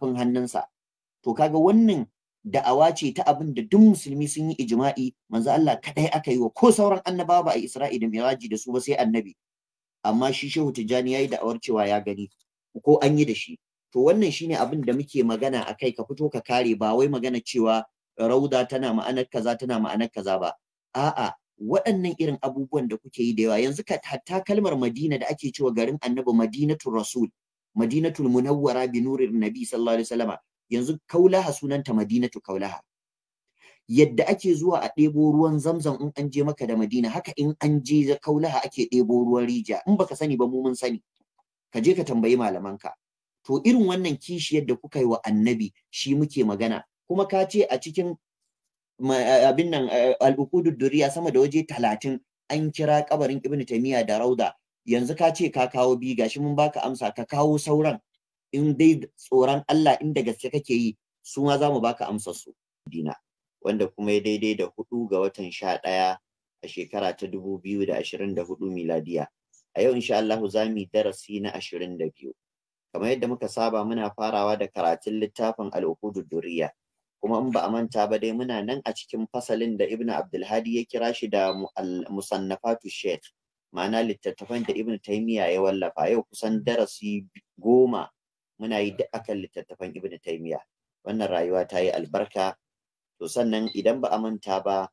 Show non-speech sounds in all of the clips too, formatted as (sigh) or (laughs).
kafin hannunsa to kaga wannan da'awa ce ta abin da duk musulmi sun yi ijma'i manzo Allah kadai aka yi wa ko sauran annabawa a Isra'i da Miraji da su ba sai annabi amma shi Shehu Tijani yayi da'awar cewa ya gani ko an yi da shi to wannan shine abin da muke magana akai ka fito ka kare ba wai magana cewa rauda tana ma'anar kaza tana ma'anar kaza ba a'a waɗannan irin abubuwan da kuke yi da yawa yanzu hatta kalmar Madina da ake cewa garin Annabi Madinatu Rasul madinatul munawwara bi nurin nabi sallallahu alaihi wasallama yanzu kaulaha sunanta madinatu kaulaha yadda ake zuwa a ɗebo ruwan zamzam in an je maka da madina haka in an je kaulaha ake ɗebo ruwan rija in baka sani ba mu mun sani ka je ka tambayi malamanka to irin wannan kishiyar da kuka yi wa annabi shi muke magana kuma ka ce a cikin eh, abin nan eh, al'ukudud duriya sama da waje talatin an kira kabarin ibnu taymiya da rauda yanzu ka ce ka kawo biyu gashi mun baka amsa ka kawo sauran in dai tsoron Allah inda gaske kake yi su ma za mu baka amsa su dina wanda kuma ya daidai da hudu ga watan sha ɗaya a shekara ta dubu biyu da ashirin da hudu miladiya a yau insha Allah za mu darasi na ashirin da biyu kamar yadda muka saba muna farawa da karatun littafin al'ukudu duriya kuma in ba a manta ba dai muna nan a cikin fasalin da ibnu abdulhadi ya kira shi da musannafatu sheikh ma'ana littattafan da ibnu taymiya ya wallafa yau kusan darasi goma muna yi da akan littattafan ibnu taymiya wannan rayuwa ta yi albarka to sannan idan ba a manta ba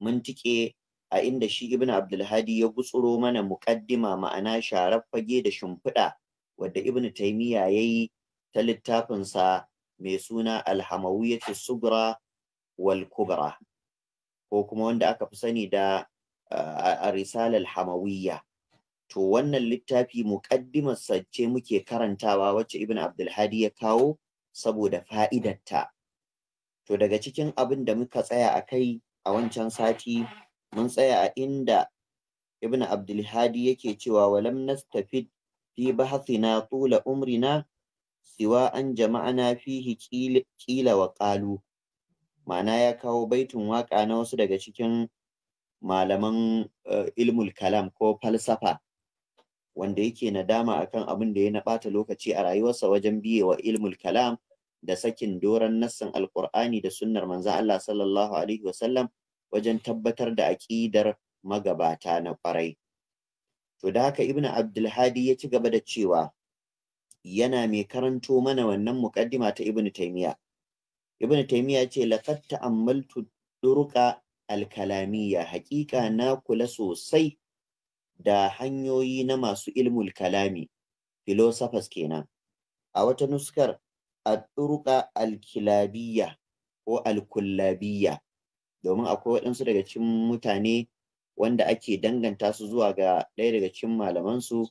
mun tike a inda shi ibnu abdulhadi ya gutsuro mana muqaddima ma'ana sharar fage da shimfiɗa wadda ibnu taymiya ya yi ta littafinsa mai suna alhamawiyatu sugra wal kubra ko kuma wanda aka fi sani da a risalar hamawiyya to wannan littafi muƙaddimar ce muke karantawa wacce ibn abdulhadi ya kawo saboda fa'idarta to daga cikin abin da muka tsaya a kai a wancan sati mun tsaya a inda ibn abdulhadi yake cewa walam nastafid fi bahasina tula umrina siwa an jama'ana fihi kila wa ƙalu ma'ana ya kawo baitin waƙa na wasu daga cikin malaman eh, ilmul kalam ko falsafa wanda yake nadama akan abin da ya na ɓata lokaci a rayuwarsa wajen biye wa ilmul kalam da sakin doron nassan alkur'ani da sunnar manzon Allah sallallahu alaihi wasallam wajen tabbatar da aƙidar magabata na kwarai. To da haka Ibn Abdulhadi ya ci gaba da cewa yana mai karanto mana wannan muƙaddima ta Ibn Taymiyyah. Ibn Taymiyyah ce laqad ta'ammaltu duruka alkalamiya hakika na kula sosai da hanyoyi na masu ilmul kalami philosophers kenan a wata nuskar at-turqa al ko al domin akwai waɗansu daga cikin mutane wanda ake danganta su zuwa ga ɗaya daga cikin malamansu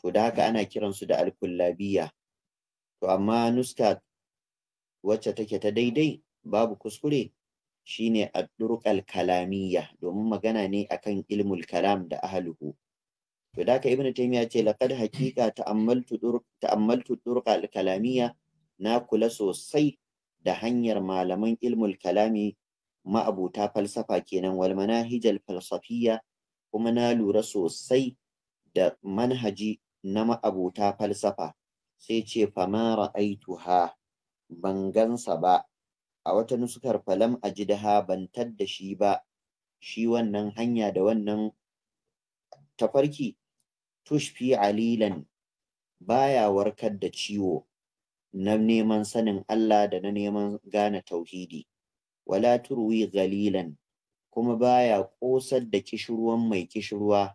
to da haka ana kiransu da alkullabiya to amma nuska wacce take ta daidai babu kuskure shine ad-durqal kalamiyya domin magana ne akan ilmul kalam da ahluhu to da ka ibnu taymiya ce laqad haqiqa ta'ammaltu durq ta'ammaltu durqal kalamiyya na kula sosai da hanyar malaman ilmul kalami ma'abuta falsafa kenan wal manahijal falsafiyya kuma na lura sosai da manhaji na ma'abuta falsafa sai ce fama ra'aituha ban gansa ba a wata nusukar falam a jidaha ban tadda shi ba shi wannan hanya da wannan tafarki tushfi alilan baya warkar da ciwo na neman sanin Allah da na neman gane tauhidi wala turwi galilan kuma baya ƙosar da kishirwan mai kishirwa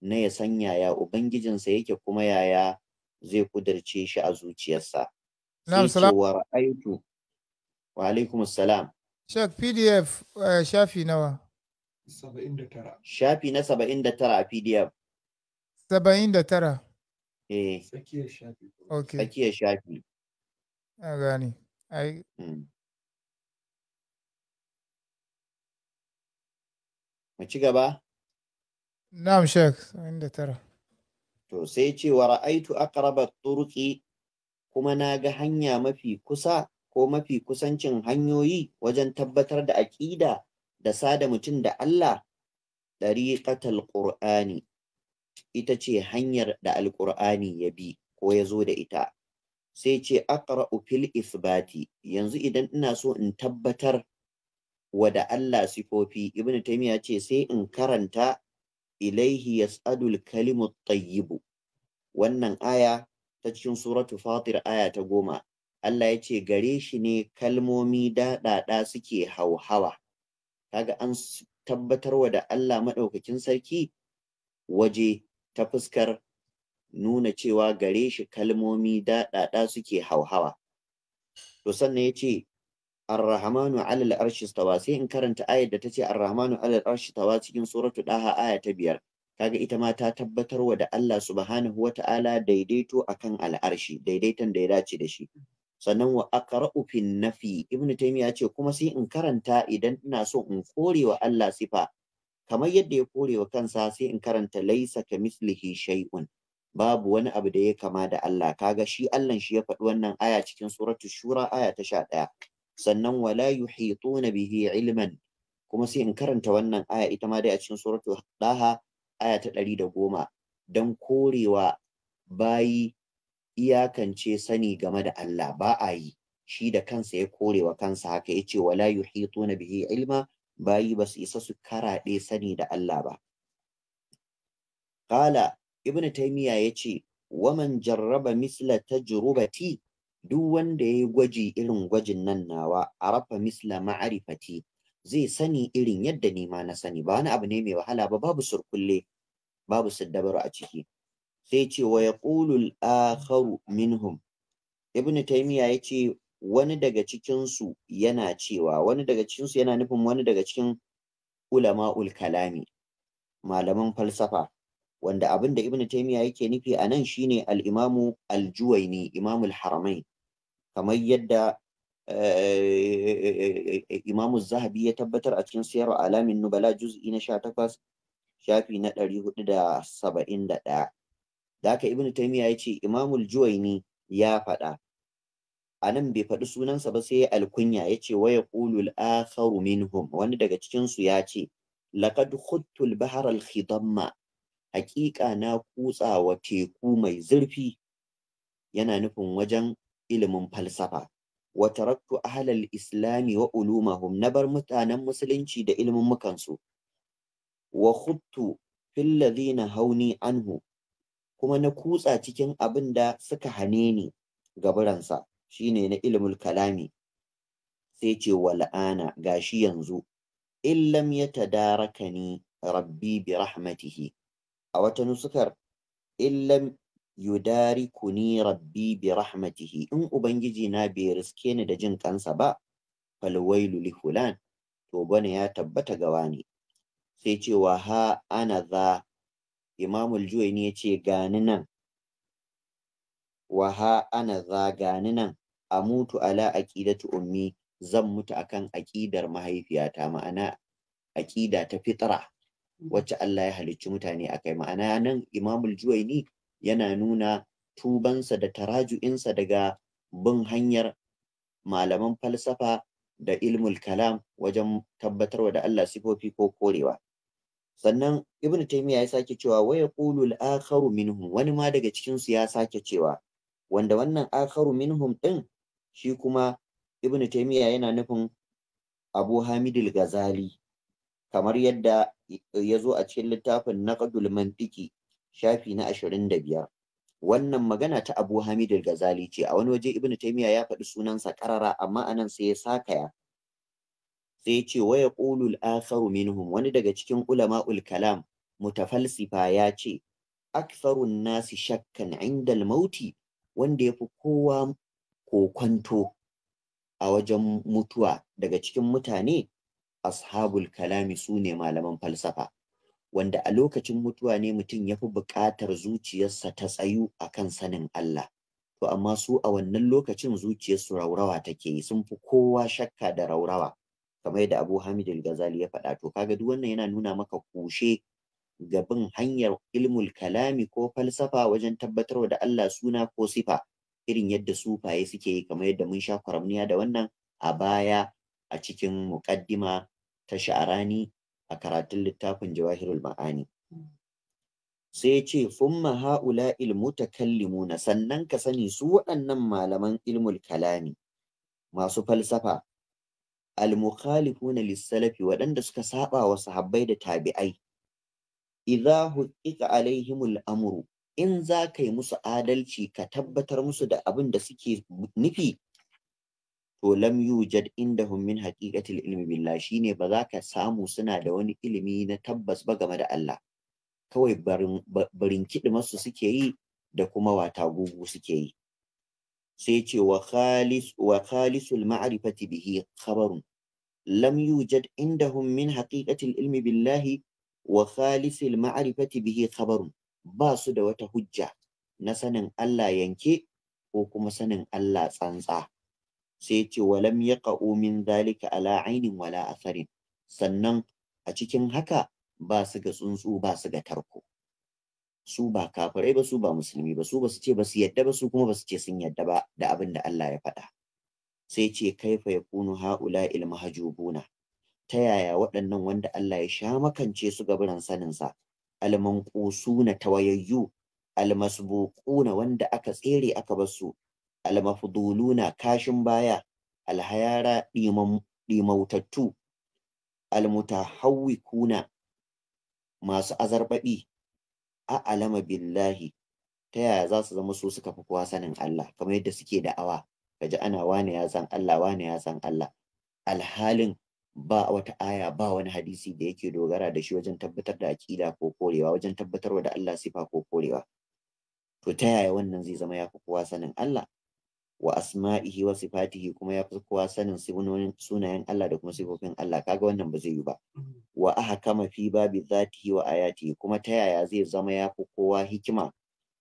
na ya sanya ya ubangijinsa yake kuma yaya zai kudirce shi a zuciyarsa. Na'am ce Wa ra'aitu wa alaikum salam shek pdf eh, shafi nawa shafi na saba'in da tara a pdf saba'in da tara eh tsakiyar shafi hmm. mu ci gaba na'am shek saba'in to sai ce wa ra'aitu aqraba turuqi kuma na ga hanya mafi kusa ko mafi kusancin hanyoyi wajen tabbatar da aƙida da sada mutum da Allah ɗariƙatal ƙur'ani ita ce hanyar da alƙur'ani ya bi ko ya zo da ita sai ce aqra'u fil isbati yanzu idan ina so in tabbatar wa da Allah sifofi ibnu taymiya ce sai in karanta ilaihi yas'adul kalimut tayyibu wannan aya ta cikin suratu fatir aya ta goma Allah ya ce gare shi ne kalmomi daɗaɗa suke hauhawa kaga an tabbatarwa da Allah maɗaukakin sarki waje ta fuskar nuna cewa gare shi kalmomi daɗaɗa suke hauhawa to sannan ya ce alal arshi stawa sai in karanta ayar da ta ce ar alal arshi stawa cikin suratu Daha aya ta biyar kaga ita ma ta tabbatarwa da Allah subhanahu wata'ala daidaito akan al'arshi daidaiton da ya dace da shi sannan wa aqra'u fin nafi ibn taymiya ce kuma sai in karanta idan ina so in kore wa Allah sifa kamar yadda ya kore wa kansa sai in karanta laisa mislihi shay'un babu wani abu da ya kama da Allah kaga shi Allah shi ya faɗi wannan aya cikin suratul shura aya ta 11 sannan wala yuhituna bihi ilman kuma sai in karanta wannan aya ita ma dai a cikin suratul daha aya ta 110 dan korewa bayi iyakance sani game da Allah ba a yi shi da kansa ya kore wa kansa haka ya ce wala yuhituna bihi ilma bayi ba su isa su karaɗe sani da Allah ba Kala, ibnu taymiya ya ce waman jarraba misla tajrubati duk wanda ya yi gwaji irin gwajin nan nawa arafa misla ma'arifati zai sani irin yadda nima na sani ba wani abu ne mai wahala ba babu surkulle babu siddabaru a ciki sai ce wa ya al minhum ibnu ya ce wani daga cikinsu yana cewa wani daga cikinsu yana nufin wani daga cikin ulama'ul kalami malaman falsafa wanda abin da ibnu taimiya yake nufi a nan shine al-imamu al-juwayni imamul haramai kamar yadda eh, imamu zahabi ya tabbatar a cikin siyar alamin nubala juz'i na sha takwas, shafi na ɗari da da saba'in ɗaya. da haka ibnu taymiya ya ce imamul juwaini ya faɗa anan bai faɗi sunansa ba sai alkunya ya ce waya ƙulul akharu minhum wani daga cikinsu ya ce laqad khuttul bahar al khidamma haƙiƙa na kutsawa teku mai zurfi yana nufin wajen ilimin falsafa wa taraktu ahlal islami wa ulumahum na bar mutanen musulunci da ilimin mukansu wa khuttu fil ladina hauni anhu kuma na kutsa cikin abin da suka hane ni gaburansa shine na ilimul kalami sai ce wa la'ana. Ga shi yanzu illam ya tadaraka ni rabbi bi rahmatihi a wata nusukar illam yudarikuni rabbi bi rahmatihi in ubangiji na bai riske ni da jin kansa ba falwailu li hulan to bane ya tabbata gawa ne sai cewa ha ana za imamul juwaini ya ce gani nan waha ana za gani nan a mutu ala aqidatu ummi zan mutu akan aƙidar mahaifiyata ma'ana aqida ta fitra wacce Allah ya halicci mutane a kai ma'ana nan imamul juwaini yana nuna tubansa da taraju'insa daga bin hanyar malaman falsafa da ilmul kalam wajen tabbatarwa da Allah sifofi ko korewa sannan ibn taymiya ya sake cewa wa yaqulu al-akharu minhum wani ma daga cikin su ya sake cewa wanda wannan akharu minhum din shi kuma ibn taymiya yana nufin abu hamid al-ghazali kamar yadda ya zo a cikin littafin naqdul mantiki shafi na 25 wannan magana ta abu hamid al-ghazali ce a wani waje ibn taymiya ya faɗi sunansa karara amma anan sai ya sakaya sai ce waya ƙulul akharu minhum wani daga cikin ulama ulama'ul kalam mutafalsifa ya ce aktharun nasi shakkan indal mauti wanda ya fi kowa kokwanto a wajen mutuwa daga cikin mutane ashabul kalami su ne malaman falsafa wanda a lokacin mutuwa ne mutum ya fi buƙatar zuciyarsa ta tsayu akan sanin Allah to amma su a wannan lokacin zuciyarsu raurawa take yi sun fi kowa shakka da raurawa kamar yadda Abu Hamid al-Ghazali ya faɗa to kaga duk wannan yana nuna maka kushe ga hanyar ilmul kalami ko falsafa wajen tabbatar da Allah suna ko sifa irin yadda sufaye suke yi kamar yadda mun sha kwaramniya da wannan a baya a cikin muƙaddima ta sha'arani a karatun littafin jawahirul ma'ani sai ce fumma ha'ula na sannan ka sani su waɗannan malaman ilmul kalami masu falsafa al-mukhalifuna lis-salafi waɗanda suka saba wa sahabbai da tabi'ai idza huqqa alaihimul amru in za ka yi musu adalci ka tabbatar musu da abin da suke nufi to lam yujad indahum min haqiqatil ilmi billah shine ba za ka samu suna da wani ilimi na tabbas ba game da Allah kawai barin masu suke yi da kuma wata gugu suke yi sai ce wa khalis wa khalisul ma'rifati bihi khabarun lam yujad indahum min haqiqatil ilmi billahi wa khalisul ma'rifati bihi khabarun ba su da wata hujja na sanin Allah yanke ko kuma sanin Allah tsantsa sai ce wa lam yaqa'u min zalika ala aynin wala atharin sannan a cikin haka ba su ga tsuntsu ba su ga tarko su ba kafirai ba su ba musulmi ba su ba su ce ba su yadda ba su kuma ba su ce sun yadda ba da abin da Allah ya faɗa sai ce kaifa kunu haula ilmahjubuna ta yaya waɗannan wanda Allah ya sha makance su ga biran saninsa ta tawayayyu almasbuquna wanda aka tsere aka bar su almafduluna kashin baya alhayara ɗimautattu almutahawwikuna masu azarbaɓi a'lama billahi ta yaya za su zama su suka fi kowa sanin Allah kamar yadda suke da'awa kaji ana wane ya san Allah wane ya san Allah alhalin ba wata aya ba wani hadisi da yake dogara da shi wajen tabbatar da aƙida ko korewa wajen tabbatarwa da Allah sifa ko korewa to ta yaya wannan zai zama ya fi kowa sanin Allah wa asma'ihi wa sifatihi kuma ya fi kowa sanin sunonin sunayen Allah da kuma sifofin Allah kaga wannan ba zai yi ba wa aha kama fi babi zatihi wa ayatihi kuma ta yaya zai zama ya fi kowa hikima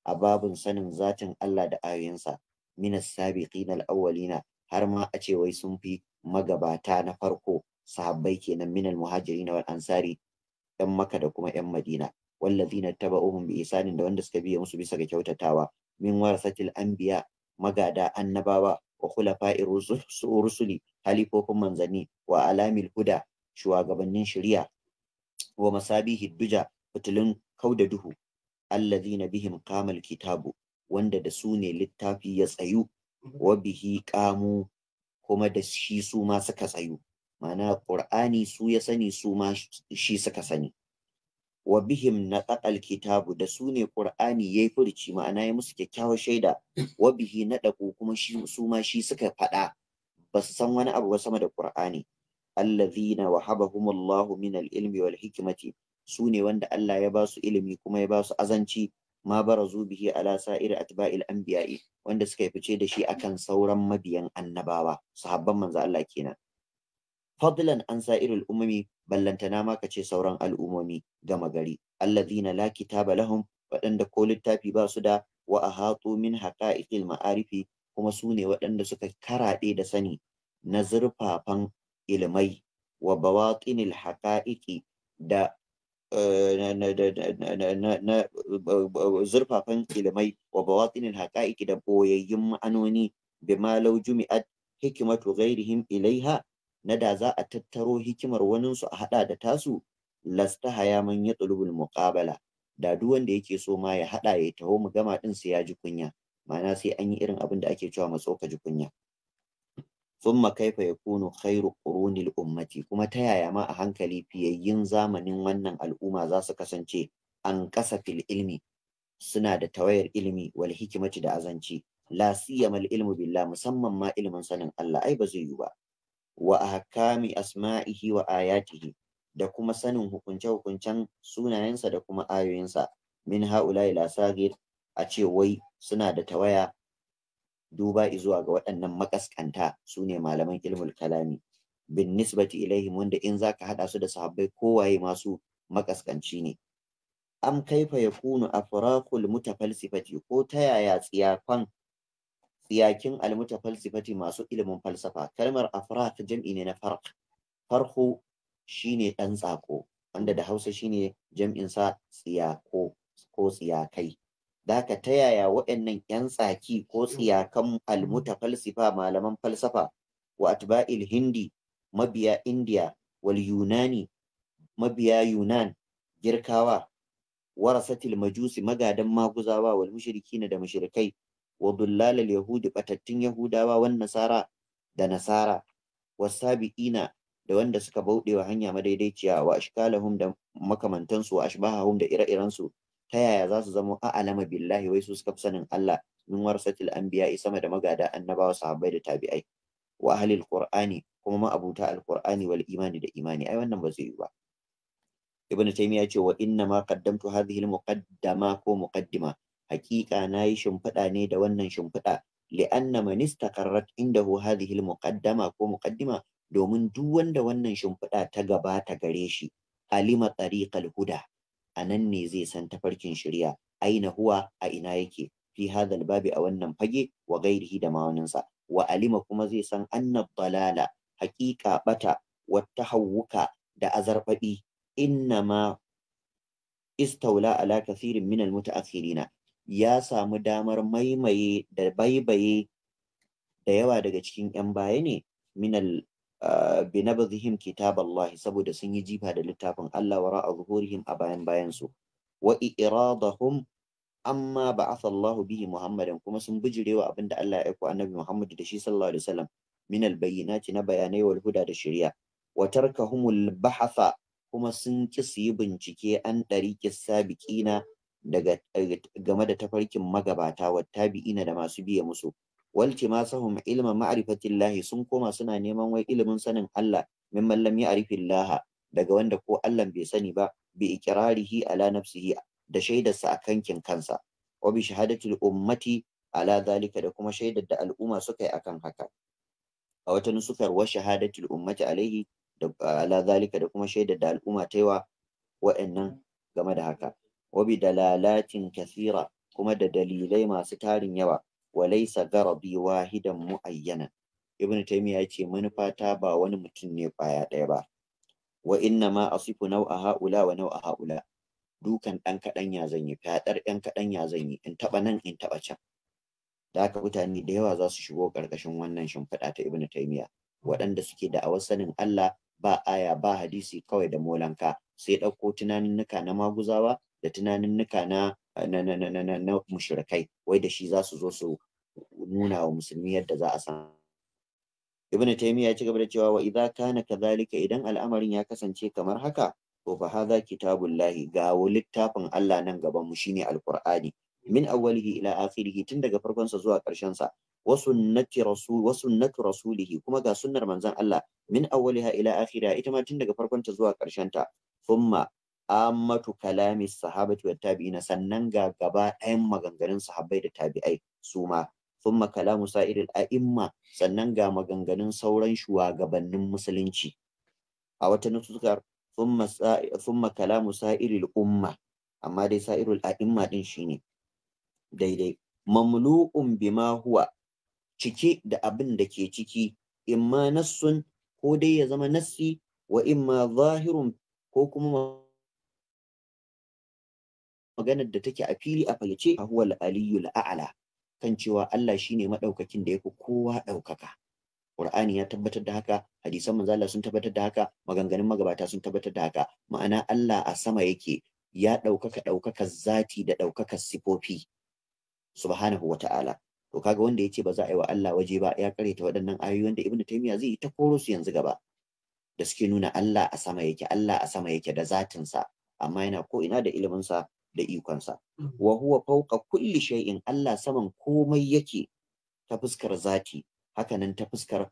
a babun sanin zatin Allah da ayoyinsa min as-sabiqin al-awwalina har ma a ce wai sun fi magabata na farko sahabbai kenan min al-muhajirin wal ansari yan Makka da kuma yan Madina wallazina taba'uhum bi isanin da wanda suka biya musu bisa ga kyautatawa min warasatil anbiya magada annabawa wa khulafa'ir rusuli halifofin manzanni wa alamil huda shugabannin shari'a wa masabihi duja fitilun kauda duhu allazina bihim qamal kitabu wanda da su ne littafi ya tsayu wa bihi qamu kuma da shi su ma suka tsayu ma'ana qur'ani su ya sani su ma shi suka sani wa bihim na kitabu da su ne ƙur'ani ya yi ma'ana ya musu kyakkyawar shaida wa bihi na kuma shi su ma shi suka faɗa ba su san wani abu ba sama da ƙur'ani allazina wahabahumullahu min al-ilmi wal hikmati su ne wanda Allah ya ba su ilimi kuma ya ba su azanci ma barazu bihi ala sa'ir atba'il anbiya'i wanda suka yi fice da shi akan sauran mabiyan annabawa sahabban manzo Allah kenan fadlan an sa'irul umami ballantana ma kace sauran al'umomi gama gari alladhina la kitaba lahum waɗanda ko littafi ba su da wa ahatu min haqa'iqil ma'arifi kuma su ne waɗanda suka karaɗe da sani na zurfafan ilmai wa bawatinil haqa'iqi da eh, na zurfafan ilmai wa bawatinil haqa'iqi da boyayyun ma'anoni bima law jumi'at hikmatu ghairihim ilaiha na da za a tattaro hikimar waninsu a haɗa da tasu lasta haya man ya tsulubul muƙabala da duk wanda yake so ma ya haɗa ya taho mu gama ɗin sai ya ji kunya ma'ana sai an yi irin abin da ake cewa ma ji kunya thumma kaifa yakunu khairu qurunil ummati kuma ta yaya ma a hankali fiyayyin zamanin wannan al'umma za su kasance an kasa fil ilmi suna da tawayar ilmi wal hikimati da azanci la siyamal ilmu billah musamman ma ilmin sanin Allah ai ba zai yi ba wa ahkami asma'ihi wa ayatihi da kuma sanin hukunce-hukuncen sunayensa da kuma ayoyinsa min ha'ula ila sagir a ce wai suna da tawaya duba zuwa ga waɗannan makaskanta su ne malaman ilmul kalami bin nisbati ilaihim wanda in zaka haɗa su da sahabbai kowaye masu makaskanci ne am kaifa yakunu afraqul mutafalsifati ko ta yaya tsiyafan tsiyakin almutafalsifati masu ilimin falsafa kalmar afraq jam'i ne na farq farko shine dan tsako wanda da Hausa shine jam'in sa tsiyako ko tsiyakai da haka ta yaya waɗannan yan tsaki ko tsiyakan almutafalsifa malaman falsafa wa atba'il hindi mabiya indiya wal yunani mabiya yunan girkawa warasatil majusi magadan maguzawa wal mushrikina da mushrikai wa dullalal yahudi batattun yahudawa wan nasara da nasara wasabi'ina da wanda suka bauɗe wa hanya madaidaiciya wa ashkalahum da makamantansu wa ashbahahum da ire-irensu ta yaya za su zama a'lama billahi wai su suka fi sanin Allah min warasatil anbiya sama da magada annabawa sahabbai da tabi'ai wa ahlil qur'ani kuma ma'abuta alqur'ani wal imani da imani ai wannan ba zai yi ba ibnu taymiya ce wa inna ma qaddamtu hadhihi al ko muqaddima hakika na yi shimfiɗa ne da wannan shimfiɗa li'anna man istaqarrat indahu hadhihi al-muqaddama ko muqaddima domin duk wanda wannan shimfiɗa ta gabata gare shi alima tariqal huda anan ne zai san tafarkin shirya aina huwa a ina yake fi hadha babi a wannan fage wa ghairihi da mawaninsa wa alima kuma zai san anna dalala haƙiƙa bata wata tahawuka da azarfaɗi inna ma istawla ala kathirin min al-muta'akhirina ya samu damar maimaye da baibaye da yawa daga cikin 'yan baya ne minal ah, binabdhihim kitab Allah saboda sun yi jifa da littafin Allah wa a zuhurihim a bayan bayan su wa iradahum amma ba'atha Allah bihi Muhammadan kuma sun bijirewa abinda Allah ya aiko Annabi Muhammad da shi sallallahu alaihi wasallam min albayyinati na bayanai wal huda da shari'a wa tarkahumul bahatha kuma sun ki su yi bincike an ɗariƙi sabiƙina daga eh, game da tafarkin magabata wa tabi'ina da masu biya musu waltimasahum ilma ma'rifatillahi sun koma suna neman wai ilimin sanin Allah a rufin Laha, daga wanda ko Allah bai sani ba bi iqrarihi ala nafsihi da shaidarsa akan kin kansa wa bi shahadatil ummati ala zalika da kuma shaidar da al'umma suka yi akan haka a wata nusukar wa shahadatul ummati alaihi ala zalika da kuma shaidar da al'umma ta yi wa wa'annan game da haka da وبدلالات kuma da dalilai masu tarin yawa. وليس غرضي واحدا معينا ابن تيمية يتي ce manufata ba wani mutum ne kwaya ɗaya ba wa inna ma asifu nau'a haula wa nau'a haula dukan ɗan kaɗan ya zanyi fyaɗar ɗan kaɗanya ya zanyi in taɓa nan in taɓa can da mutane da yawa za su shigo ƙarƙashin wannan shimfiɗa ta ibnu waɗanda suke da awar sanin Allah ba aya ba hadisi kawai da molanka sai ɗauko tunaninnika na maguzawa da tunanin na na mushrikai wai da shi za su zo su nuna wa musulmi yadda za a san. ibn taymiya ya ci gaba da cewa wa idza kana kadhalika idan al'amarin ya kasance kamar haka to fa hadha kitabullahi ga littafin Allah nan gaban mu shine alkur'ani min awwalihi ila akhirihi tun daga farkon sa zuwa karshen sa wa sunnati rasul wa sunnati rasulih kuma ga sunnar manzon Allah min awwaliha ila akhirha ita ma tun daga farkon ta zuwa karshen ta thumma ammatu kalami sahabati wa tabi'ina sannan ga gaba ɗayan maganganun sahabbai da tabi'ai su ma thumma kalamu sa'iril a'imma sannan ga maganganun sauran shugabannin musulunci a wata sun thumma kalamu sa'iril umma amma dai sa'irul a'imma din shine daidai mamlu'un bima huwa ciki da abin da ke ciki imma nassun ko dai ya zama nassi wa imma zahirun ko kuma maganar da take a fili a fayyace a huwal Aliyu la'ala kan cewa Allah shi ne maɗaukakin da ya fi kowa ɗaukaka ƙurani ya tabbatar da haka hadisan manzo Allah sun tabbatar da haka maganganun magabata sun tabbatar da haka ma'ana Allah a sama yake ya ɗaukaka ɗaukakar zati da ɗaukakar sifofi subhanahu wata'ala to kaga wanda ya ce ba za a yi wa Allah waje ba ya karyata waɗannan ayoyi da Ibn Taymiyyah zai yi ta koro su yanzu gaba da suke nuna Allah a sama yake Allah a sama yake da zatinsa amma yana ko ina da sa da ikonsa mm. wa huwa fawqa kulli shay'in Allah saman komai yake ta fuskar zati hakanan ta fuskar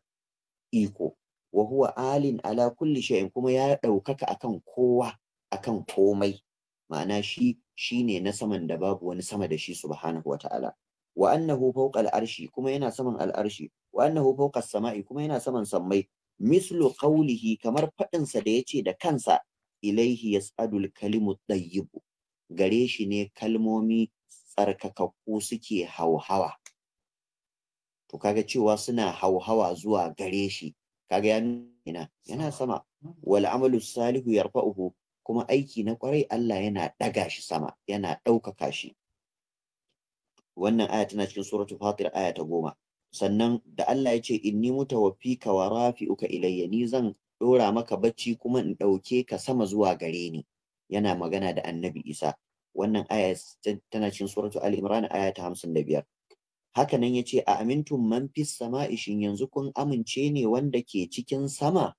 iko wa huwa alin ala kulli shay'in kuma ya ɗaukaka akan kowa akan komai ma'ana shi shine na saman da babu wani sama da shi subhanahu wa ta'ala wa annahu fawqa al-arshi kuma yana saman al-arshi wa annahu fawqa samai kuma yana saman sammai mislu qawlihi kamar fadin da yace da kansa ilaihi yas'adul kalimut tayyibu gare shi ne kalmomi tsarkakakku suke hauhawa to kaga cewa suna hauhawa zuwa gare shi kaga ya nuna yana sama wal amalu salihu yarfa'uhu kuma aiki na kwarai Allah yana ɗaga shi sama yana ɗaukaka shi wannan aya tana cikin suratul fatir aya ta goma sannan da Allah ya ce inni mutawaffika wa rafi'uka ilayya ni zan dora maka bacci kuma in ɗauke ka sama zuwa gare ni yana magana da annabi isa wannan aya tana cikin suratu al imran aya ta hamsin da biyar haka nan ya a amintun man fi sama'i shin yanzu kun amince ne wanda ke cikin sama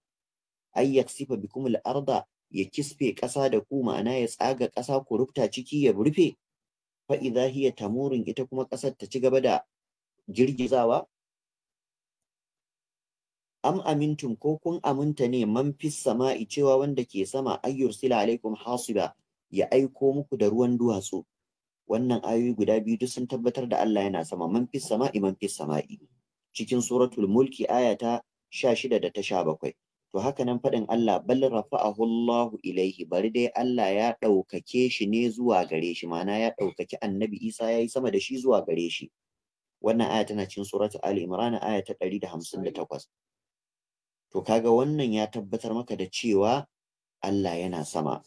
ai ya sifa bikum al-arda ya kisfe ƙasa da ku ma'ana ya tsaga ƙasa ku rufta ciki ya rufe fa idza hiya tamurin ita kuma ƙasar ta ci gaba da girgizawa am amintum ko kun aminta ne man fis sama'i cewa wanda ke sama ayyur sila alaikum hasiba ya aiko muku da ruwan duwatsu wannan ayoyi guda biyu duk sun tabbatar da Allah yana sama man fis sama'i man fi sama'i cikin suratul mulki aya ta 16 da ta 17 to haka nan faɗin Allah bal rafa'ahu Allah ilaihi bari dai Allah ya ɗaukake shi ne zuwa gare shi ma'ana ya ɗaukaki annabi Isa ya yi sama da shi zuwa gare shi wannan aya tana cikin suratul Ali Imran aya ta 158 to kaga wannan ya tabbatar maka da cewa Allah yana sama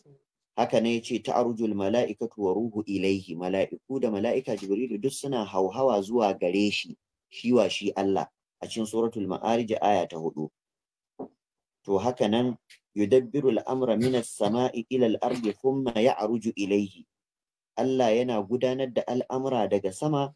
haka ne ta arujul mala'ikatu wa ruhu ilaihi mala'iku da mala'ika jibrilu duk suna hauhawa zuwa gare shi shi wa shi Allah a cikin suratul ma'arij aya ta hudu to haka nan yudabbiru al'amra minas sama'i ila al-ardi ya ya'ruju ilaihi Allah yana gudanar da al'amura daga sama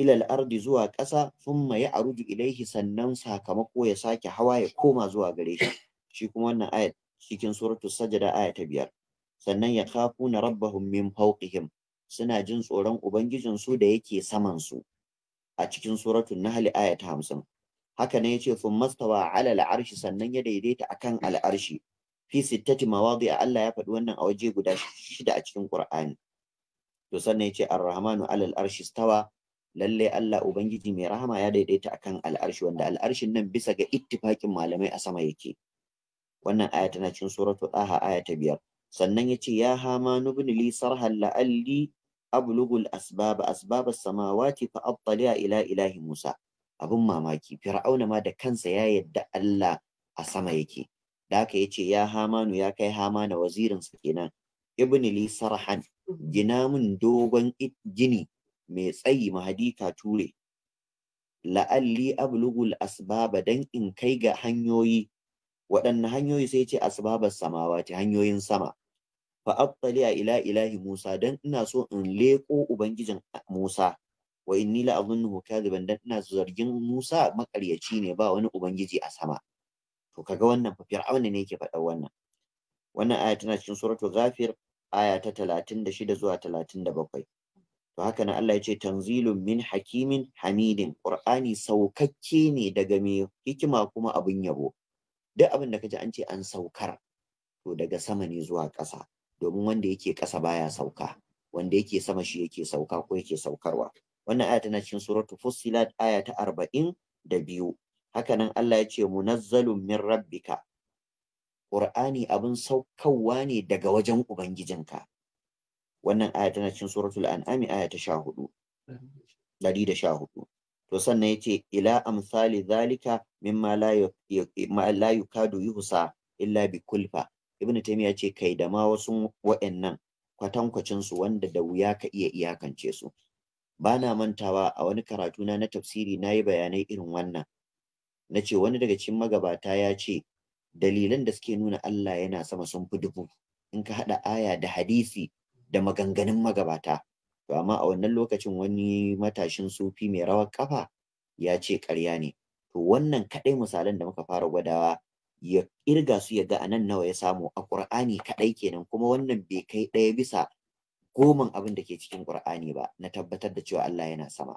ilal ardi zuwa ƙasa thumma ya aruju ilaihi sannan sakamako ya sake hawa ya koma zuwa gare shi shi kuma wannan ayat cikin suratu sajada ayat ta biyar sannan ya na rabbahum min fawqihim suna jin tsoron ubangijin su da yake saman su a cikin suratu nahl ayat ta 50 haka ne yace thumma mastawa ala al'arshi sannan ya daidaita akan al'arshi fi sittati mawadi Allah ya faɗi wannan a waje guda shida a cikin Qur'ani to sannan yace ar-rahmanu ala al'arshi stawa lalle Allah ubangiji mai rahama ya daidaita akan al'arshi wanda al'arshin nan bisa ga ittifakin malamai a sama yake wannan aya tana cikin suratu daha aya ta biyar sannan yace ya hama nubni li sarhan la'alli ablugu al-asbab asbab as-samawati fa attali'a ila ilahi Musa abun mamaki fir'auna ma da kansa ya yadda Allah a sama yake da haka yace ya hamanu ya kai hamana wazirin sa kenan ibn li sarhan gina mun dogon gini mai tsayi mahadi ka ture la'alli ablugul asbaba dan in kai ga hanyoyi waɗanne hanyoyi sai ce asbabar samawati hanyoyin sama fa attali'a ila ilahi Musa dan ina so in leko ubangijin Musa wa inni la azunnuhu kadiban dan ina zargin Musa makaryaci ne ba wani ubangiji a sama to kaga wannan fa fir'auna ne yake faɗa wannan wannan aya tana cikin suratul ghafir aya ta 36 zuwa 37 to haka nan Allah ya ce tanzilun min hakimin hamidin qur'ani saukakke ne daga mai hikima kuma abin yabo duk abin da kaji an ce an saukar to daga sama ne zuwa ƙasa domin wanda yake ƙasa baya sauka wanda yake sama shi yake sauka ko yake saukarwa wannan aya tana cikin suratul fussilat aya ta arba'in da biyu haka nan Allah ya ce munazzalun min rabbika Qur'ani abin saukarwa ne daga wajen Ubangijinka wannan aya tana cikin suratul an'ami aya ta 14 114 to sannan yace ila amsali zalika mimma la ma la yukadu yuhsa illa bi kulfa ibn taymiya ce kai da ma wasu wa'annan kwatankwacin su wanda da wuya ka iya iyakance su bana mantawa a wani karatu na na tafsiri nayi bayanai irin wannan nace wani daga cikin magabata ya ce dalilan da suke nuna Allah yana sama sun fi dubu in ka hada aya da hadisi da maganganun magabata to amma a wannan lokacin wani matashin sufi mai rawar kafa ya ce ƙarya ne to wannan kaɗai misalan da muka fara gwadawa ya ƙirga su ya ga a nan nawa ya samu a ƙur'ani kaɗai kenan kuma wannan bai kai ɗaya bisa goman abin da ke cikin ƙur'ani ba na tabbatar da cewa Allah yana sama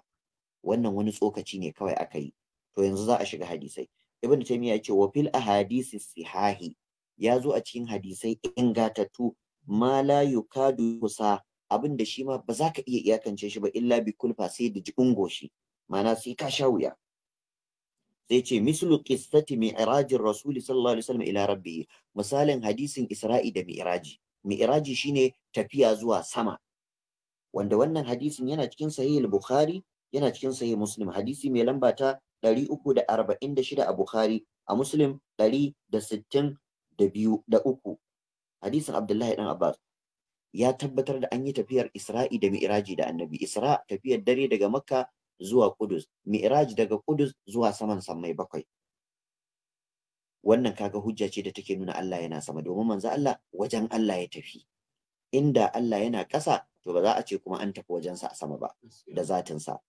wannan wani tsokaci ne kawai aka yi to yanzu za a shiga hadisai ibn taymiya ya ce wa fil ahadisi sihahi ya zo a cikin hadisai ingatattu ma la yukadu kusa abin da shi ma ba za ka iya iyakance shi ba illa bi kulfa sai da jikin goshi ma'ana sai ka sha wuya sai ce mislu qissati mi'rajir rasuli sallallahu alaihi wasallam ila rabbi, misalin hadisin isra'i da mi'raji mi'raji shine tafiya zuwa sama wanda wannan hadisin yana cikin sahih al-bukhari yana cikin sahih muslim hadisi mai lamba ta 346 a bukhari a muslim 160 da biyu da uku hadisin Abdullahi dan Abbas ya tabbatar da an yi tafiyar Isra'i da Mi'raji da Annabi Isra tafiyar dare daga Makka zuwa Kudus Mi'raj daga Kudus zuwa saman sammai bakwai wannan kaga hujja ce da take nuna Allah yana sama domin manzo Allah wajen Allah ya tafi inda Allah yana ƙasa to ba za a ce kuma an tafi wajensa a sama ba da zatinsa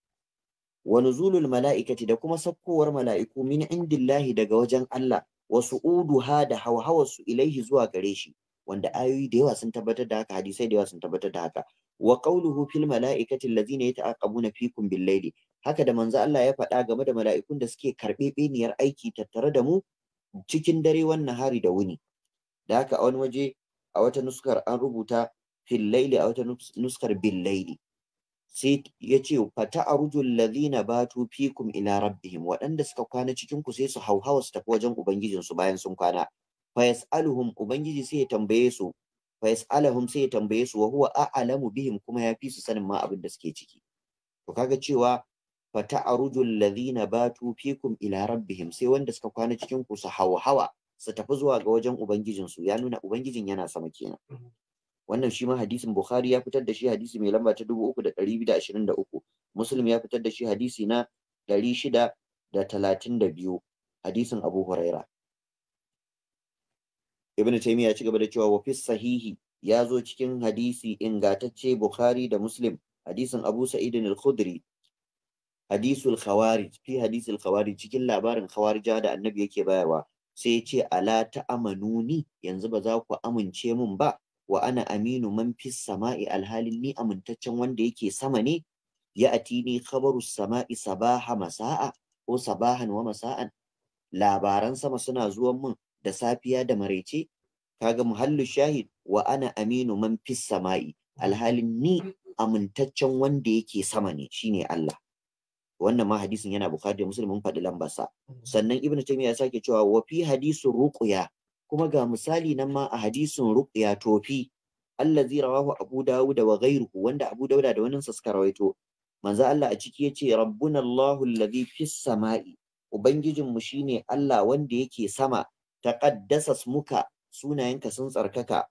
wa nuzulul mala'ikati da kuma sakkowar mala'iku min indillahi daga wajen Allah wasu uduha da su ilaihi zuwa gare shi wanda ayoyi da yawa sun tabbatar da haka hadisai da yawa sun tabbatar da haka wa qawluhu fil mala'ikati allazina yata'aqabuna fikum bil layli haka da manzo Allah ya faɗa game da mala'ikun da suke karbe beniyar aiki tattare da mu cikin dare wannan hari da wuni da haka a wani waje a wata nuskar an rubuta fil layli a wata nuskar bil layli sai ya ce fata arujul ladina batu fikum ila rabbihim waɗanda suka kwana cikin ku sai su hauhawa su tafi wajen ubangijinsu bayan sun kwana fa aluhum, ubangiji sai ya tambaye su fa sai ya tambaye su wa huwa a'lamu bihim kuma ya fi su sanin ma abin da suke ciki to kaga cewa fa ta'ruju alladhina batu fikum ila rabbihim sai wanda suka kwana cikin ku su hawa su tafi zuwa ga wajen ubangijin su ya nuna ubangijin yana sama kenan wannan shi ma hadisin Bukhari ya fitar da shi hadisi mai lamba ta 3223 Muslim ya fitar da shi hadisi na 632 hadisin Abu Huraira ibn taymiya ya ci gaba da cewa wa fis sahihi ya zo cikin hadisi ingatacce bukhari da muslim hadisin abu sa'id al-khudri hadisul khawarij fi hadisul khawarij cikin labarin khawarija da annabi yake bayarwa sai ya ce ala ta amanuni yanzu ba za ku amince min ba wa ana aminu man fis sama'i alhalin ni amintaccen wanda yake sama ne ya atini khabaru sama'i sabaha masa'a ko sabahan wa masa'an labaran sama suna zuwan mun. da safiya da maraice kaga muhallu shahid wa ana aminu man fis sama'i alhalin ni amintaccen wanda yake sama ne shine Allah wannan ma hadisin yana bukhari da muslim mun faɗi lambarsa sannan ibnu taymiya ya sake cewa wa fi hadisu ruqya kuma ga misali nan ma a hadisin ruqya tofi allazi rawahu abu dawud wa ghayruhu wanda abu dauda da wannan suka rawaito manzo Allah a ciki yace rabbuna allahul ladhi fis sama'i ubangijin mu shine Allah wanda yake sama taqaddasa smuka sunayenka sun tsarkaka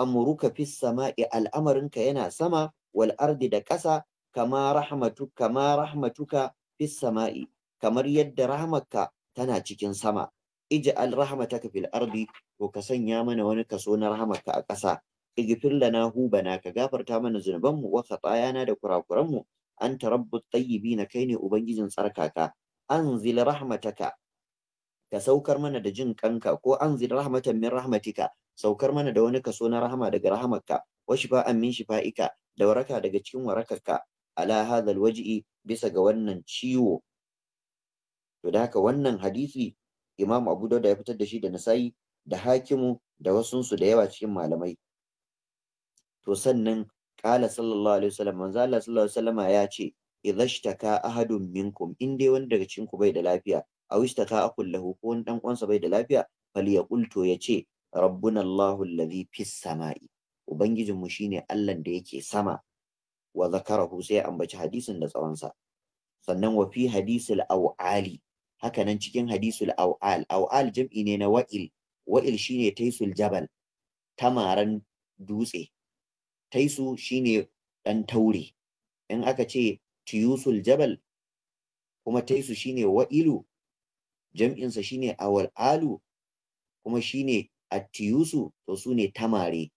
amuruka fis sama'i al'amarinka yana sama wal ardi da ƙasa kama rahmatu kama rahmatuka fis sama'i kamar yadda rahmarka tana cikin sama ij'al rahmataka fil ardi to ka sanya mana wani kaso na rahmarka a ƙasa igfir lana hubana ka gafarta mana zunubanmu wa khatayana da kurakuranmu anta rabbut tayyibin kai ne ubangijin tsarkaka anzil rahmataka ka saukar mana da jin kanka ko an zira rahmatan min rahmatika saukar mana da wani kaso na rahama daga rahamarka wa shifa'an min shifa'ika da waraka daga cikin warakarka ala hadha alwaj'i bisa ga wannan ciwo to da haka wannan hadisi Imam Abu Dawud ya fitar da shi da Nasa'i da Hakimu da su da yawa cikin malamai to sannan qala sallallahu alaihi wasallam manzo Allah sallallahu alaihi wasallama ya ce idhashtaka ahadun minkum in dai wanda daga cikin ku bai da lafiya awista ta akul lahu ko wani dan uwansa bai da lafiya ya ya yace rabbuna Allahu allazi fis sama'i ubangijin mu shine Allah da yake sama wa zakarahu sai ambaci hadisin da tsawonsa sannan wa fi hadisul aw'ali haka nan cikin hadisul aw'al aw'al jam'i ne na wa'il wa'il shine taisul jabal tamaran dutse taisu shine dan taure in aka ce tiyusul jabal kuma taisu shine wa'ilu jam'insa shine awal alu kuma shine attiyusu to su ne tamare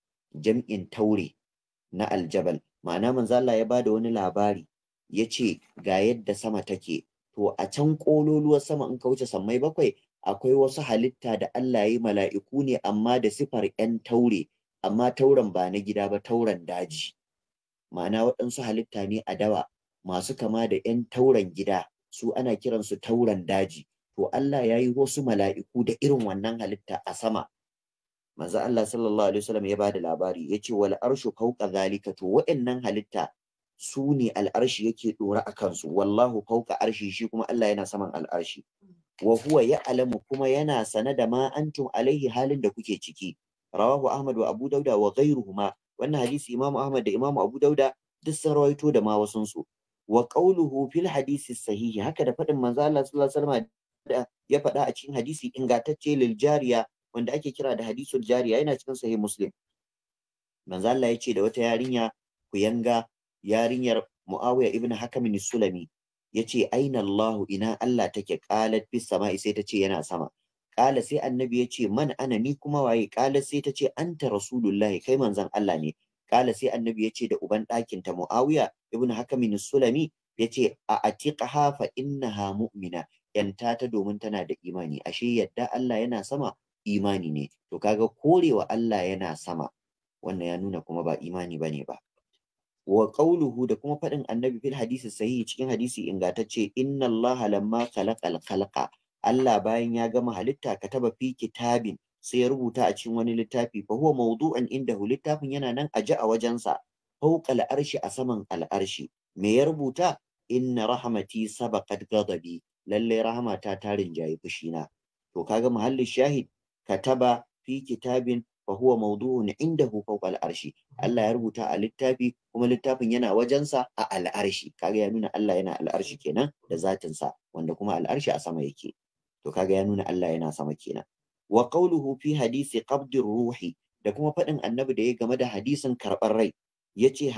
jam'in taure na aljabal ma'ana manzo Allah ya bada wani labari yace ga yadda sama take to a can kololuwar sama in ka wuce sammai bakwai akwai wasu halitta da Allah ya yi mala'iku ne amma da sifar ‘yan taure, amma tauren ba na gida ba tauren daji. Ma'ana waɗansu halitta ne a dawa masu kama da ‘yan tauren gida, su ana kiransu tauren daji, to Allah ya yi wasu mala'iku da irin wannan halitta a sama manzo Allah sallallahu alaihi wasallam ya ce labari yace wal arshu fawqa zalika to halitta su ne al'arshi yake ɗora a kansu wallahu kauka arshi shi kuma Allah yana saman al'arshi wa huwa alamu kuma yana sane da ma antum alaihi halin da kuke ciki rawahu Ahmad wa Abu Dauda wa ghayruhuma wannan hadisi Imam Ahmad da Imam Abu Dauda duk sun rawaito da ma wasunsu su wa qawluhu fil hadisi sahihi haka da faɗin manzo Allah sallallahu alaihi wasallam ya faɗa a cikin hadisi ingantacce lil jariya wanda ake kira da hadisul jariya yana cikin sahih muslim manzo Allah ya da wata yarinya ku yanga yarinyar Muawiya ibn Hakam Sulami ya aina Allah ina Allah take qalat bis sama'i sai tace yana sama qala sai annabi yace man ana ni kuma waye qala sai tace anta rasulullahi kai manzan Allah ne qala sai annabi yace da uban ɗakin ta Muawiya ibn Hakam Sulami ya ce a atiqaha fa innaha mu'mina yanta ta domin tana da imani ashe yadda Allah yana sama imani ne to kaga korewa Allah yana sama wannan ya nuna kuma ba imani bane ba wa qauluhu da kuma faɗin annabi fil hadisi sahihi cikin hadisi ingantacce inna Allah lamma khalaqal khalqa Allah bayan ya gama halitta "Ka taba fi kitabin sai ya rubuta a cikin wani littafi fa huwa mawdu'an indahu littafin yana nan aje a wajensa fawqa al-arshi a saman al-arshi me ya rubuta inna rahmati sabaqat ghadabi lalle rahama ta tarin jayi na. to kaga muhallin shahid kataba fi kitabin fa huwa mawdu'un indahu fawqa al-arshi Allah ya rubuta a littafi kuma littafin yana wajensa a al'arshi. arshi kaga ya nuna Allah yana al'arshi kenan da zatin sa wanda kuma al'arshi a sama yake to kaga ya nuna Allah yana sama kenan wa qawluhu fi hadisi qabdir ruhi da kuma faɗin annabi da ya game da hadisin karɓar rai yace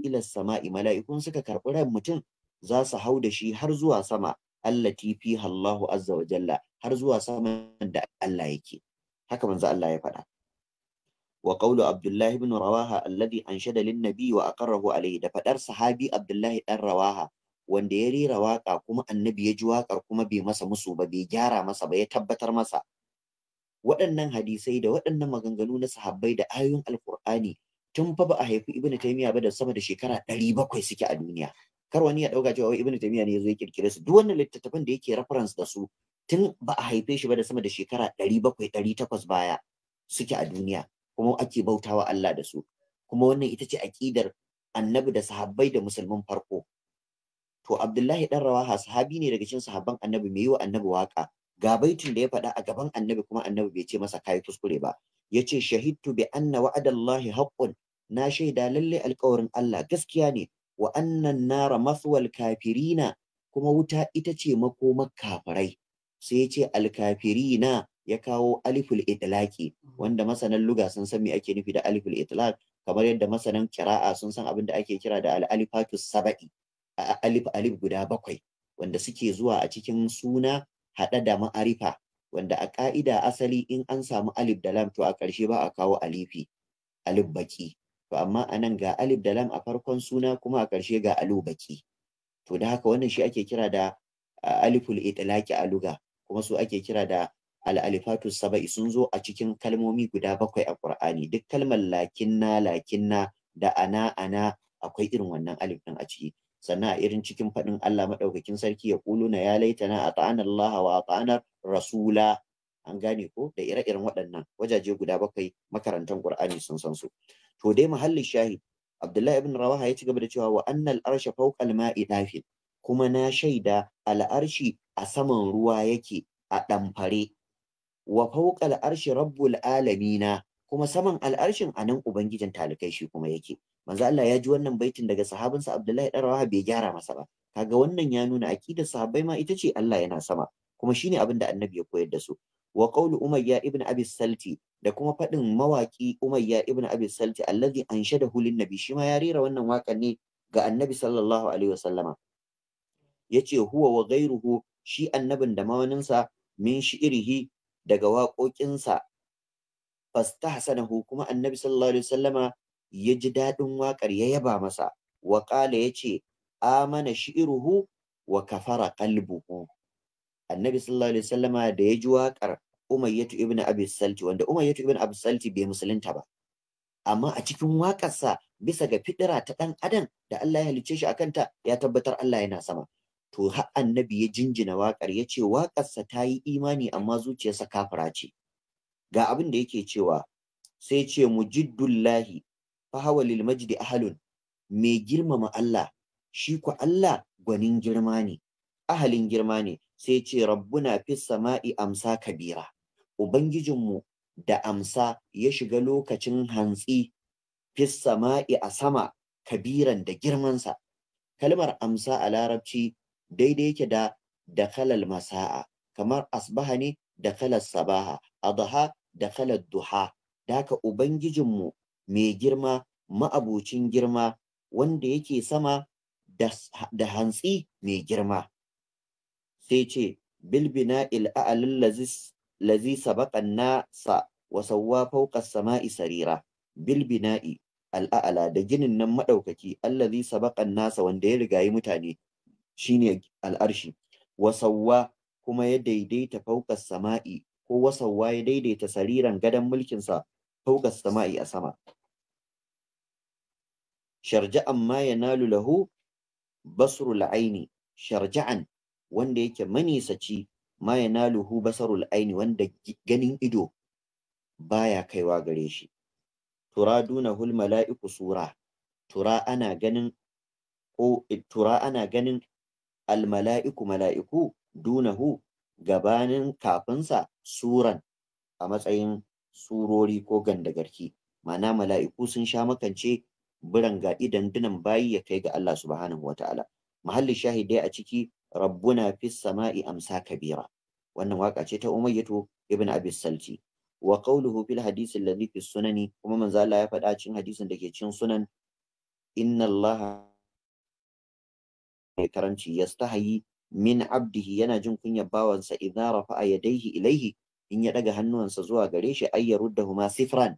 ila sama'i mala'ikun suka karɓi ran mutum za su hau da shi har zuwa sama allati fiha Allahu azza wa jalla har zuwa sama da Allah yake haka manzo Allah ya faɗa wa qawlu Abdullah ibn Rawaha alladhi anshada lin nabi wa aqarrahu alayhi da fadar sahabi Abdullahi dan Rawaha wanda ya rera waka kuma annabi ya ji wakar kuma bai masa musu ba bai gyara masa ba ya tabbatar masa waɗannan hadisai da waɗannan maganganu na sahabbai da ayoyin alkur'ani tun fa ba a haifi ibnu taymiya ba da sama da shekara ɗari bakwai suke a duniya kar wani ya dauka cewa ibnu taymiya ne yazo ya kirkire su duk wannan littattafan da yake reference da su tun ba a haife shi ba da sama da shekara 700 takwas baya suke a duniya kuma ake bautawa Allah da su kuma wannan ita ce aqidar annabi da sahabbai da musulmin farko to Abdullahi dan Rawaha sahabi ne daga cikin sahabban annabi mai yiwa annabi waka ga baitin da ya faɗa a gaban annabi kuma annabi bai ce masa kai kuskure ba yace shahidtu bi anna wa'adallahi haqqun na shaida lalle alƙawarin Allah gaskiya ne wa annan nara mathwal kafirina kuma wuta ita ce makomar kafirai sai ya ce alkafirina ya kawo aliful itlaqi wanda masanan luga sun san me ake nufi da aliful itlaq kamar yadda masanan kira'a sun san abin da ake kira da al-alifatus sab'i alif alif guda bakwai wanda suke zuwa a cikin suna hada da ma'arifa wanda a ƙa'ida asali in an samu alif da lam to a ƙarshe ba a kawo alifi alif baki to amma a nan ga alif da lam a farkon suna kuma a ƙarshe ga alu baki to da haka wannan shi ake kira da aliful itlaqi Aluga kuma su ake kira da al-alifatu saba'i sun zo a cikin kalmomi guda bakwai a Qur'ani duk kalmar lakinna lakinna da ana ana akwai irin wannan alif din a ciki sannan a irin cikin faɗin Allah maɗaukakin sarki ya kulu na ya laitana a Allah wa ata'ana rasula an gane ko da ire-iren waɗannan wajaje guda bakwai makarantar Qur'ani sun san su to dai mahallin shahid Abdullahi ibn Rawaha ya ci gaba da cewa wa annal arsha fawqa al-ma'i dafin kuma na shaida al'arshi a saman ruwa yake a ɗamfare wa fawqa al-arshi rabbul alamina kuma saman al'arshin a nan ubangijin talikai shi kuma yake manzo Allah ya ji wannan baitin daga sahabinsa Abdullahi dan Rawaha bai gyara masa ba kaga wannan ya nuna aqidar sahabbai ma ita ce Allah yana sama kuma shine abin da annabi ya koyar da su wa qawlu umayya ibn abi salti da kuma faɗin mawaki umayya ibn abi salti allazi anshadahu lin nabi Shima ya rera wannan wakan ne ga annabi sallallahu alaihi wasallama yace huwa wa ghayruhu shi annabin da mawaninsa min shi'irihi daga waƙoƙinsa fastahsanahu kuma annabi sallallahu alaihi wasallama ya ji daɗin waƙar ya yaba masa wa ƙala ya ce amana shi'iruhu wa kafara qalbuhu annabi sallallahu alaihi wasallama da ya ji waƙar Umayyatu ibn Abi Salti wanda Umayyatu ibn Abi Salti bai musulunta ba amma a cikin waƙarsa bisa ga fidira ta ɗan adam da Allah ya halicce shi akanta ya tabbatar Allah yana sama to har annabi ya jinjina wakar ya ce waƙarsa ta yi imani amma zuciyarsa kafira ce ga abin da yake cewa sai ce mujiddullahi fa hawa lil majdi ahlun mai girmama Allah shi ku Allah gwanin girma ne ahalin girma ne sai ce rabbuna fis sama'i amsa kabira Ubangijinmu da amsa ya shiga lokacin hantsi fis sama'i a sama kabiran da girmansa. Kalmar amsa a larabci daidai yake da da kalal masa'a, kamar asbaha ne da kalar sabaha, adha da kalar duha. Da Ubangijinmu mai girma, ma'abucin girma, wanda yake sama da hantsi mai girma. Sai ce, bilbina il'a'alillazis الذي سبق الناس وسوى فوق السماء سريرا بالبناء al'a'ala da ginin nan maɗaukaki allazi sabaqan nasa wanda ya rigayi mutane shine al'arshi wasawwa kuma ya daidaita faukas sama'i ko wasawwa ya daidaita sariran gadon sa faukas sama'i a sama sharja'an ma yanalu lahu basrul aini sharja'an wanda yake manisaci ma yanaluhu basarul aini wanda ganin ido baya kaiwa gare shi tura dunahul mala'iku sura tura ana ganin ko tura ana ganin al mala'iku mala'iku dunahu gabanin kafinsa suran a matsayin surori ko gandagarki mana mala'iku sun sha makance biran ga idan bayi ya kai ga Allah subhanahu wata'ala mahallin shahidai a ciki rabbuna fis sama'i amsa kabira wannan waka ce ta umayyatu ibn abi salji wa qawluhu fil hadisi sunani kuma manzo Allah ya faɗa cikin hadisin da ke cin sunan inna Allah mai karanci yastahi min abdihi yana jin kunyar bawansa idza rafa'a yadayhi ilaihi in ya daga hannuwansa zuwa gare shi ay yaruddahuma sifran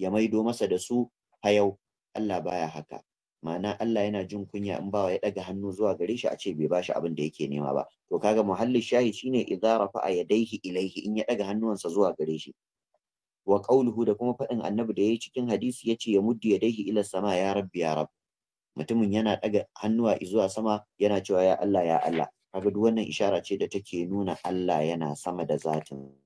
ya maido masa da su hayau Allah baya haka ma'ana Allah yana jin kunya in bawa ya daga hannu zuwa gare shi a ce bai bashi abin da yake nema ba to kaga muhallin shahi shine idza rafa'a yadayhi ilayhi in ya daga hannuwansa zuwa gare shi wa qauluhu da kuma faɗin annabi da yayi cikin hadisi yace ya muddi yadayhi ila sama ya rabbi ya rabb mutumin yana daga hannuwa zuwa sama yana cewa ya Allah ya Allah kaga duk wannan ishara ce da take nuna Allah yana sama da zatin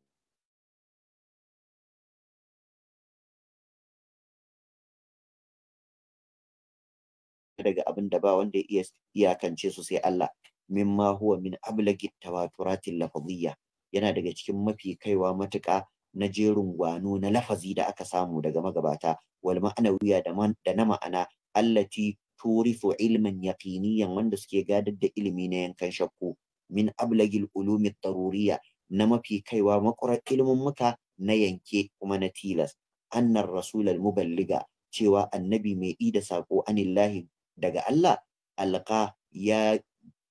daga abin da ba wanda ya iya iyakance su sai Allah ma huwa min ablagi tawaturatil lafaziyya yana daga cikin mafi kaiwa matuƙa na jerin gwano na lafazi da aka samu daga magabata wal ma'anawiya da na ma'ana allati turifu ilmin yaqiniyan wanda suke gadar da ilimi na yankan shakku min ablagil ulumi daruriyya na mafi kaiwa makura ilimin muka na yanke kuma na tilas annar rasulal muballiga cewa annabi mai ida sako anillahi daga Allah alqa ya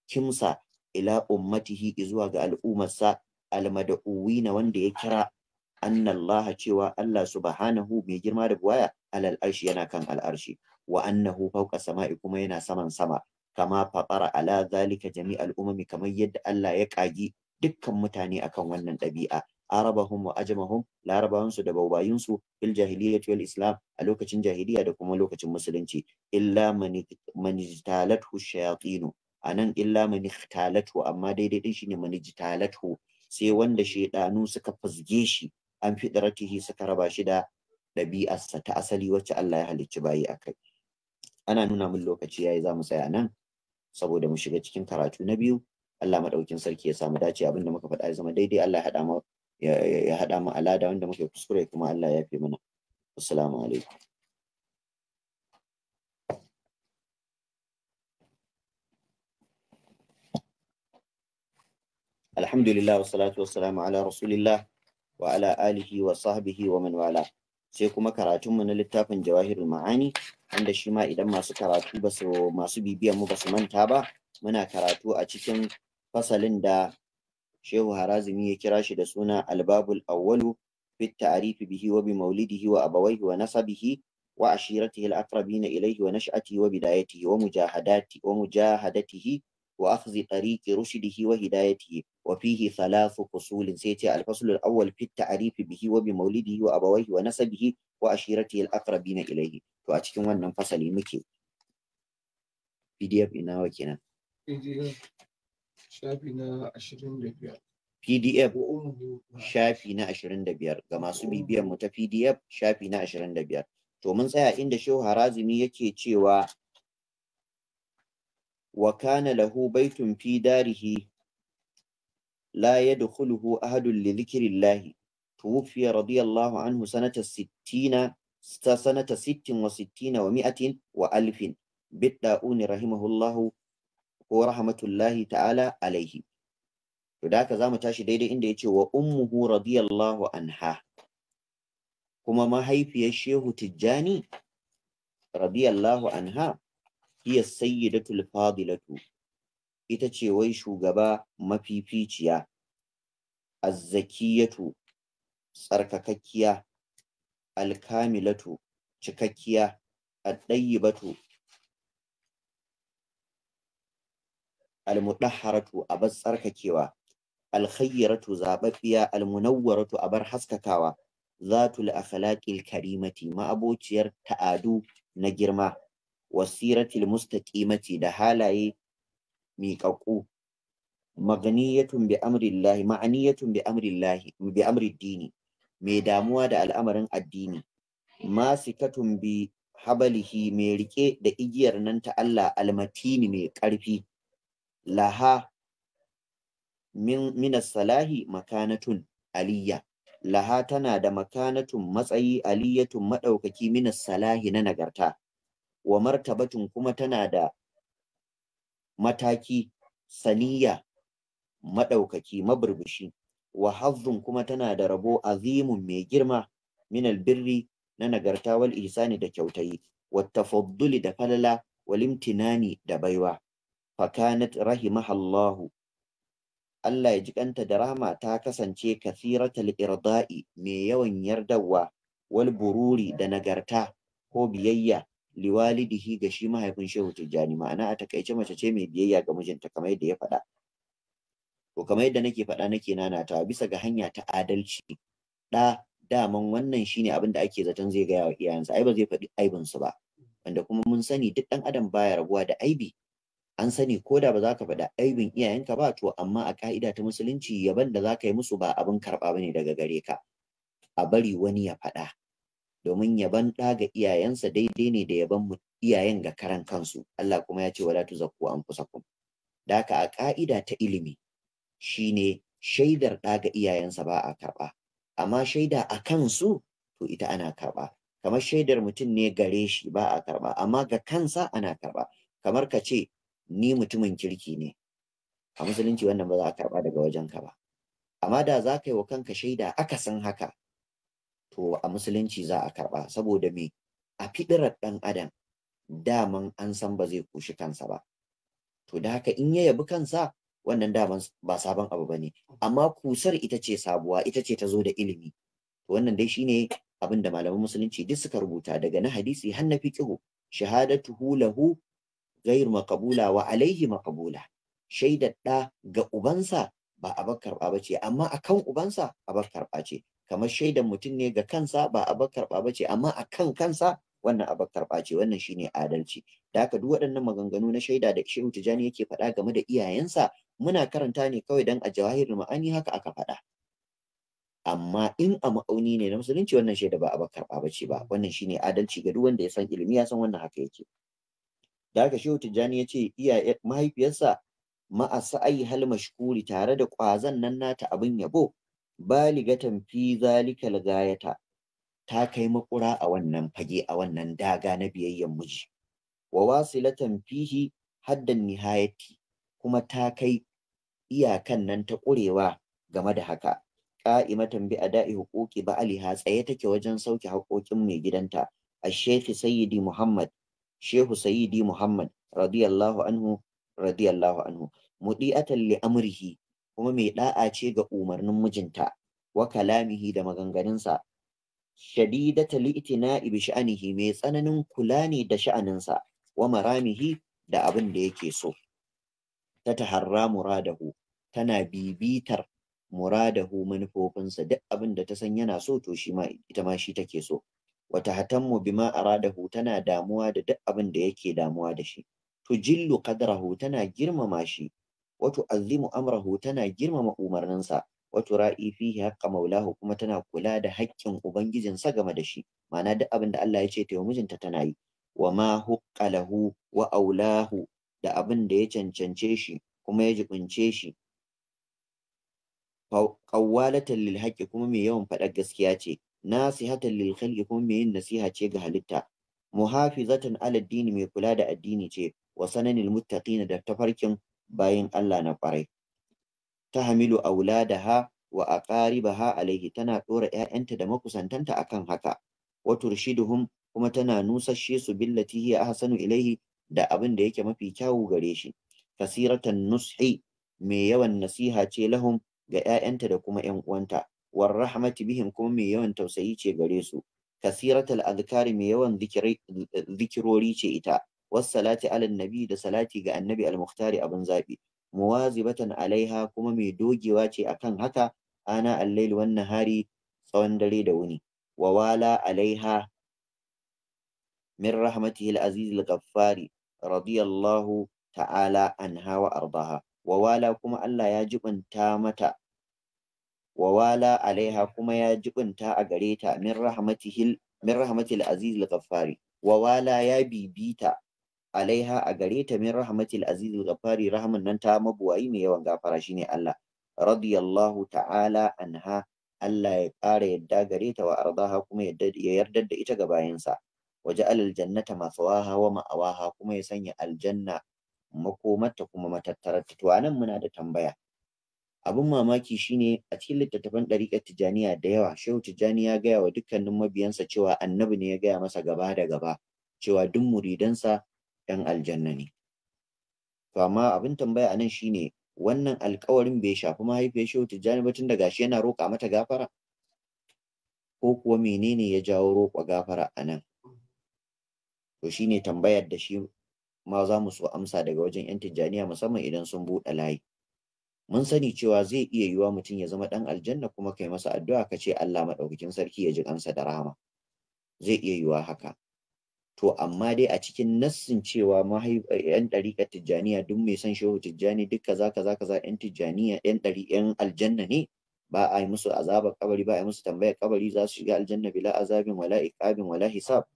kimsa ila ummatihi izuwa ga al'ummarsa almad'uwina wanda ya kira annallaha cewa Allah subhanahu mai girma da buwaya alal arshi yana kan al'arshi wa annahu fawqa sama'i kuma yana saman sama kama faqara ala zalika jami'al umami kamar yadda Allah ya kagi dukkan mutane akan wannan ɗabi'a arabahum wa ajamahum larabawan su da baubayin su fil jahiliyyah wal islam a lokacin jahiliya da kuma lokacin musulunci illa man ijtalathu shayatin anan illa man amma daidai din shine man ijtalathu sai wanda shaydanu suka fizge shi an fi fidratihi suka raba shi da ɗabi'arsa ta asali wacce Allah ya halicci bayi akai ana nuna min lokaci yayi za mu tsaya nan saboda mu shiga cikin karatu na biyu Allah madaukin sarki ya samu dace abinda muka faɗa ya zama daidai Allah ya haɗa mu ya haɗa mu alada wanda muke kuskure kuma Allah ya fi mana assalamu alaikum alhamdulillah wassalatu wassalamu ala rasulillah wa ala alihi wa sahbihi wa man wala sai kuma karatun mu na littafin jawahirul ma'ani wanda shi ma idan masu karatu ba su masu bibiyan mu ba su manta ba muna karatu a cikin fasalin da shehu harazimi ya kira shi da suna albabul awwalu fi ta'rifi bihi wa bi maulidihi wa abawaihi wa nasabihi wa ashiratihi al-aqrabina ilayhi wa nash'atihi wa bidayatihi wa mujahadati wa mujahadatihi وأخذ طريق رشده وهدايته وفيه wa فصول سيتي الفصل الأول wa التعريف به وبمولده وأبويه ونسبه وأشيرته To a cikin wannan fasali muke PDF ina wa kenan shafi na 25 pdf shafi na 25 ga masu bibiyan mu ta pdf shafi na 25 to mun tsaya inda shehu harazimi yake cewa wa kana lahu baitun fi darihi la yadkhuluhu ahadun li dhikrillah توفي رضي الله عنه سنة الستين سنة ست وستين ومائة وألف بالطاعون رحمه الله ko rahmatullahi ta'ala alaihi to da za mu tashi daidai inda ya ce wa ummuhu radiyallahu anha kuma mahaifiyar shehu tijjani radiyallahu anha hiya sayyidatul fadilatu ita ce wai shugaba mafificiya azzakiyatu tsarkakakkiya alkamilatu cikakkiya addayyibatu almudahharatu a bar tsarkakewa alkhayyaratu zababbiya almunawwaratu a bar haskakawa zatul akhlaqil karimati ma'abociyar ta'adu na girma wasiratil mustaqimati da halaye miƙaƙu magniyatun bi amrillahi ma'aniyatun bi amrillahi bi amriddini mai damuwa da al'amarin addini masikatun bi habalihi mai riƙe da igiyar nan ta Allah almatini mai ƙarfi laha min salahi makanatun aliyya laha tana da makanatun matsayi aliyatun maɗaukaki min salahi na nagarta wa martabatun kuma tana da mataki saniya maɗaukaki maburbushi wa kuma tana da rabo azimun mai girma minal birri na nagarta wal ihsani da kyautayi wa da falala wal imtinani da baiwa fakanat rahimahallahu Allah ya jikanta da rahama ta kasance kathiratal irda'i mai yawan yardawa wal bururi da nagarta ko biyayya liwalidihi ga shi mahaifin Shehu Tijjani ma'ana a takaice mace ce mai biyayya ga mijinta kamar yadda ya faɗa to kamar yadda nake faɗa nake nanata bisa ga hanya ta adalci ɗa daman wannan shine abin da ake zaton zai gaya wa iyayensa ai ba zai faɗi aibinsu ba wanda kuma mun sani duk ɗan adam baya rabuwa da aibi an sani ko da ba za ka faɗa aibin iyayenka ba to amma a ka'ida ta musulunci yaban da za ka yi musu ba abin karɓa ba ne daga gare ka a bari wani ya faɗa domin yaban ɗa ga iyayensa daidai ne da yaban iyayen ga karan kansu Allah kuma ya ce wala kusa anfusakum da ka a ka'ida ta ilimi shine shaidar ɗa ga iyayensa ba a karɓa amma shaida a kansu to ita ana karɓa kamar shaidar mutum ne gare shi ba a karɓa amma ga kansa ana karɓa kamar ka ce ni mutumin kirki ne a musulunci wannan ba za a karba daga wajenka ba amma da za ka yi wa kanka shaida aka san haka to a musulunci za a karba saboda me a fidirar ɗan adam daman an san ba zai kushi kansa ba to da haka in ya yabi kansa wannan daman ba sabon abu bane amma kusar ita ce sabuwa ita ce ta zo da ilimi to wannan dai shine abin da malaman musulunci duk suka rubuta daga na hadisi hannafi na fiqhu shahadatuhu lahu ghairu Makabula wa alaihi Makabula, shaida ɗa ga ubansa ba abar karba bace amma akan ubansa abar karba ce kamar shaidar mutum ne ga kansa ba a karba bace amma akan kansa wannan abar karba wannan shine adalci da haka duk waɗannan maganganu na shaida da Shehu Tijani yake faɗa game da iyayensa muna karanta ne kawai dan a jawahirul ma'ani haka aka faɗa amma in a ma'auni ne na musulunci wannan shaida ba abar karba bace ba wannan shine adalci ga duk wanda ya san ilimi ya san wannan haka yake da haka shehu tijjani ya ce iya mahaifiyarsa ma'a sa'ayi hal mashkuri tare da ƙwazon nan nata abin yabo baligatan fi zalika lagayata ta kai makura a wannan fage a wannan daga na biyayyen miji wa wasilatan fihi haddan nihayati kuma ta kai iyakan nan ta ƙurewa game da haka qa'imatan bi ada'i huquqi ba'aliha tsaye take wajen sauke haƙoƙin mai gidanta ash-shaykh sayyidi muhammad shehu sayyidi muhammad radiyallahu anhu radiyallahu anhu mudi'atan li amrihi kuma mai da'a ce ga umarnin mijinta wa kalamihi da maganganunsa shadidata itina'i bi sha'anihi mai tsananin kula ne da sha'aninsa wa maramihi da abin da yake so ta taharra muradahu tana bibitar muradahu manufofinsa duk abin da ta san yana so to shi ma ita ma shi take so wa tahtammu bima aradahu tana damuwa da duk abin da yake damuwa da shi tujillu hu tana girmama shi wa tu'azzimu amrahu tana girmama umarninsa wato tura'i fihi haqqa maulahu kuma tana kula da haƙƙin ubangijinsa game da shi ma'ana duk abin da Allah ya ce ta mijinta tana yi wa ma huqqa lahu wa aulahu da abin da ya cancance shi kuma ya jibince shi qawwalatan lil haqqi kuma mai yawan faɗar gaskiya ce nasihatan lil khalqi kuma mai yin nasiha ce ga halitta muhafizatan ala dini mai kula da addini ce wa sananil muttaqina da tafarkin bayin Allah na kwarai tahmilu auladaha wa aqaribaha alaihi tana dora ƴaƴanta da makusantanta akan haka wa turshiduhum kuma tana nusashe su billati hiya ahsanu ilaihi da abin da yake mafi kyawu gare shi kasiratan nushi mai yawan nasiha ce lahum ga ƴaƴanta da kuma ƴan uwanta war rahmati bihim kuma mai yawan tausayi ce gare su kasiratul azkari mai yawan zikirori ce ita was salati ala nabi da salati ga annabi al-mukhtari abin zabi muwazibatan alaiha kuma mai dogewa ce akan haka ana al-lail wan tsawon dare da wuni Wawala wala alaiha min rahmatihi al-aziz al radiyallahu ta'ala anha wa ardaha wa wala kuma Allah ya jibanta mata Wawala alaiha kuma ya jibinta a gare ta min rahmatil aziz al-ghaffari ya bibita alaiha a gare ta min rahmatil aziz al-ghaffari rahman nan ta mabuwayi mai yawan gafara shine Allah radiyallahu ta'ala anha Allah ya ƙara yadda gare ta wa ardaha kuma ya yarda da ita ga bayansa waje alal jannata masawaha wa ma'awaha kuma ya sanya aljanna makomarta kuma matattararta to anan muna da tambaya abin mamaki shine a cikin littattafan ɗariƙar tijaniya da yawa shehu tijani ya gaya wa dukkanin mabiyansa cewa annabi ne ya gaya masa gaba da gaba cewa duk muridansa yan aljanna ne to amma abin tambaya anan shine wannan alƙawarin bai shafi mahaifiyar shehu tijani ba tun da gashi yana roƙa mata gafara ko kuwa menene ya jawo roƙa gafara anan to shine tambayar da shi ma za mu so amsa daga wajen yan tijaniya musamman idan sun buɗe layi mun sani cewa zai iya yiwa mutum ya zama ɗan aljanna kuma kai masa addu'a ka ce Allah madaukakin sarki ya ji kansa da rahama zai iya yiwa haka to amma dai a cikin nassin cewa yan ɗariƙar tijjaniya duk mai son shehu tijjani duk kaza kaza kaza yan tijjaniya yan ɗari yan aljanna ne ba a yi musu azabar kabari ba a yi musu tambayar kabari za su shiga aljanna bila azabin wala iqabin wala hisab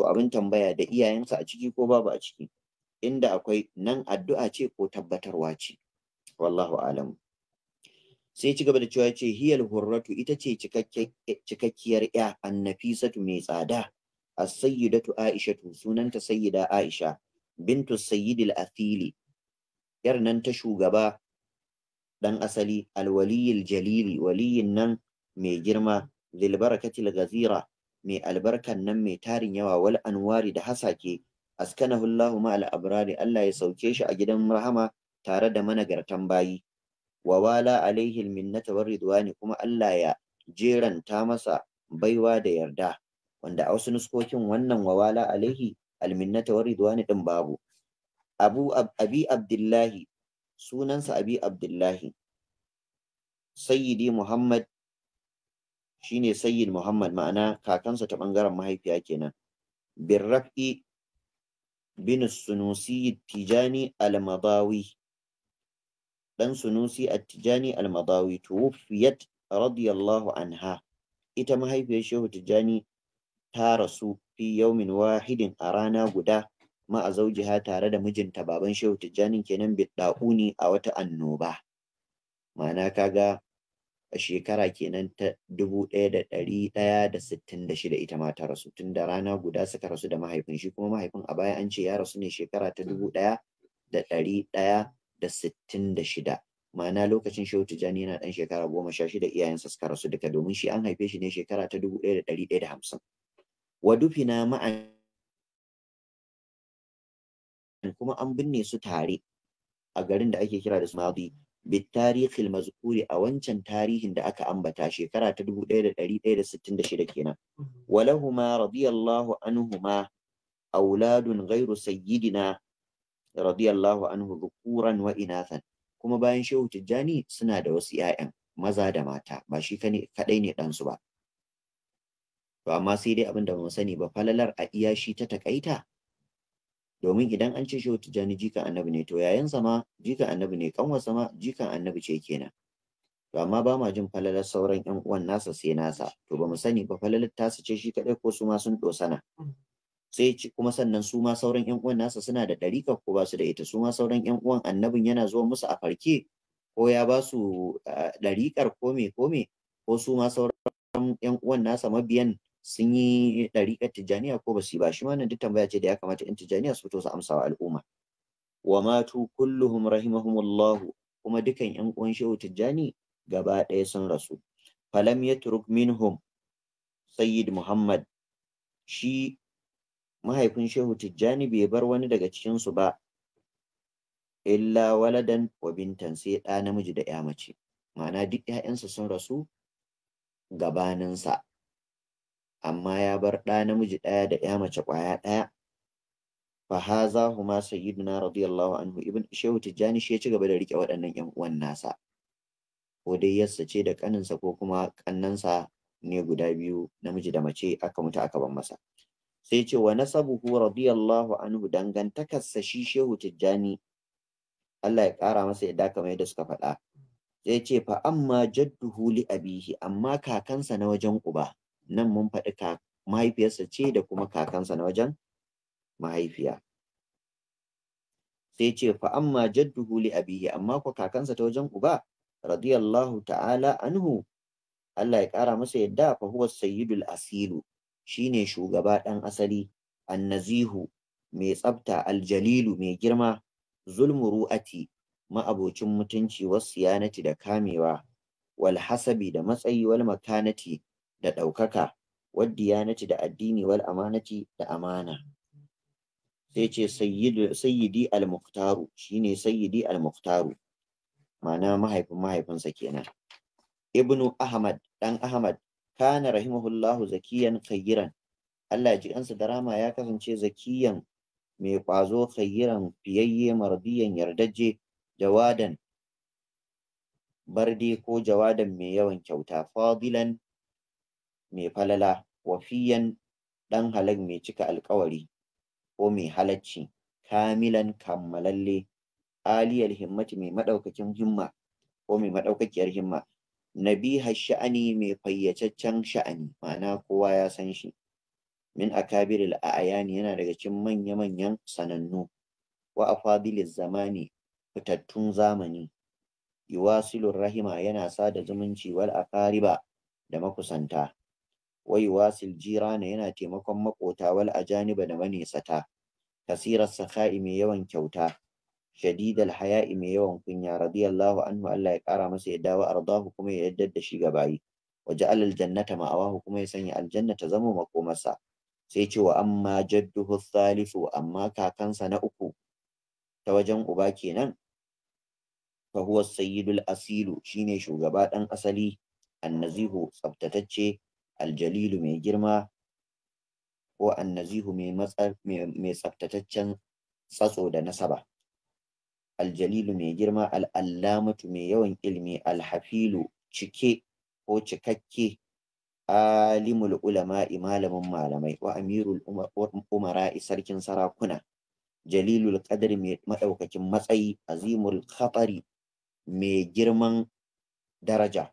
to abin tambaya da iyayensa a ciki ko babu a ciki inda akwai nan addu'a ce ko tabbatarwa ce wallahu alam sai ci gaba da cewa ce hiyal hurratu ita ce eh, cikakkiyar ya annafisatu mai tsada as-sayyidatu aishatu sunanta sayyida aisha bintu sayyidil athili yar nan ta shugaba dan asali alwaliyil jalili waliyin nan mai girma lil barakatil gazira mai albarkan nan mai tarin yawa wal anwari da hasake askanahu Allahu ma al abrari Allah ya sauke shi a gidan rahama tare da managartan bayi wa wala alaihi minnata war kuma Allah ya jeranta masa baiwa da yarda wanda a wasu nuskokin wannan wa wala alaihi alminnata war ridwani din babu Abu Abi Abdullahi sunansa Abi Abdullahi Sayyidi Muhammad shine Sayyid Muhammad ma'ana kakansa ta bangaren mahaifiya kenan bin bin Sunusi Tijani Al-Madawi dan sunusi attijani almadawi wufiyat radiyallahu anha ita mahaifiyar shehu tijani ta rasu fi yaumin wahidin a rana guda ma'azaujiha tare da mijinta baban shehu tijani kenan ɗa'uni a wata annoba ma'ana kaga a shekara kenan ta dubu ɗaya da ɗari ɗaya da sittin da shida ita ma ta rasu tun da rana guda suka rasu da mahaifin shi kuma mahaifin a baya an ce ya rasu ne shekara ta dubu ɗaya da ɗari ɗaya da sittin da shida ma'ana lokacin shehu tijjani yana ɗan shekara goma sha shida iyayensa suka rasu duka domin shi an haife shi ne shekara ta dubu ɗaya da ɗari ɗaya da hamsin wa na ma'a kuma an binne su tare a garin da ake kira da Sumadi bit tarihil mazkuri a wancan tarihin da aka ambata shekara ta dubu da da da sittin shida kenan walahuma radiyallahu anhuma auladun ghairu sayyidina radiyallahu anhu dhukuran wa inathan kuma bayan shehu tijjani suna da wasu 'ya'yan maza da mata ba shi kadai ne ɗansu ba to amma sai dai abinda da mu sani ba falalar a iya shi ta takaita domin idan an ce shehu tijjani jikan annabi ne to yayan sama jikan annabi ne kanwar sama jikan annabi ce kenan to amma ba ma jin falalar sauran yan uwan nasa sai nasa to ba mu sani ba falalar tasa ce shi kadai ko su ma sun dosana sai ci kuma sannan su ma sauran yan uwan nasa suna da ɗarika ko ba su da ita su ma sauran yan uwan annabin yana zuwa musu a farke ko ya ba su ɗarikar ko me ko me ko su ma sauran yan uwan nasa mabiyan sun yi ɗariƙar tijjaniya ko ba su yi ba shi ma duk tambaya ce da ya kamata in tijjaniya su to su amsa wa al'umma wa matu kulluhum rahimahumullahu kuma dukan yan uwan shehu tijjani gaba ɗaya sun rasu falam yatruk minhum sayyid muhammad shi mahaifin shehu tijjani bai bar wani daga cikinsu ba illa waladan wa bintan sai ɗa namiji da ya mace ma'ana duk ‘ya'yansa sun rasu gabaninsa amma ya bar ɗa namiji ɗaya da ya mace ƙwaya ɗaya haza huma sayyiduna radiyallahu anhu ibn shehu tijjani shi ya ci gaba da rike waɗannan ƴan uwan nasa ko dai yassa ce da ƙaninsa ko kuma kannansa ne guda biyu namiji da mace aka mutu aka bar masa sai ce wa nasabuhu radiyallahu anhu dangantakarsa shi shehu tijjani Allah ya ƙara masa yadda kamar yadda suka faɗa sai ce fa amma jadduhu li abihi amma kakansa na wajen uba nan mun faɗi ka mahaifiyarsa ce da kuma kakansa na wajen mahaifiya sai ce fa amma jadduhu li abihi amma ko kakansa ta wajen uba radiyallahu ta'ala anhu Allah ya ƙara masa yadda fa huwa sayyidul asilu shine shugaba ɗan asali annazihu mai tsabta aljalilu mai girma zulmuru'ati ma'abocin mutunci yanati da kamewa wal hasabi da matsayi wal makanati da ɗaukaka waddiyanati da addini wal amanati da amana sai ce sayyidi al-muqtaru shine sayyidi al-muqtaru ma'ana mahaifin mahaifinsa kenan ibnu ahmad dan ahmad kana rahimahullahu zakiyan khayran Allah ji ansa da rama ya kasance zakiyan mai kwazo khayran fiyayye mardiyan yardaje jawadan barde ko jawadan mai yawan kyauta fadilan mai falala wafiyan dan halak mai cika alkawari ko mai halacci kamilan kammalalle aliyar himmati mai madaukakin himma ko mai madaukakiyar himma nabihar sha'ani mai fayyataccen sha'ani ma'ana kowa ya san shi min akabiril a'yani yana daga cikin manya-manyan sanannu wa afadiliz zamani fitattun zamani Iwasilun rahima yana sa da zumunci wal akariba da makusanta wa yuwasil jirana yana taimakon makota wal ajaniba da manisata kasirar sakha'i mai yawan kyauta shadidal haya'i mai yawan kunya radiyallahu anhu Allah ya kara masa yadda wa ardahu kuma ya yaddar da shi ga bayi wa ja'ala aljannata ma'awahu ya sanya aljanna ta zama makomarsa sai ce wa amma jadduhu salisu amma kakansa na uku ta wajen uba kenan fa huwa sayyidul asilu shine shugaba ɗan asali annazihu tsaftatacce aljalilu mai girma ko annazihu mai tsabtataccen tsatso da nasaba aljalilu mai girma Al'amatu mai yawan ilmi alhafilu cike ko cikakke alimul ulama'i malamin malamai wa amirul umara'i sarkin sarakuna jalilul qadri mai madaukakin matsayi azimul khatari mai girman daraja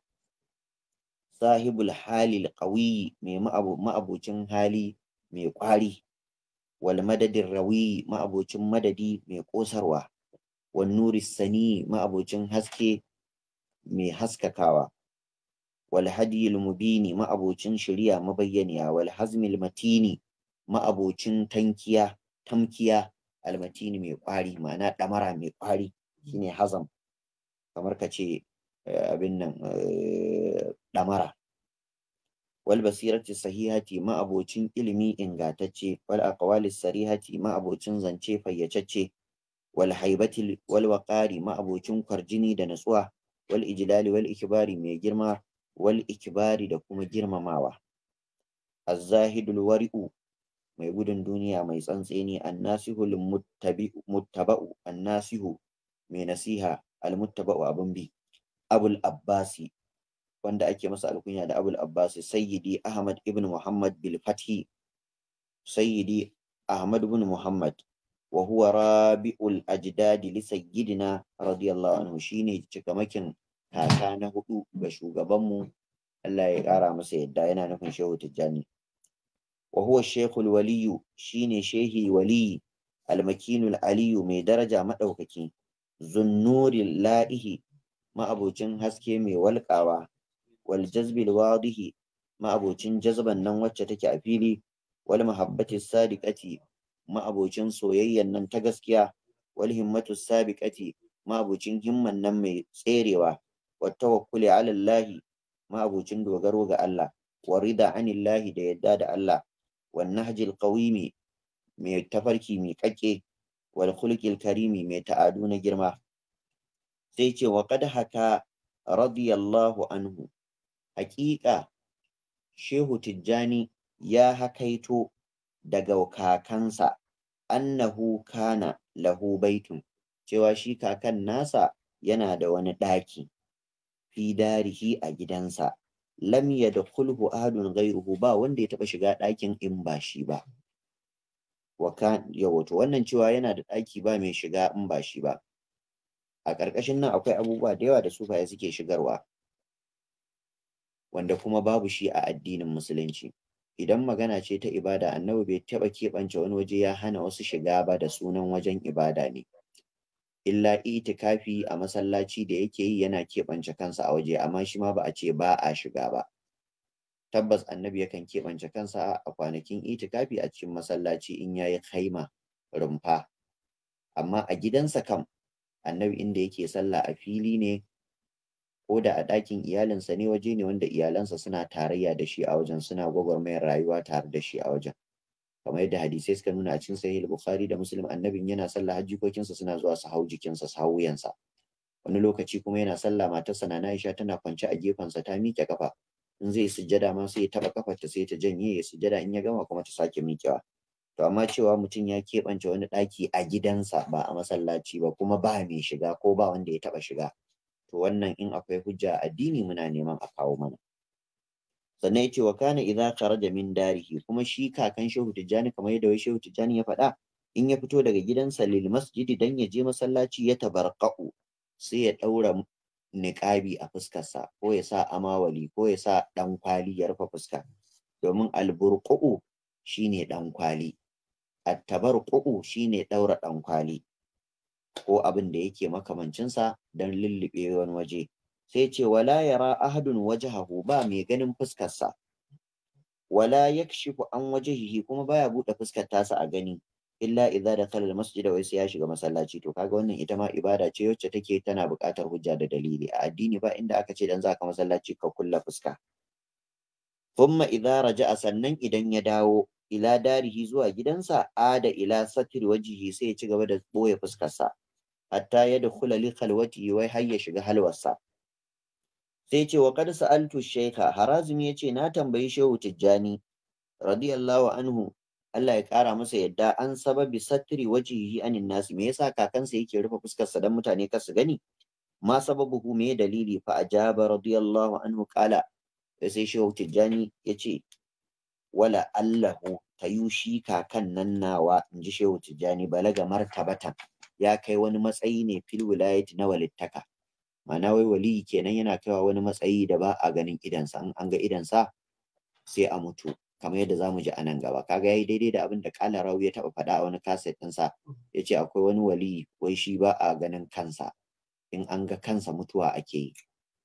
sahibul halil ƙawiyi, ma'abocin hali mai ƙwari, Walmadadin Rawiyi, rawi ma'abocin madadi mai ƙosarwa. wan nuri sani ma'abocin haske mai haskakawa wal mubini ma'abocin shari'a mabayyaniya wal hazmil matini ma'abocin tankiya tamkiya almatini mai kwari ma'ana damara mai kwari shine hazam kamar ka ce abin nan damara wal basirati sahihati ma'abocin ilimi ingatacce wal aqwalis sarihati ma'abocin zance fayyacacce wal haibati wal waqari kwarjini da natsuwa wal ijlali wal ikbari mai girma wal ikibari da kuma girmamawa azzahidul wari'u mai gudun duniya mai tsantseni annasihul muttaba'u annasihu mai nasiha al-muttaba'u abun bi abul abbasi wanda ake masa alkunya da abul abbasi sayyidi ahmad ibn muhammad bil fathi sayyidi ahmad ibn muhammad Wahuwa huwa rabi'ul ajdad li sayyidina radiyallahu anhu shine cikamakin kaka na hudu ga shugabanmu Allah ya kara masa yadda yana nufin Shehu Tijjani wa huwa Sheikhul Waliyu shine Shehi Waliyi almakinul aliyu mai daraja maɗaukaki zunnuri la'ihi ma'abocin haske mai walƙawa Waljazbil jazbil wadihi ma'abocin jazban nan wacce take a fili wal mahabbati sadiqati ma'abocin soyayyan nan ta gaskiya wal himmatu sabiqati ma'abocin himman nan mai tserewa wa tawakkuli ala Allah ma'abocin dogaro ga Allah wa rida anillahi da yadda da Allah wan nahjil qawimi mai tafarki mai kake wal khulqil karimi mai ta'adu na girma sai ce wa qad haka radiyallahu anhu haƙiƙa shehu tijjani ya hakaito daga kakansa annahu kana lahu baitun cewa shi kakan nasa yana da wani ɗaki fi darihi a gidansa lam yadkhulhu ahadun ghayruhu ba wanda ya taba shiga ɗakin in ba shi ba wa wannan cewa yana da ɗaki ba mai shiga in ba shi ba a ƙarƙashin nan akwai abubuwa da yawa da sufaya suke shigarwa wanda kuma babu shi a addinin musulunci idan magana ce ta ibada annabi bai taɓa keɓance wani waje ya hana wasu shiga ba da sunan wajen ibada ne illa itikafi a masallaci da yake yi yana keɓance kansa a waje amma shi ma ba a ce ba a shiga ba tabbas annabi yakan keɓance kansa a kwanakin itikafi a cikin masallaci in ya yi haima rumfa amma a gidansa kam annabi inda yake sallah a fili ne ko da a ɗakin iyalinsa ne waje ne wanda iyalansa suna tarayya da shi a wajen suna gwagwarmayar rayuwa tare da shi a wajen kamar yadda hadisai suka nuna a cikin sahih bukhari da muslim annabin yana sallah hajjikokinsa suna zuwa su hau jikinsa su hau wuyansa wani lokaci kuma yana sallah matarsa na Aisha tana kwance a gefensa ta miƙe kafa in zai sujjada ma sai ya taba kafarta sai ta janye ya sujjada in ya gama kuma ta sake miƙewa to amma cewa mutum ya keɓance wani ɗaki a gidansa ba a masallaci ba kuma ba mai shiga ko ba wanda ya taɓa shiga to wannan in akwai hujja addini muna neman a kawo mana sannan ya ce wa kana idza kharaja min darihi kuma shi kakan shehu tijjani kamar yadda wai shehu tijjani ya faɗa in ya fito daga gidansa lil masjidi dan ya je masallaci ya tabarqa'u sai ya daura niqabi a fuskarsa ko ya sa amawali ko ya sa dan kwali ya rufe fuska domin alburqu'u shine dan kwali attabarqu'u shine daura dan kwali ko abin da yake makamancinsa don lullube wani waje sai ce wala yara ahadun wajhahu ba mai ganin fuskarsa wala yakshifu an wajhihi kuma baya buɗe fuskar tasa a gani illa idza da al masjida wa ya shiga masallaci to kaga wannan ita ma ibada ce wacce take tana buƙatar hujja da dalili a addini ba inda aka ce dan zaka masallaci ka kulla fuska thumma idza raja'a sannan idan ya dawo ila darihi zuwa gidansa ada ila satri wajihi, sai ya ci gaba da boye fuskarsa hatta ya kula li khalwati wai har ya shiga halwarsa sai ce wa qad sa'altu shaykha harazmi yace na tambayi shehu tijjani radiyallahu anhu Allah ya kara masa yadda an sababi satri wajihi anin nasi me yasa kakansa yake rufe sa dan mutane kar su gani ma sababuhu me dalili fa ajaba radiyallahu anhu kala sai shehu tijjani yace wala allahu tayushi kakan nan nawa inji shehu tijjani balaga martabatan ya kai wani matsayi ne fil wilayati na walittaka mana wai wali kenan yana kaiwa wani matsayi da ba a ganin idansa in an ga idansa sai a mutu kamar yadda zamu ji a nan gaba kaga yayi daidai da abin da kala rawi ya taba faɗa a wani kaset ɗinsa yace akwai wani wali wai shi ba a ganin kansa in an ga kansa mutuwa ake yi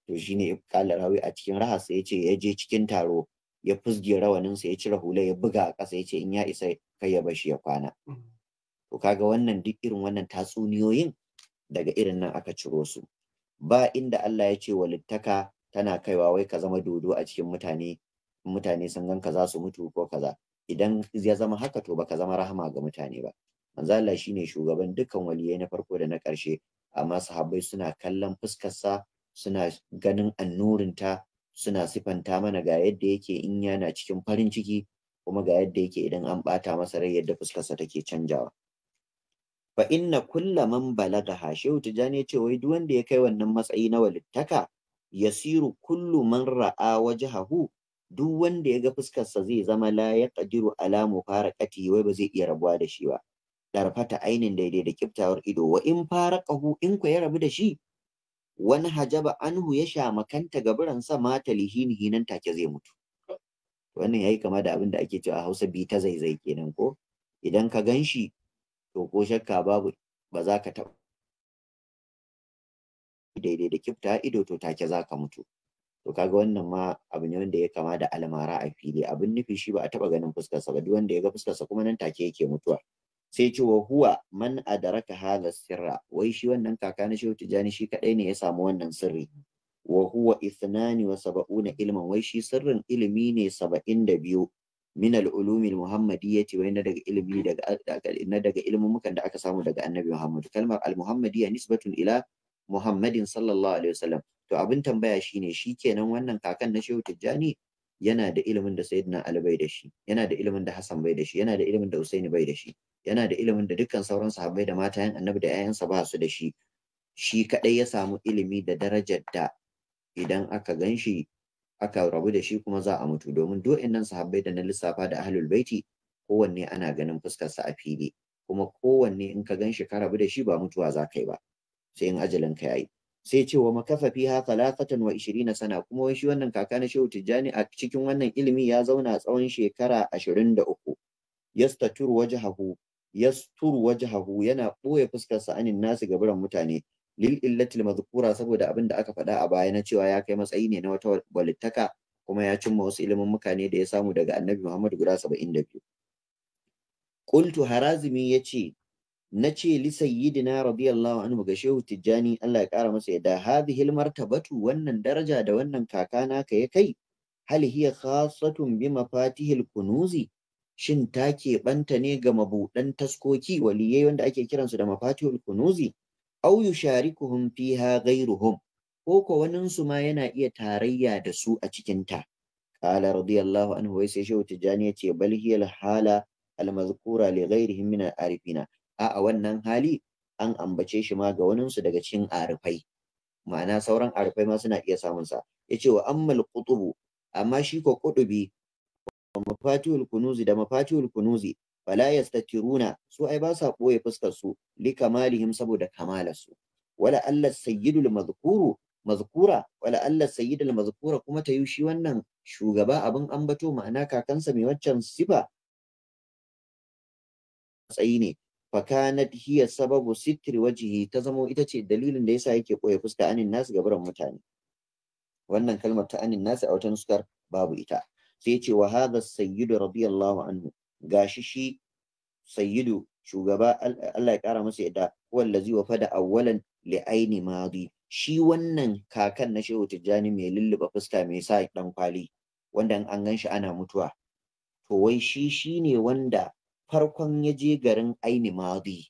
to shine kala rawi a cikin rahasa yace ya je cikin taro ya fusge rawaninsa ya cire hula ya buga a ƙasa yace in ya isa kai ya bashi ya kwana mm. ko kaga wannan duk irin wannan tatsuniyoyin daga irin nan aka ciro su ba inda Allah ya ce walittaka tana kaiwa wai ka zama dodo a cikin mutane mutane sun ganka za su mutu ko kaza idan ya zama haka to baka zama rahama ga mutane ba manzo Allah shine shugaban dukkan waliyai na farko da na karshe amma sahabbai suna kallon fuskarsa suna ganin annurinta suna sifanta mana ga yadda yake in yana cikin farin ciki kuma ga yadda yake idan an ɓata masa rai yadda fuskar sa take canjawa fa inna kulla man balagaha shehu tijani ce wai duk wanda ya kai wannan matsayi na walittaka yasiru kullu man ra'a wajhahu duk wanda ya ga fuskarsa zai zama la ya alamu fara mufaraqati wai ba zai iya rabuwa da shi ba darfata ainin daidai da kiftawar ido wa in faraqahu in ku ya rabu da shi wani hajaba anhu ya sha makanta sa mata lihinihi hinan take zai mutu wannan yayi kama da abin da ake cewa a Hausa bi ta zaizai kenan ko idan ka gan shi. to ko shakka babu ba za ka taɓa daidai da kifta ido to take za ka mutu to kaga wannan ma abu ne wanda ya kama da almara a fili abin nufi shi ba a taɓa ganin fuskarsa ba duk wanda ya ga fuskarsa kuma nan take yake mutuwa sai ce wa huwa man adaraka hadha sirra wai shi wannan kaka na shehu tijani shi kadai ne ya samu wannan sirri wa huwa ithnani wa sab'una ilman wai shi sirrin ilimi ne saba'in da biyu min al-ulumi al-muhammadiyyati wa inna daga ilmi daga inna daga da aka samu daga annabi Muhammad kalmar al-muhammadiyya nisbatun ila Muhammadin sallallahu alaihi wasallam to abin tambaya shine shikenan wannan kakan na Shehu Tijjani yana da ilimin da Sayyidina Ali bai da shi yana da ilimin da Hassan bai da shi yana da ilimin da Usaini bai da shi yana da ilimin da dukkan sauran sahabbai da matayen annabi da 'ya'yansa ba su da shi shi kadai ya samu ilimi da darajar da idan aka gan shi aka rabu da shi kuma za a mutu domin duk nan sahabbai da na lissafa da ahlul baiti kowanne ana ganin fuskarsa a fili kuma kowanne in ka ganshi ka rabu da shi ba mutuwa za kai ba sai in ajalin ka yayi sai cewa makafa fiha talafatan wa sana kuma shi wannan kaka na shehu tijani a cikin wannan ilimi ya zauna tsawon shekara ashirin da uku yastatur wajhahu yastur wajhahu yana ɓoye fuskarsa anin nasu gaburan mutane lil illati mazkura saboda abin da aka faɗa a baya na cewa ya kai matsayi ne na wata walittaka kuma ya cimma wasu ilimin mukane da ya samu daga annabi Muhammad guda da 72 qultu harazimi ya yace nace li sayyidina radiyallahu anhu ga shehu tijjani Allah ya kara masa yadda hadhihi martabatu wannan daraja da wannan kaka naka ya kai hal hiya khassatun bi mafatihil kunuzi shin ta keɓanta ne ga mabuɗan taskoki waliyai wanda ake kiransu da mafatihul kunuzi au yusharikuhum fiha ghayruhum ko ko su ma yana iya tarayya da su a cikin ta qala radiyallahu anhu wai sai shehu tijani yace bal hiya hala almazkura li ghayrihim min arifina a a wannan hali an ambace shi ma ga su daga cikin arifai ma'ana sauran arifai ma suna iya samun sa yace wa ammal qutubu amma shi ko qutubi mafatihul kunuzi da mafatihul kunuzi fala yastatiruna su ai ba sa boye fuskar su li kamalihim saboda kamalar su wala alla sayyidul mazkuru mazkura wala alla sayyidul mazkura kuma ta yi shi wannan shugaba abin ambato ma'ana kakansa mai waccan sifa tsayi ne fakanat hiya sababu sitri wajhi ta zama ita ce dalilin da yasa yake koya fuska anin nasu gabaran mutane wannan kalmar ta anin nasu a watan sukar babu ita sai ce wa hadha sayyidu radiyallahu anhu gashi shi sayyidu shugaba Allah ya kara masa yadda wallazi wa fada awwalan li aini madi shi wannan kakan na Shehu Tijjani mai lulluba fuska mai sa dan kwali wanda an gan shi ana mutuwa to wai shi shine wanda farkon ya je garin aini madi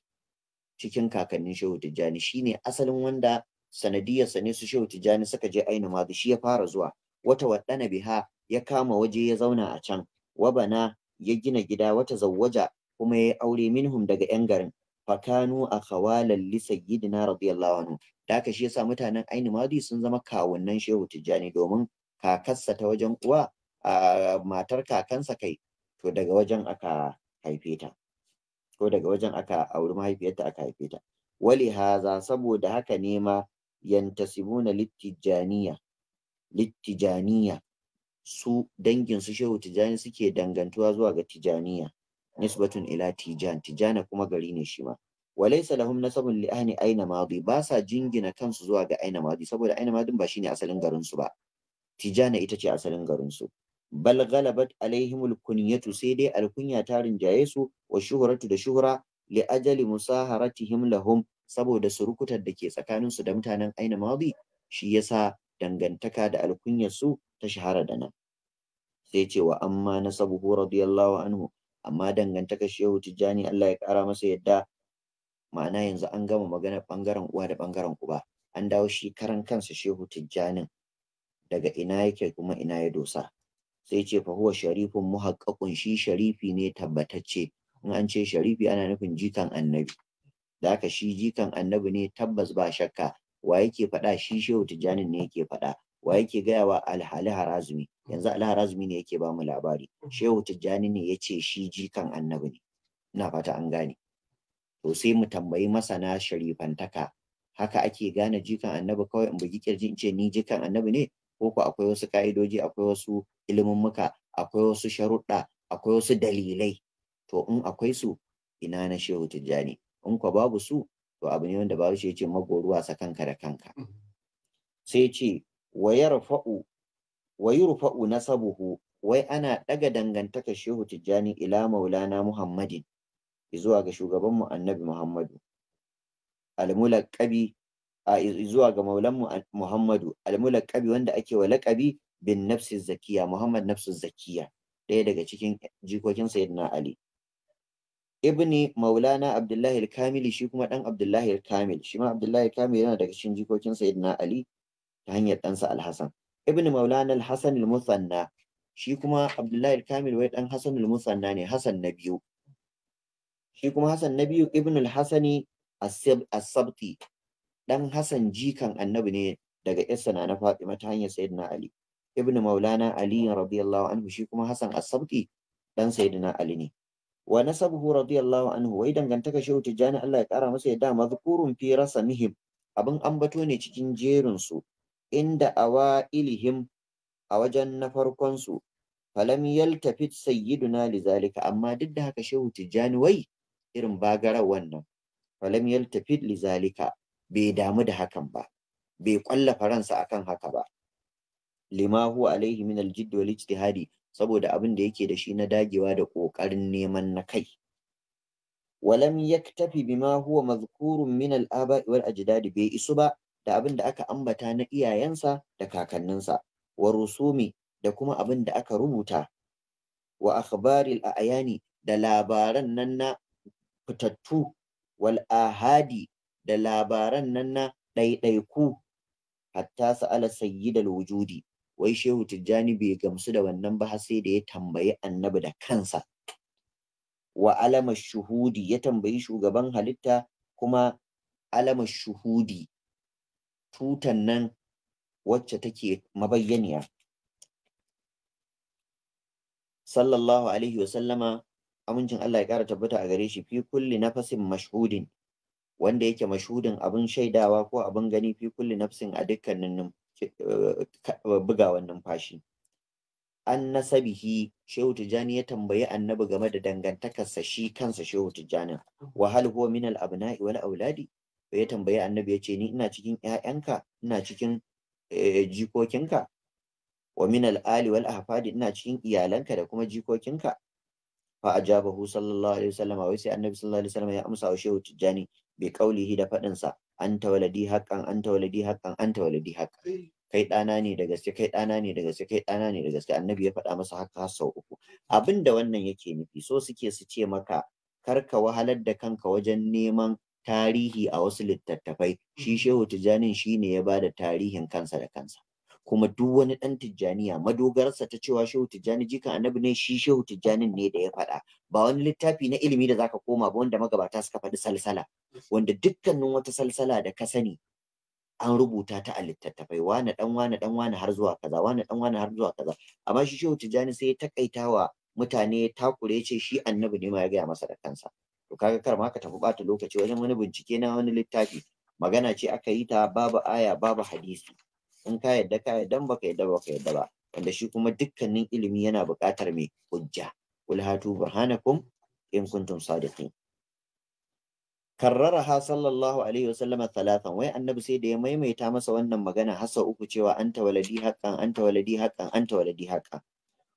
cikin kakannin Shehu Tijjani shine asalin wanda sanadiyyarsa ne su Shehu Tijjani suka je aini madi shi ya fara zuwa wata waddana biha ya kama waje ya zauna a can wabana ya gina gida wata zawwaja kuma ya aure minhum daga yan garin fakanu a khawalan li sayyidina radiyallahu anhu da haka shi yasa mutanen aini madi sun zama kawunnan shehu tijjani domin kakarsa ta wajen uwa a matar kakansa kai to daga wajen aka haife ta ko daga wajen aka auri mahaifiyarta aka haife ta wali haza saboda haka ne ma yantasibuna littijaniya littijaniya su dangin su shehu tijani suke dangantuwa zuwa ga tijaniya nisbatun ila tijan tijana kuma gari ne shi ma walaysa lahum nasabun li ahli aina madi ba sa jingina kansu zuwa ga aina madi saboda aina madin ba shine asalin garin su ba tijana ita ce asalin garin su bal ghalabat alaihim kunyatu sai dai alkunya ta rinjaye su wa shuhratu da shuhra li ajali musaharatihim lahum saboda surukutar da ke tsakanin su da mutanen aina madi shi yasa dangantaka da alkunyarsu ta shahara da nan sai ce wa amma nasabuhu radiyallahu anhu amma dangantaka shehu tijjani Allah ya kara masa yadda ma'ana yanzu an gama magana bangaren uwa da bangaren uba an dawo shi karan kansa shehu tijjanin daga ina yake kuma ina ya dosa sai ce fa huwa sharifun muhaqqaqun shi sharifi ne tabbatacce in an ce sharifi ana nufin jikan annabi da haka shi jikan annabi ne tabbas ba shakka wa yake faɗa shi shehu tijjanin ne yake faɗa wa yake gaya wa alhali harazumi yanzu alhali harazumi ne yake ba mu labari shehu tijjani ne ya ce shi jikan annabi ne ina fata an gane to sai mu tambayi masana sharifantaka haka ake gane jikan annabi kawai in bugi kirji in ce ni jikan annabi ne ko ko akwai wasu ka'idoji akwai wasu ilmummuka akwai wasu sharuɗa akwai wasu dalilai to in akwai su ina na shehu tijjani in ko babu su to abu ne wanda bahaushe ya ce magoruwa sa kanka da kanka mm. sai ce wa yarfa'u na yurfa'u wai ana daga dangantaka shehu tijjani ila maulana muhammadin zuwa ga shugabanmu annabi muhammadu almulaqabi zuwa wanda ake wa lakabi bin nafsi zakiya muhammad nafsu zakiya ɗaya daga cikin jikokin sayyidina ali ibni maulana abdullahi al-kamili shi kuma dan abdullahi al-kamil shi ma abdullahi al-kamil yana daga cikin jikokin sayyidina ali ta hanyar ɗansa al-hasan ibni maulana al-hasan al-musanna shi kuma abdullahi al-kamil wai dan hasan al-musanna ne hasan na biyu shi kuma hasan na biyu ibn al-hasani as-sabti dan hasan jikan annabi ne daga isna na fatima ta hanyar sayyidina ali ibn maulana ali radiyallahu anhu shi kuma hasan as-sabti dan sayyidina ali ne wa nasabuhu radiyallahu anhu wai dangantaka shehu tijjani Allah ya kara masa yadda mazkurun fi rasamihim abin ambato ne cikin jerin su inda awailihim a wajen na farkon su falam yaltafit sayyiduna lizalika amma duk da haka shehu tijjani wai irin bagara wannan falam yaltafit lizalika bai damu da hakan ba bai kwallafa ransa akan haka ba lima huwa alaihi min aljidd wal ijtihadi saboda abin da yake da shi na dagewa da ƙoƙarin neman na kai walam yaktafi bima huwa mazkurun min al-aba'i wal ajdad bai isu ba da abin da aka ambata na iyayensa da kakanninsa wa rusumi da kuma abin da aka rubuta wa akhbaril ayani da labaran nan na fitattu wal ahadi da labaran nan na ɗaiɗaiku hatta sa'ala sayyidal wujudi wai shehu tijjani bai gamsu da wannan ba sai da ya tambayi annabi da kansa wa alama shuhudi ya tambayi shugaban halitta kuma alama shuhudi tutan nan wacce take mabayyaniya sallallahu alaihi wa sallama amincin Allah ya kara tabbata a gare shi fi kulli nafasin mashhudin wanda yake mashhudin abin shaidawa ko abin gani fi kulli nafsin a dukkanin Eh, buga bugawan numfashi an nasabihi shehu tijjani ya tambayi annabi game da dangantakarsa shi kansa shehu tijjanin wa hal huwa min al abna'i wal auladi ya tambayi annabi ya ce ni ina cikin ƴaƴanka ina cikin eh, jikokinka wa min al ali wal ahfadi ina cikin iyalanka da kuma jikokinka fa ajabahu sallallahu alaihi wasallam wai sai annabi sallallahu alaihi wasallam ya amsa wa shehu tijjani bi kaulihi da faɗinsa anta waladi haqqan anta waladi haqqan anta waladi haqqan kai ɗana ne da gaske kai ɗana ne da gaske kai ɗana ne da gaske annabi ya faɗa masa haka har sau uku abinda wannan yake nufi so suke su ce maka kar ka wahalar da kanka wajen neman tarihi a wasu littattafai shi shehu tijanin shine ya bada tarihin kansa da kansa kuma duk wani ɗan tijjaniya madogararsa ta cewa shehu tijjani jika annabi ne shi shehu tijjanin ne da ya faɗa ba wani littafi na ilimi da zaka koma ba wanda magabata suka faɗi salsala wanda dukkanin wata salsala da ka sani an rubuta ta a littattafai wane dan wane dan wane har zuwa kaza wane dan wane har zuwa kaza amma shi shehu tijjani sai ya takaitawa mutane takure ce shi annabi ne ma ya gaya masa da kansa to kaga kar ma ka tafi bata lokaci wajen wani bincike na wani littafi magana ce aka yi ta babu aya babu hadisi in ka yadda ka yadda ba ka yadda ka yadda ba wanda shi kuma dukkanin ilimi yana buƙatar mai hujja qul hatu burhanakum in kuntum sadiqin ha sallallahu alaihi wasallam talatan wai annabi sai da ya maimaita masa wannan magana hasa uku cewa anta waladi haqqan anta waladi haqqan anta waladi haqqan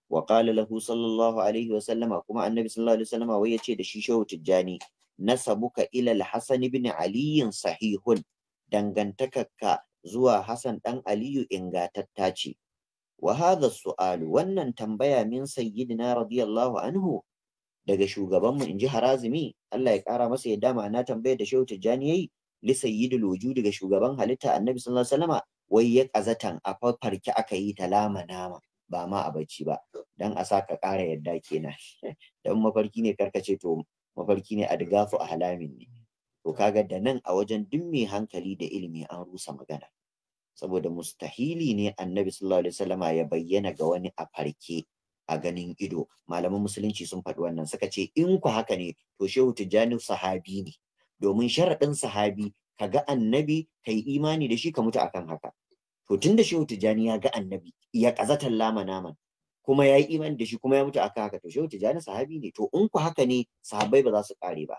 wa qala lahu sallallahu alaihi wasallam kuma annabi sallallahu alaihi wasallam wai yace da shi shehu tijjani nasabuka ila al-hasan ibn ali sahihun dangantakarka zuwa Hassan ɗan Aliyu ingatatta ce. Wa hadha su'alu wannan tambaya min sayyidina radiyallahu anhu daga shugabanmu in ji harazimi Allah ya ƙara masa ya dama na tambayar da shehu tijjani yayi li sayyidul loju daga shugaban halitta annabi sallallahu alaihi wasallama wai ya kazatan a farfarki aka yi ta lama nama ba ma a bacci ba dan a saka ƙara yadda kenan (laughs) dan mafarki ne karkace to mafarki ne adgafu a halamin ne to kaga da nan a wajen duk mai hankali da ilimi an rusa magana saboda mustahili ne annabi sallallahu alaihi wasallama ya bayyana ga wani a farke a ganin ido malaman musulunci sun faɗi wannan suka ce in ku haka ne to shehu tijjani sahabi ne domin sharaɗin sahabi ka ga annabi ka yi imani da shi ka mutu akan haka to tun da shehu tijjani ya ga annabi ya ƙazatan lama naman kuma ya yi imani da shi kuma ya mutu akan haka to shehu tijjani sahabi ne to in ku haka ne sahabbai ba za su ƙare ba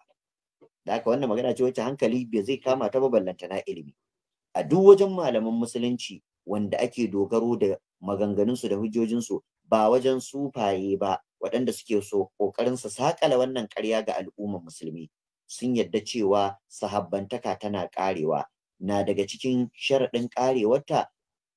da haka wannan magana ce wacce hankali bai zai kama ta ba ballantana ilimi a duk wajen malaman musulunci wanda ake dogaro da maganganunsu da hujjojinsu ba wajen sufaye ba waɗanda suke so ƙoƙarin su sakala wannan ƙarya ga al'ummar musulmi sun yadda cewa sahabbantaka tana ƙarewa na daga cikin sharaɗin ƙarewarta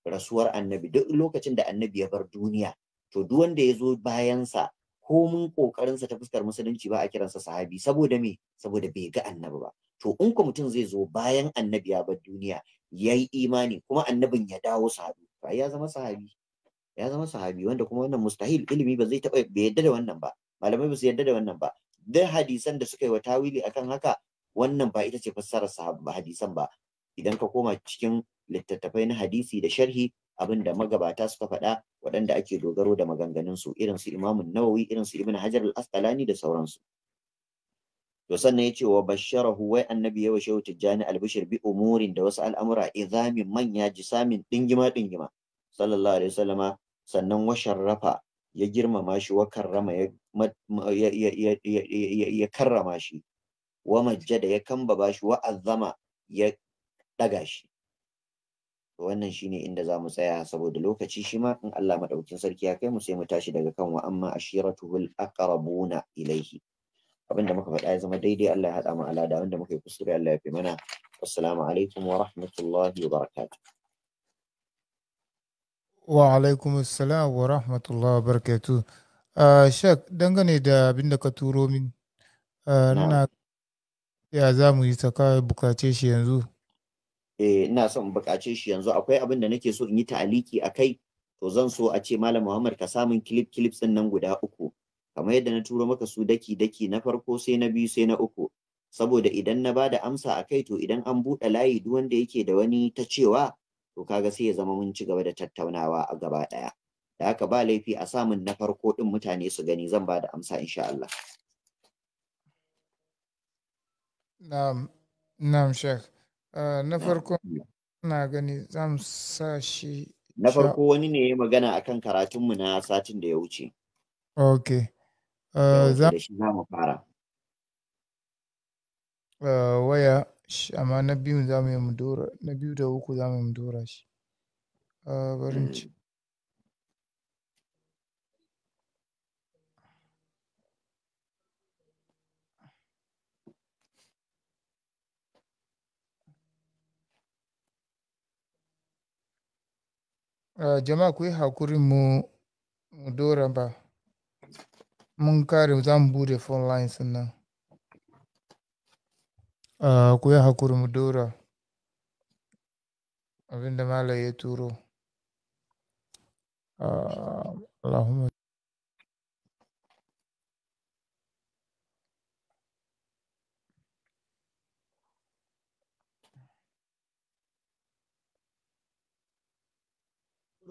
rasuwar annabi duk lokacin da annabi ya bar duniya to duk wanda ya zo bayansa ko mun ƙoƙarinsa ta fuskar musulunci ba a kiransa sahabi saboda me saboda bai ga annabi ba to in ko mutum zai zo bayan annabi ya bar duniya ya yi imani kuma annabin ya dawo sahabi ba ya zama sahabi ya zama sahabi wanda kuma wannan mustahil ilimi ba zai taɓa bai yadda da wannan ba malamai ba su yadda da wannan ba duk hadisan da suka yi wa tawili akan haka wannan ba ita ce fassarar sahabba hadisan ba idan ka koma cikin littattafai na hadisi da sharhi abin da magabata suka faɗa waɗanda ake dogaro da maganganunsu irin su imamun nawawi irin su ibn hajar al-asqalani da sauransu to sannan ya ce wa basharahu wai annabi yawa shehu tijjani albishir bi umurin da wasu al'amura izamin manya jisamin dingima dingima sallallahu alaihi wasallama sannan wa sharrafa ya girmama shi wa karrama ya karrama shi wa majjada ya ba shi wa azama ya ɗaga shi wannan shi ne inda zamu tsaya saboda lokaci shi ma in Allah madaukin sarki ya kai mu sai mu tashi daga kan wa amma ashiratuhul aqrabuna ilaihi abinda muka faɗa ya zama daidai Allah ya haɗa mu alada wanda muka yi kuskure Allah ya fi mana assalamu alaikum wa rahmatullahi wa barakatuh wa alaikum assalam wa rahmatullahi wa barakatuh ah, shek dangane da abin da ka turo min ah, nuna ya za mu yi saka bukace shi yanzu eh, ina son bukace shi yanzu akwai abin da nake so in yi ta'aliki a kai to zan so a ce malam muhammad ka samun clip clips din nan guda uku kamar yadda na turo maka su daki daki na farko sai na biyu sai na uku saboda idan na bada amsa a kai to idan an buɗe layi duk wanda yake da wani ta cewa to kaga sai ya zama mun ci gaba da tattaunawa a gaba ɗaya da haka ba laifi a samun na farko ɗin mutane su gani zan bada amsa insha Allah. Na'am, na'am Sheikh. Eh, na farko na gani zan sa shi. Na farko wani ne ya magana akan karatunmu na satin da ya wuce. Okay. Ah, za mu fara ah, waya amma na biyu za mu yi mu dora na biyu da uku za mu yi mu dora shi ah, barin ci hmm. jama'a ku yi haƙuri mu dora ba mun kare za mu bude phone lines nan uh, ku yi hakuri mu dora abinda malam ya turo uh, Allahumma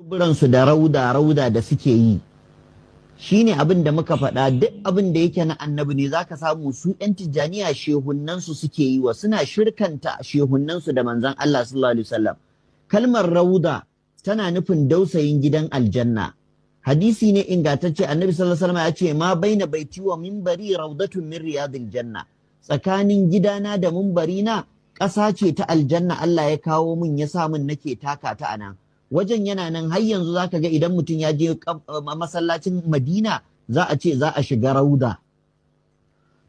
Biransu da rauda-rauda da suke yi Shi ne abin da muka faɗa duk abin da yake na annabi ne za ka samu su yan tijjaniya shehunnansu suke yi wa suna shirkanta shehunnansu da manzan Allah sallallahu kalmar rauda tana nufin dausayin gidan aljanna hadisi ne ingantacce annabi sallallahu alaihi ya ce ma baina baiti wa mimbari raudatun min riyadil janna tsakanin gidana da na ƙasa ce ta aljanna Allah ya kawo min ya sa min nake taka ta anan wajen yana nan har yanzu zaka ga idan mutum ya je eh, masallacin Madina za a ce za a shiga rauda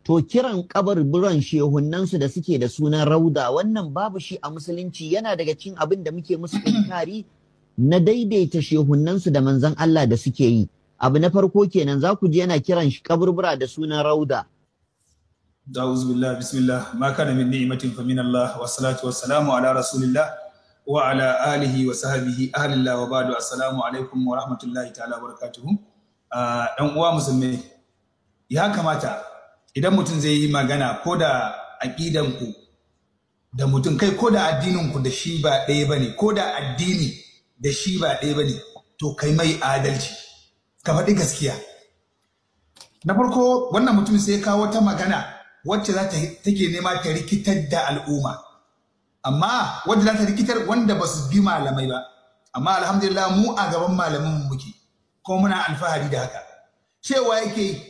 to kiran kabarburan shehunnansu da suke da sunan rauda wannan babu shi a musulunci yana daga cin abin da muke musu inkari na daidaita shehunnansu da manzan Allah da suke yi abu na farko kenan za ku ji yana kiran shi kaburbura da sunan rauda da'uz billah bismillah ma kana min ni'matin fa min Allah wassalatu wassalamu ala rasulillah wa ala alihi wa sahabihi ahlillah wa ba'du assalamu alaikum wa rahmatullahi ta'ala wa barakatuhu ah, dan uwa musulmi ya kamata idan mutum zai yi magana ko da aqidan ku da mutum kai ko da addinin ku da shi ba ɗaya bane ko da addini da shi ba ɗaya bane to kai mai adalci ka faɗi gaskiya na farko wannan mutum sai kawo ta magana wacce za ta take nema ta rikitar da al'umma amma wanda za ta rikitar wanda ba su bi malamai ba amma alhamdulillah mu a gaban malamin muke kuma muna alfahari da haka cewa yake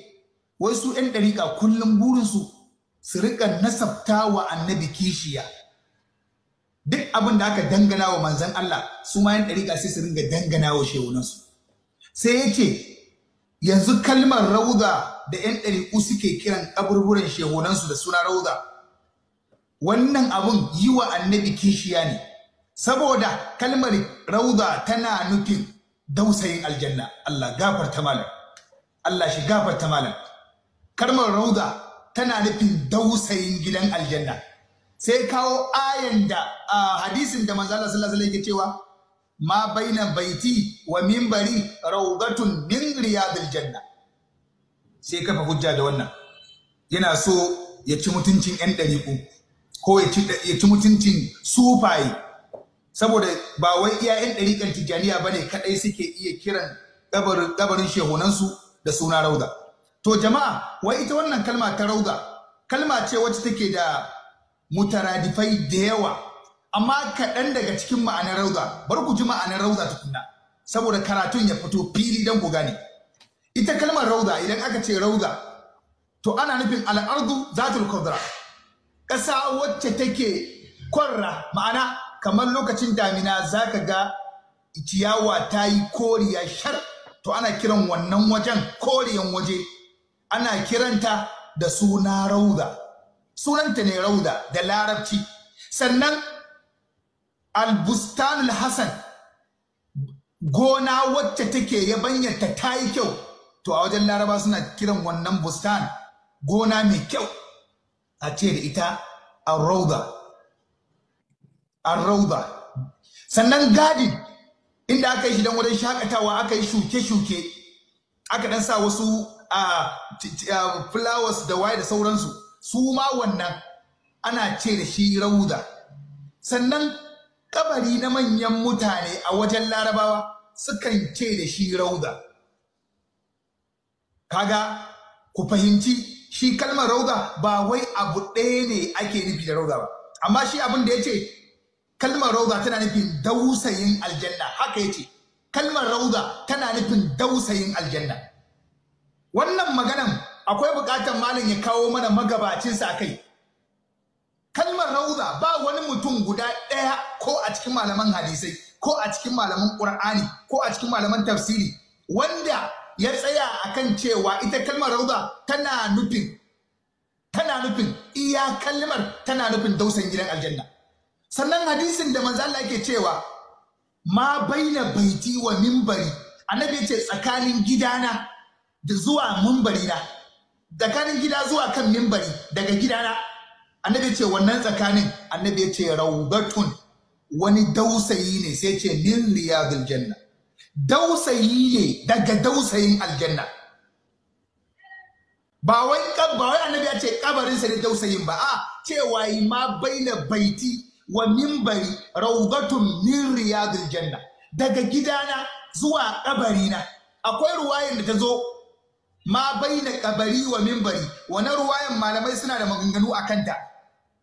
wasu 'yan ɗariƙa kullum burinsu su riƙa nasabta wa annabi kishiya duk abin da aka dangana wa manzan Allah su ma 'yan ɗariƙa sai su ringa dangana wa shehunansu sai ya ce yanzu kalmar rauza da 'yan ɗariƙu suke kiran kaburburan shehunansu da suna rauza wannan abun yi wa annabi kishiya ne saboda kalmar rauda tana nufin dausayin aljanna Allah gafarta malam Allah shi gafarta malam kalmar rauda tana nufin dausayin gidan aljanna sai kawo ayan da a hadisin da manzo Allah sallallahu alaihi cewa ma baina baiti wa minbari rawdatun min riyadil janna sai kafa hujja da wannan yana so ya ci mutuncin yan ɗariƙu ko ya ci mutuncin sufaye saboda ba wai iyayen ɗariƙar tijjaniya ba ne kaɗai suke iya kiran gabarin shehunansu da suna rauda to jama'a wai ita wannan kalma ta rauda kalma ce wacce take da mutaradifai da yawa amma kaɗan daga cikin ma'anar rauda bar ku ji ma'anar rauda tukuna saboda karatun ya fito fili don ku ne. ita kalmar rauda idan aka ce rauda to ana nufin al'ardu zatul kudra ƙasa wacce take kwarra ma'ana kamar lokacin damina za ka ga ciyawa ta yi koriya shar to ana kiran wannan wajen koriyan waje ana kiranta da suna rauda sunanta ne rauda da larabci sannan albustanul hassan gona wacce take yabanyarta ta yi kyau to a wajen laraba suna kiran wannan bustan gona mai kyau a ce da ita arrauda arrauda sannan gadi inda aka yi shi don wajen shakatawa aka yi shuke-shuke aka dan sa wasu flowers da waye da sauransu su ma wannan ana ce da shi rauda sannan kabari na manyan mutane a wajen larabawa sukan ce da shi rauda kaga ku fahimci shi kalmar rauda ba wai abu ɗaya ne ake nufi da rauda ba amma shi abin da ya ce kalmar rauda tana nufin dausayin aljanna haka ya ce kalmar rauda tana nufin dausayin aljanna wannan maganan akwai bukatar malam ya kawo mana magabacinsa a kai kalmar rauda ba wani mutum guda ɗaya ko a cikin malaman hadisai ko a cikin malaman ƙur'ani ko a cikin malaman tafsiri wanda ya tsaya akan cewa ita kalmar rauda tana nufin tana nufin iya kalmar tana nufin dausan gidan aljanna sannan hadisin da manzo Allah yake cewa ma baina baiti wa minbari annabi ce tsakanin gidana da zuwa mimbari na tsakanin gida zuwa kan mimbari daga gidana annabi ce wannan tsakanin annabi ce raudatun wani dausayi ne sai ce min riyadul janna dausayi ne daga dausayin aljanna ba wai annabi ya ce kabarin sa ne dausayin ba a cewa yi ma baina baiti wa mimbari rawdatun min ya janna daga gidana zuwa kabarina akwai ruwayar da ta zo ma baina kabari wa mimbari. Wani ruwayan malamai suna da maganganu a kanta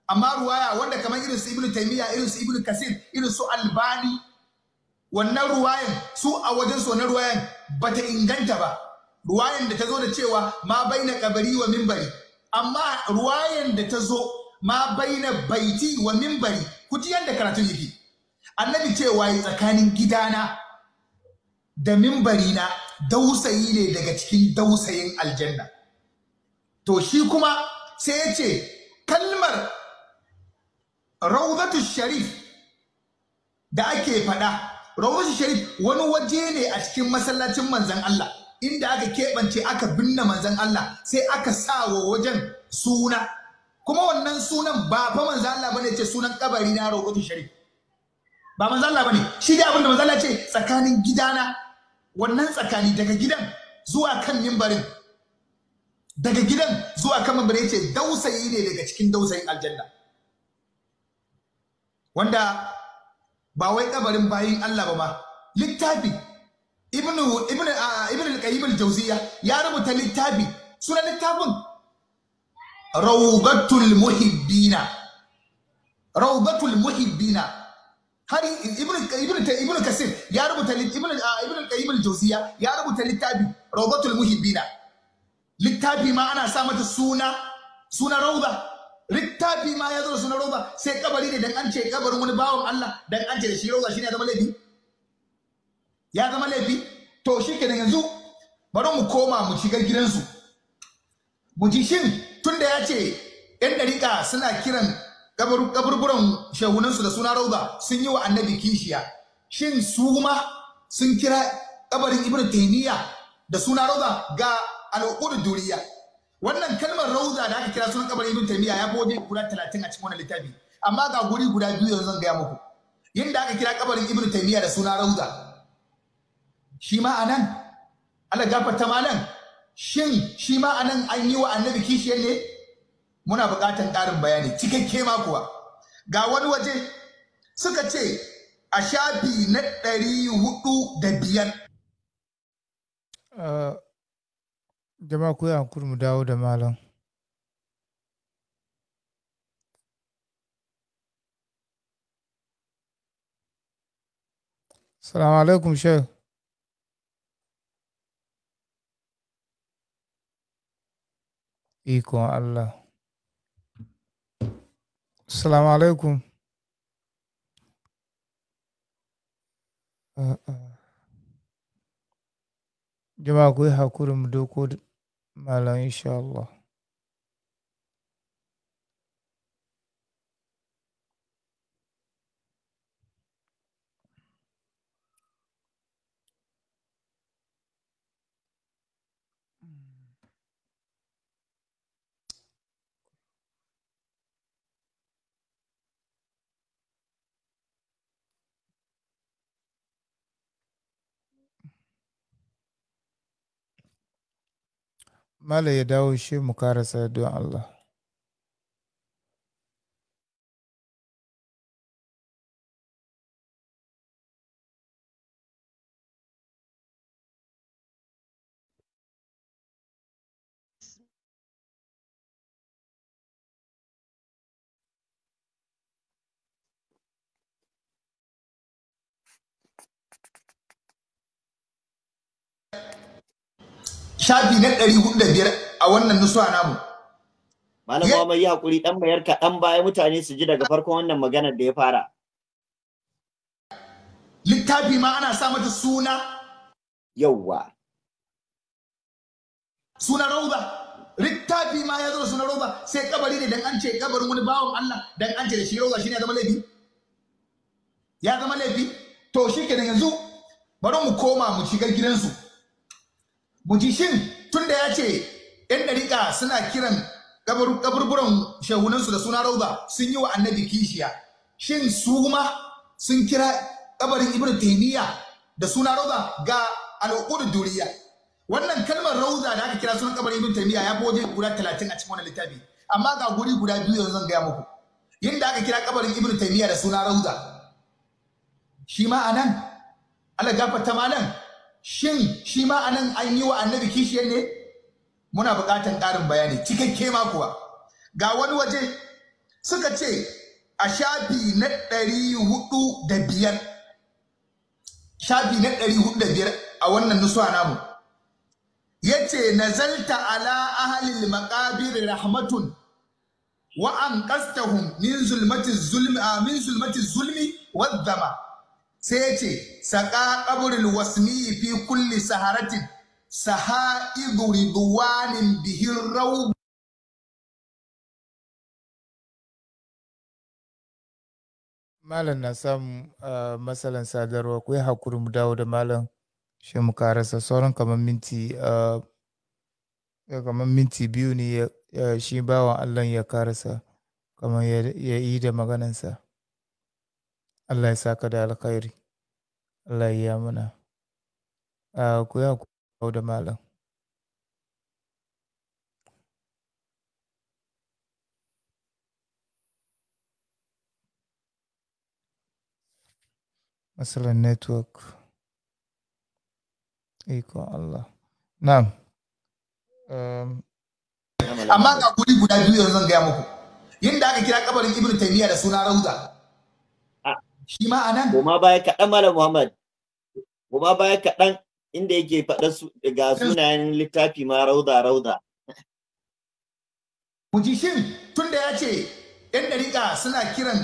amma ruwaya wanda kamar irin su ibnu taymiya irin su ibnu kasir irin su albani wannan ruwayan su a wajen su wannan ruwayan ta inganta ba ruwayan da ta zo da cewa ma baina kabari wa mimbari amma ruwayan da ta zo ma baina baiti wa mimbari ku ji yadda karatun yake annabi cewa yi tsakanin gidana da mimbari na dausayi ne daga cikin dausayin aljanna to shi kuma sai ya ce kalmar rawdatu sharif da ake faɗa rawushi sharif wani waje ne a cikin masallacin manzan Allah inda aka keɓance aka binne manzan Allah sai aka sa wa wajen suna kuma wannan sunan ba fa manzan Allah bane ce sunan kabari na rawushi sharif ba manzan Allah bane shi dai abinda manzan Allah ce tsakanin gidana wannan tsakani daga gidan zuwa kan mimbarin daga gidan zuwa kan mimbarin ce dausayi ne daga cikin dausayin aljanna wanda ba wai kabarin bayin Allah ba ba. littafi ibnu ibnu ibnu al-qayyim al-jawziya ya rubuta littafi sunan littafin rawdatul muhibbina rawdatul muhibbina har ibnu ibnu ibnu kasir ya rubuta ibnu ibnu al-qayyim al-jawziya ya rubuta littafi rawdatul muhibbina littafi ma ana sa mata suna suna rawda littafi ma ya zo su na roba sai kabari ne dan an ce kabarin wani bawan Allah dan an ce da shi roba shine ya zama laifi ya zama laifi to shi kenan yanzu bari mu koma mu shigar gidansu mu ji shin tunda ya ce yan dariƙa suna kiran kaburburan shahunansu da suna roba sun yi wa annabi kishiya shin su ma sun kira ƙabarin ibnu taymiya da suna roba ga al'ukudu duniya? wannan kalmar rauza da aka kira sunan kabarin ibn taymiya ya fi wajen guda talatin a cikin wannan littafi amma ga guri guda biyu yanzu zan gaya muku yadda aka kira kabarin ibn taymiya da suna rauza shi ma anan Allah ma nan, shin shi ma anan an yi wa annabi kishiyar ne muna buƙatar ƙarin bayani cikakke ma kuwa ga wani waje suka ce a shafi na ɗari hudu da biyar uh, Jama'a ku yi hankuri mu dawo da malam. Salamu alaikum Sheikh. Ikon Allah. Salamu alaikum. Jama'a ku yi hakuri mu doko Mela inşallah. Mala ya dawo shi mu karasa don Allah. shafi na ɗari hudu da biyar a wannan nusuwa namu. Malam Muhammad ya hakuri ɗan mayar kaɗan baya mutane su ji daga farkon wannan maganar da ya fara. Littafi ma ana sa mata suna. Yawwa. Suna rauda. Littafi ma ya zo suna roba, sai kabari ne dan an ce kabarin wani bawan Allah dan an ce da shi shi ne ya zama laifi. Ya zama laifi. To shi kenan yanzu bari mu koma mu shigar gidansu. mu ji shin tunda ya ce yan dariƙa suna kiran ƙaburburan shahunansu da suna Rauza, sun yi wa annabi kishiya shin su ma sun kira ƙabarin Ibn taimiyya da suna Rauza ga al'uqud duriya wannan kalmar Rauza da aka kira sunan ƙabarin Ibn taimiyya ya fi guda talatin a cikin wannan littafi amma ga guri guda biyu yanzu zan gaya muku yadda aka kira ƙabarin Ibn taimiyya da suna shima shi ma anan ta ma nan. shin shi ma anan an yi wa annabi kishiyar ne muna buƙatar ƙarin bayani cikakke ma kuwa ga wani waje suka ce a shafi na ɗari hudu da biyar shafi na ɗari hudu da biyar a wannan nusuwa namu ya ce zalta ala ahalil maƙabir rahmatun wa an kastahum ah, min zulmati zulmi wa sai ya ce saƙa ƙaburin wasmi fi kulli saharatin saha'idu ridwanin bihin rauni. Malam na samu matsalan sadarwa ku yi haƙuri mu dawo da malam shi mu karasa sauran kamar minti biyu ne shi bawan Allah ya karasa kamar ya yi da maganansa. Allah ya sa ka da alkhairi. Allah ya mana. A ku ya ku da malam. matsalar network ikon Allah na'am amma ga guri guda biyu yanzu zan gaya muku yadda aka kira kabarin ibn taymiya da suna rauda shi ma anan ma baya kaɗan malam muhammad goma baya kaɗan inda yake faɗa ga sunayen littafi ma rauda rauda. Muji shin tun da ya ce ‘yan ɗariƙa suna kiran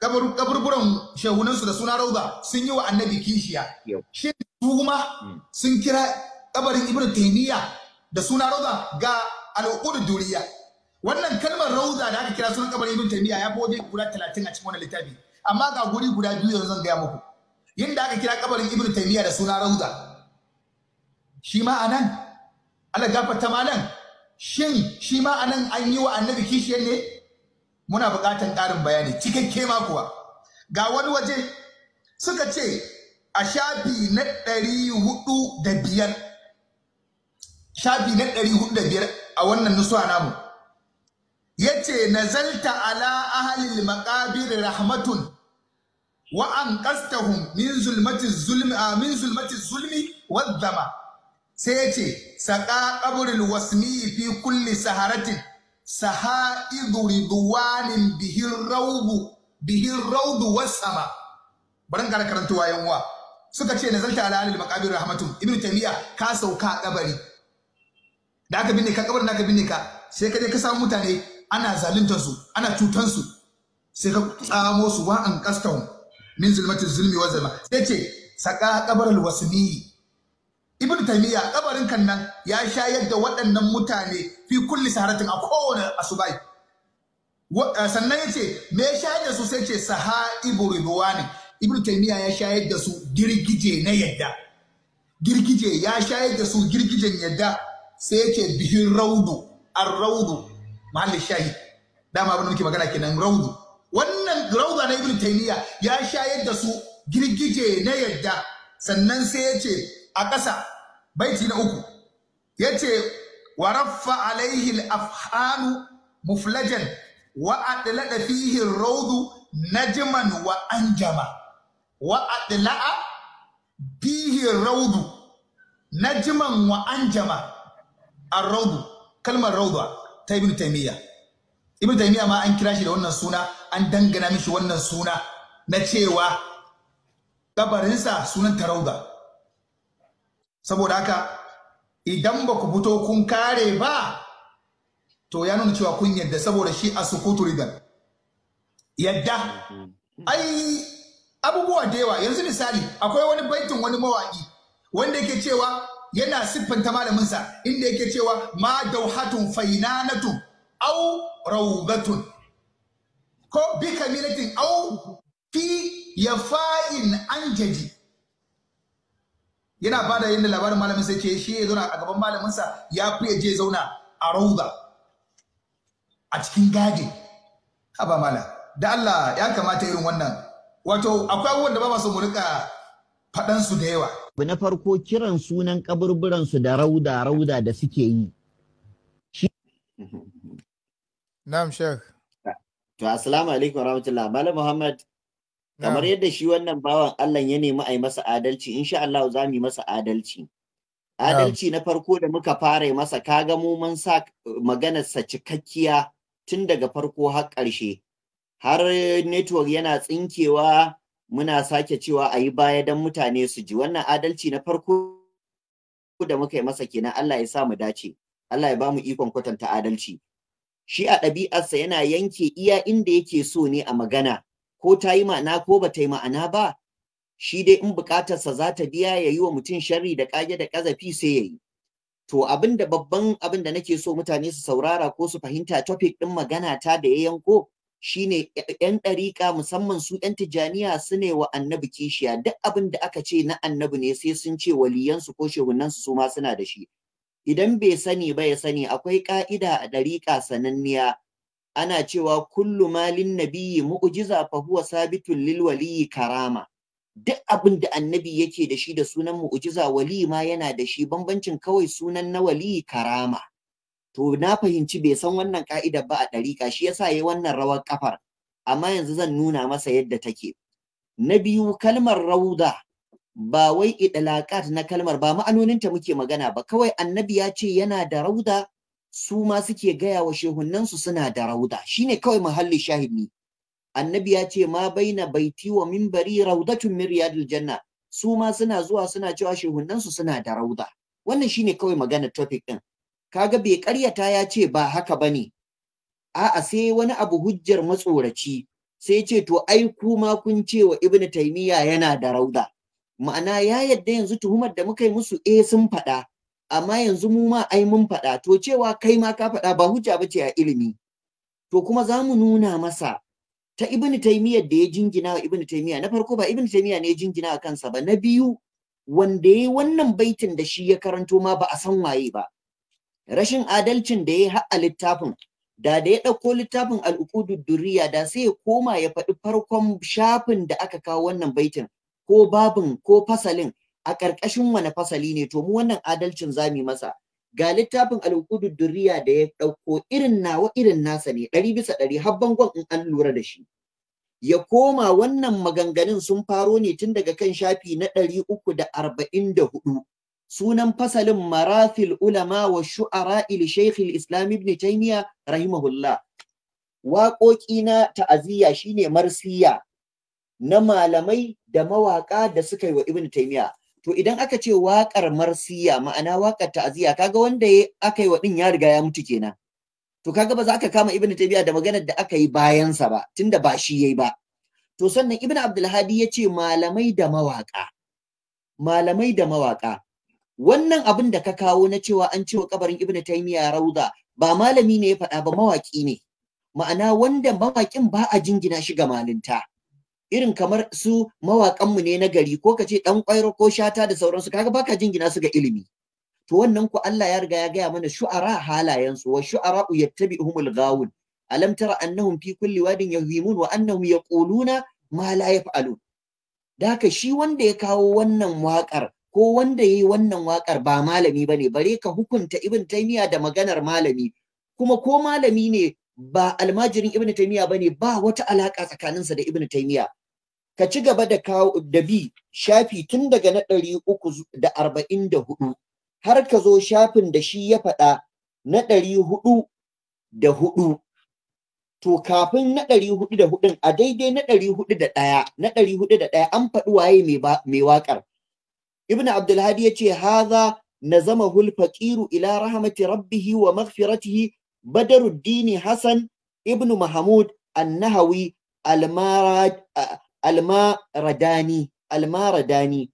kaburburan shehunansu da suna rauda sun yi wa annabi kishiya. Shin su kuma hmm. sun kira kabarin Ibn Taymiyyah da suna rauda ga al'ukudu duriya. Wannan kalmar rauda da aka kira sunan kabarin Ibn Taymiyyah ya fi wajen guda talatin a cikin wani littafi. Amma ga guri guda biyu yanzu zan gaya muku. yadda aka kira kabarin ibnu taymiya da suna Rauza, shi ma anan Allah gafarta malan shin shi ma anan an yi wa annabi kishiye ne muna buƙatan ƙarin bayani cikin kema kuwa ga wani waje suka ce a shafi na ɗari hudu da biyar shafi na ɗari hudu da biyar a wannan nusuwa namu ya ce nazalta ala ahalil maƙabir rahmatun wa an qastahum min zulmati zulmi a ah, min zulmati zulmi wadh sai ce saqa qabrul wasmi fi kulli saharatin saha'idu ridwanin bihir rawbu bihir rawdu was baran kar karantuwa wayan wa suka ce na ala alil maqabir rahmatun ibnu taymiya ka sauka ƙabari. da aka binne ka kabarin da aka binne ka sai ka je ka samu mutane ana zaluntar su ana cutansu, sai ka tsamo su wa an min zulmatin zulmi wa zulma sai ce saka kabar wasili ibnu taymiya kabarin kan nan ya shayar da waɗannan mutane fi kulli saharatin a kowane asubai eh, sannan yace me ya shayar da su sai ce sahaibu ribwani ibnu taymiya ya shayar da su girgije na yadda girgije ya shayar da su girgijen yadda sai yace bihin raudu ar raudu mahallin shayi dama abin da muke magana kenan raudu wannan rauda na ibn taymiya ya shayar da su girgije na yadda sannan sai ya ce a ƙasa baiti na uku ya ce wa raffa alaihi al-afhanu muflajan wa adlada fihi ar-rawdu najman wa anjama wa adlaa fihi ar na najman wa anjama ar ra'udu, kalmar rawda ta ibn taymiya ibn Taymiyyah ma an kira shi da wannan suna an dangana mishi wannan suna na cewa kabarinsa sunan tarauda saboda haka idan ba ku fito kun kare ba to ya nuna cewa kun yadda saboda shi a sukutu ridan yadda ai abubuwa da yawa yanzu misali akwai wani baitin wani mawaƙi wanda yake cewa yana siffanta malaminsa inda yake cewa ma dauhatun fainanatu au rawdatun ko bi kamilatin au fi yafa'in anjaji yana bada yin labarin malamin sai ke shi ya zauna a gaban malaminsa ya fi je zauna a rauga a cikin gadi haba mala da Allah ya kamata irin wannan wato akwai abubuwan da ba masu mu rika faɗan su da yawa abu na farko kiran sunan kaburburan su da rauda rauda da suke yi mhm. Na'am Sheikh. To assalamu alaikum warahmatullah. Malam Muhammad kamar yadda shi wannan bawan Allah ya nemi a yi masa adalci insha Allah za mu yi masa adalci. Adalci na farko da muka fara masa kaga mu mun sa uh, maganarsa cikakkiya tun daga farko har ƙarshe. Har network yana tsinkewa muna sake cewa a yi baya don mutane su ji wannan adalci na farko da muka yi masa kenan Allah ya sa mu dace Allah ya ba mu ikon kwatanta adalci shi a ɗabi'arsa yana yanke iya inda yake so ne a magana ko ta yi ma'ana ko ba ta yi ma'ana ba shi dai in buƙatarsa za ta biya ya yi wa mutum sharri da ƙage da ƙazafi sai ya yi to abin da babban abin da nake so mutane su saurara ko su fahimta topic ɗin magana ta da ya yanko shine yan ɗariƙa musamman su yan tijjaniya su ne wa annabi kishiya duk abin da aka ce na annabi ne sai sun ce waliyansu ko shehunansu su ma suna da shi idan bai sani ba ya sani akwai ka'ida a ɗariƙa sananniya ana cewa kullu malin nabiyyi mu'jiza fa huwa sabitun lil waliyyi karama duk abin da annabi yake da shi da sunan mu'jiza wali ma yana da shi bambancin kawai sunan na waliyyi karama to na fahimci bai san wannan ka'idar ba a ɗariƙa shi yasa yayi wannan rawar kafar amma yanzu zan nuna masa yadda take na biyu kalmar rauda ba wai idlaqat na kalmar ba ma'anonin ta muke magana ba kawai annabi ya ce yana da rauda su ma suke gaya wa su suna da rauda shine kawai mahalli shahid ne annabi ya ce ma baina baiti wa minbari raudatun min riyadil janna su ma suna zuwa suna cewa su suna da rauda wannan shine kawai magana topic din kaga bai karyata ya ce ba haka bane a'a sai wani abu hujjar matsoraci sai ce to ai kuma kun ce wa ibnu taymiya yana da rauda ma'ana ya yadda yanzu tuhumar da muka yi musu e sun faɗa amma yanzu mu ma ai mun faɗa to cewa kai ma ka faɗa ba hujja ba ce a ilimi to kuma za mu nuna masa ta ibn taymiyyah da ya jingina wa ibn taymiyyah na farko ba ibn taymiyyah ne ya jingina wa kansa ba na biyu wanda yayi wannan baitin da shi ya karanto ma ba a san waye ba rashin adalcin da ya ha'a littafin da da ya ɗauko littafin al'ukudu duriya da sai ya koma ya faɗi farkon shafin da aka kawo wannan baitin ko babin ko fasalin a ƙarƙashin wani fasali ne to mu wannan adalcin zami masa ga littafin alƙudu duriya da ya ɗauko irin nawa irin nasa ne ɗari bisa ɗari har bangon in an lura da shi ya koma wannan maganganun sun faro ne tun daga kan shafi na ɗari uku da arba'in da hudu sunan fasalin marafil ulama wa shu'ara il shaykh islam ibn taymiya rahimahullah waƙoƙi na ta'aziyya shine marsiya na malamai da mawaka da suka yi wa Ibn Taymiya to idan aka ce waƙar marsiya ma'ana waƙar ta'aziyya kaga wanda ya aka yi wa din ya riga ya mutu kenan to kaga ba za ka kama Ibn Taymiya da maganar da aka yi bayansa ba tunda ba shi yayi ba to sannan Ibn Abdulhadi ya ce malamai da mawaka malamai da mawaka wannan abin da ka kawo na cewa an cewa kabarin Ibn Taymiya rauda ba malami ne ya faɗa ba mawaki ne ma'ana wanda mawakin ba a jingina shi ga malinta irin kamar su mawaƙanmu ne na gari ko ka ce ɗan ƙwairo ko shata da sauransu kaga baka jingina su ga ilimi to wannan ku Allah ya riga ya gaya mana shu'ara halayensu wa shu'ara yattabi'uhumul ghawun alam tara annahum fi kulli wadin yahimun wa annahum yaquluna ma la yaf'alun daka shi wanda ya kawo wannan waƙar ko wanda yayi wannan wakar ba malami bane bare ka hukunta ibn taymiya da maganar malami kuma ko malami ne ba almajirin ibn taymiya bane ba wata alaka tsakaninsa da ibn taymiya ka ci gaba da kawo da bi shafi tun daga na ɗari uku da arba'in da hudu har ka zo shafin da shi ya faɗa na ɗari hudu da hudu to kafin na ɗari hudu da hudun a daidai na ɗari hudu da ɗaya na ɗari hudu da ɗaya an faɗi waye mai waƙar ibnu abdulhadi ya ce haza na zama hulfaƙiru ila rahmati rabbihi wa maghfiratihi badaruddini hasan ibnu mahmud annahawi almarad المارداني المارداني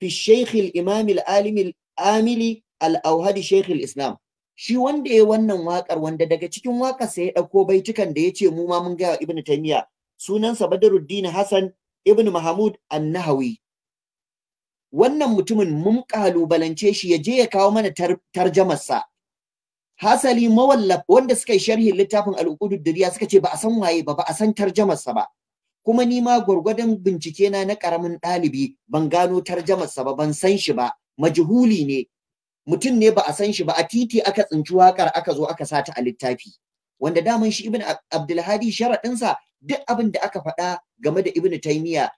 في الشيخ الإمام العالم الآملي الأوهد شيخ الإسلام shi wanda ya wannan wakar wanda daga cikin wakar sai ya ɗauko baitukan da ya ce mu ma mun gaya ibn taymiya sunansa badruddin hasan ibn mahmud annahawi wannan mutumin mun kalubalance shi ya je ya kawo mana tarjamarsa hasali mawallaf wanda suka yi sharhin littafin al'uqudud duriya suka ce ba a san waye ba ba a san tarjamarsa ba kuma ni ma gwargwadon bincike na na karamin ɗalibi ban gano tarjamarsa ba ban san shi ba majhuli ne mutum ne ba a san shi ba a titi aka tsinci waƙar aka zo aka sata a littafi wanda daman shi ibn abdulhadi sharaɗinsa duk abin da aka faɗa game da ibn taymiya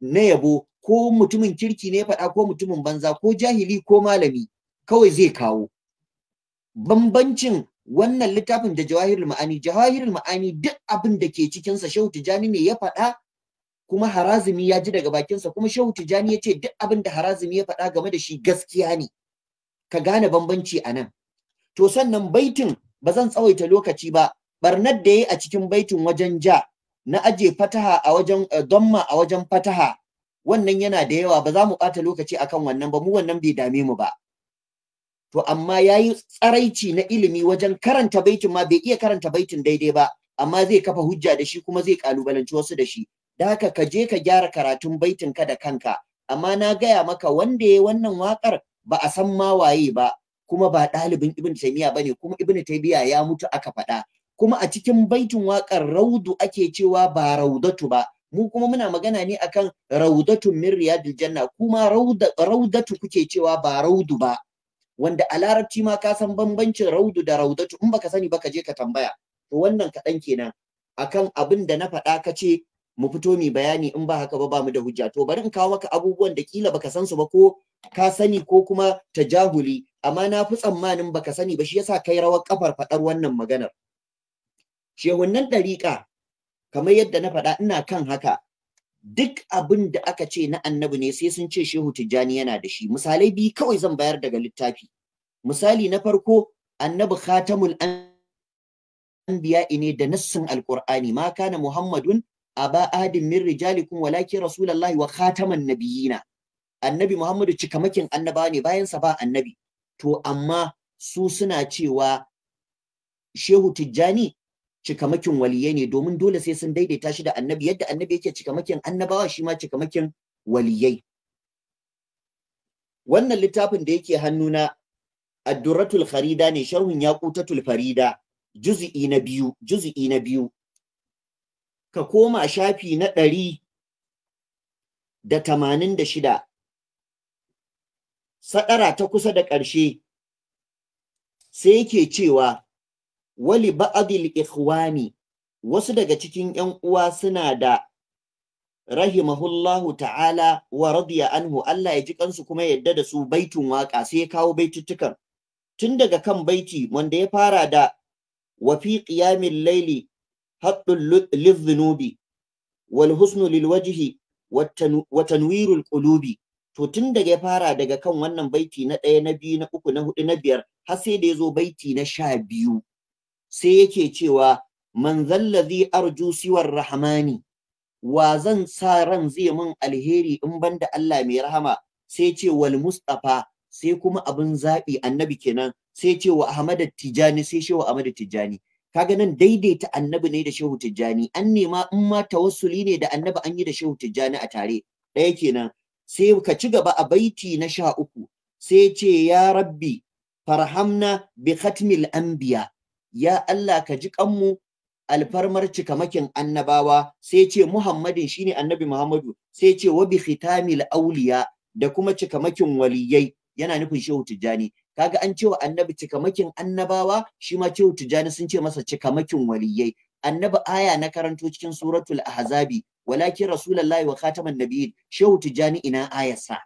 na yabo ko mutumin kirki ne faɗa ko mutumin banza ko jahili ko malami kawai zai kawo bambancin wannan littafin da jawahirul ma'ani jawahirul ma'ani duk abin da ke cikin sa shehu tijani ne ya faɗa kuma harazimi ya ji daga bakinsa kuma shehu tijani ya ce duk abin da harazimi ya faɗa game da shi gaskiya ne ka gane bambanci a nan to sannan baitin bazan tsawaita lokaci ba barnar da ya a cikin baitin wajen ja na aje fataha a wajen eh, domma a wajen fataha wannan yana da yawa ba za mu ɓata lokaci akan wannan ba mu wannan bai dame mu ba to amma ya yi tsaraici na ilimi wajen karanta baitin ma bai iya karanta baitin daidai ba amma zai kafa hujja da shi kuma zai kalubalanci wasu da shi da haka ka je ka gyara karatun baitin ka da kanka amma na gaya maka wanda ya wannan wakar ba a san ma waye ba kuma ba ɗalibin ibn taymiya bane kuma ibn taymiya ya mutu aka faɗa kuma a cikin baitin wakar raudu ake cewa ba raudatu ba mu kuma muna magana ne akan raudatu min riyadil janna kuma raudatu kuke cewa ba raudu ba wanda a larabci ma ka san bambancin raudu da raudatu in baka sani baka je ka tambaya to wannan kaɗan kenan akan abin da na faɗa ka ce mu fito mu bayani in ba haka ba ba mu da hujja to bari in kawo maka abubuwan da kila baka san su ba ko ka sani ko kuma tajahuli amma na fi tsammanin baka sani ba shi yasa kai rawar kafar faɗar wannan maganar shehunnan ɗariƙa kamar yadda na faɗa ina kan haka duk abin da aka ce na annabi ne sai sun ce shehu tijjani yana da shi misalai biyu kawai zan bayar daga littafi misali na farko annabi khatamul anbiya ne da nassin alqur'ani ma kana muhammadun aba ahadin min rijalikum walakin rasulullahi wa khataman nabiyina annabi muhammadu cikamakin annaba ne bayan sa ba annabi to amma su suna cewa shehu tijjani cikamakin waliyai ne domin dole sai sun daidaita shi da annabi yadda annabi yake cikamakin annabawa shi ma cikamakin waliyai wannan littafin da yake hannuna addurratul kharida ne sharhun yaqutatul farida juz'i na biyu juz'i na biyu ka koma shafi na ɗari da tamanin da shida saɗara ta kusa da ƙarshe sai yake cewa wali ba'adil ikhwani wasu daga cikin ‘yan uwa suna da rahimahullahu ta'ala wa radiya anhu Allah ya ji kansu kuma yadda da su baitun waka sai ya kawo baituttukan tun daga kan baiti wanda ya fara da wa fi qiyamil layli haddul lidhunubi wal husnu lil wajhi wa tanwirul qulubi to tun daga ya fara daga kan wannan baiti na ɗaya na biyu na uku na hudu na biyar har sai da ya zo baiti na sha biyu sai yake cewa man zallazi arju siwar rahmani wa zan sa ran zai min alheri in banda Allah mai rahama sai ce wal mustafa sai kuma abin zabi annabi kenan sai ce wa Ahmad Tijani sai shehu Ahmad Tijani kaga nan daidaita annabi ne da shehu Tijani an nema in ma tawassuli ne da annabi an yi da shehu Tijani a tare ɗaya kenan sai ka ci gaba a baiti na sha uku sai ce ya rabbi farhamna bi khatmil anbiya ya Allah ka ji kanmu alfarmar cikamakin annabawa sai ce Muhammadin shine annabi Muhammadu sai ce wa bi khitamil awliya da kuma cikamakin waliyai yana nufin Shehu Tijjani kaga an cewa annabi cikamakin annabawa shi ma Shehu Tijjani sun ce masa cikamakin waliyai annabi aya na karanto cikin suratul ahzabi walakin rasulullahi wa khataman nabiyyin Shehu Tijjani ina ayarsa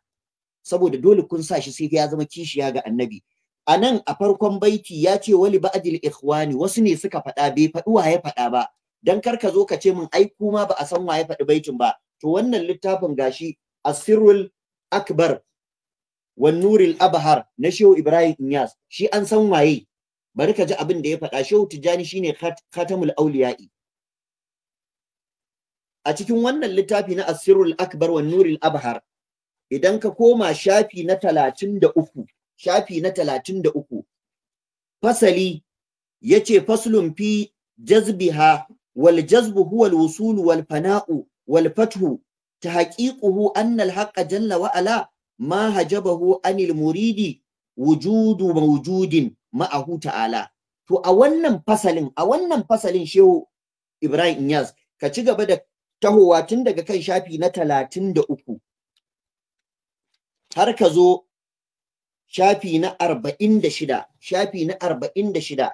saboda dole kun sa shi sai ya zama kishiya ga annabi a nan a farkon baiti ya ce wali ba'dil ikhwani wasu ne suka faɗa bai faɗi faɗa ba dan kar ka zo ka ce min ai kuma ba a san wa faɗi baitin ba to wannan littafin gashi asirul akbar wan nuril abhar na shehu ibrahim inyas shi an san waye bari ka ji abin da ya faɗa shehu tijjani shine khatamul auliya'i a cikin wannan littafi na asirul akbar wan nuril abhar idan ka koma shafi na talatin da uku shafi na talatin da uku fasali ya ce faslun fi jazbiha wal jazbu huwa wasulu wal fana'u wal fathu tahqiquhu anna annal haqqa jalla wa'ala ala ma hajabahu anil muridi wujudu mawjudin ma'ahu ta'ala to a wannan fasalin a wannan fasalin shehu Ibrahim Inyas ka ci gaba da tahowa tun daga kan shafi na talatin da uku har ka zo shafi na arba'in da shida shafi na arba'in da shida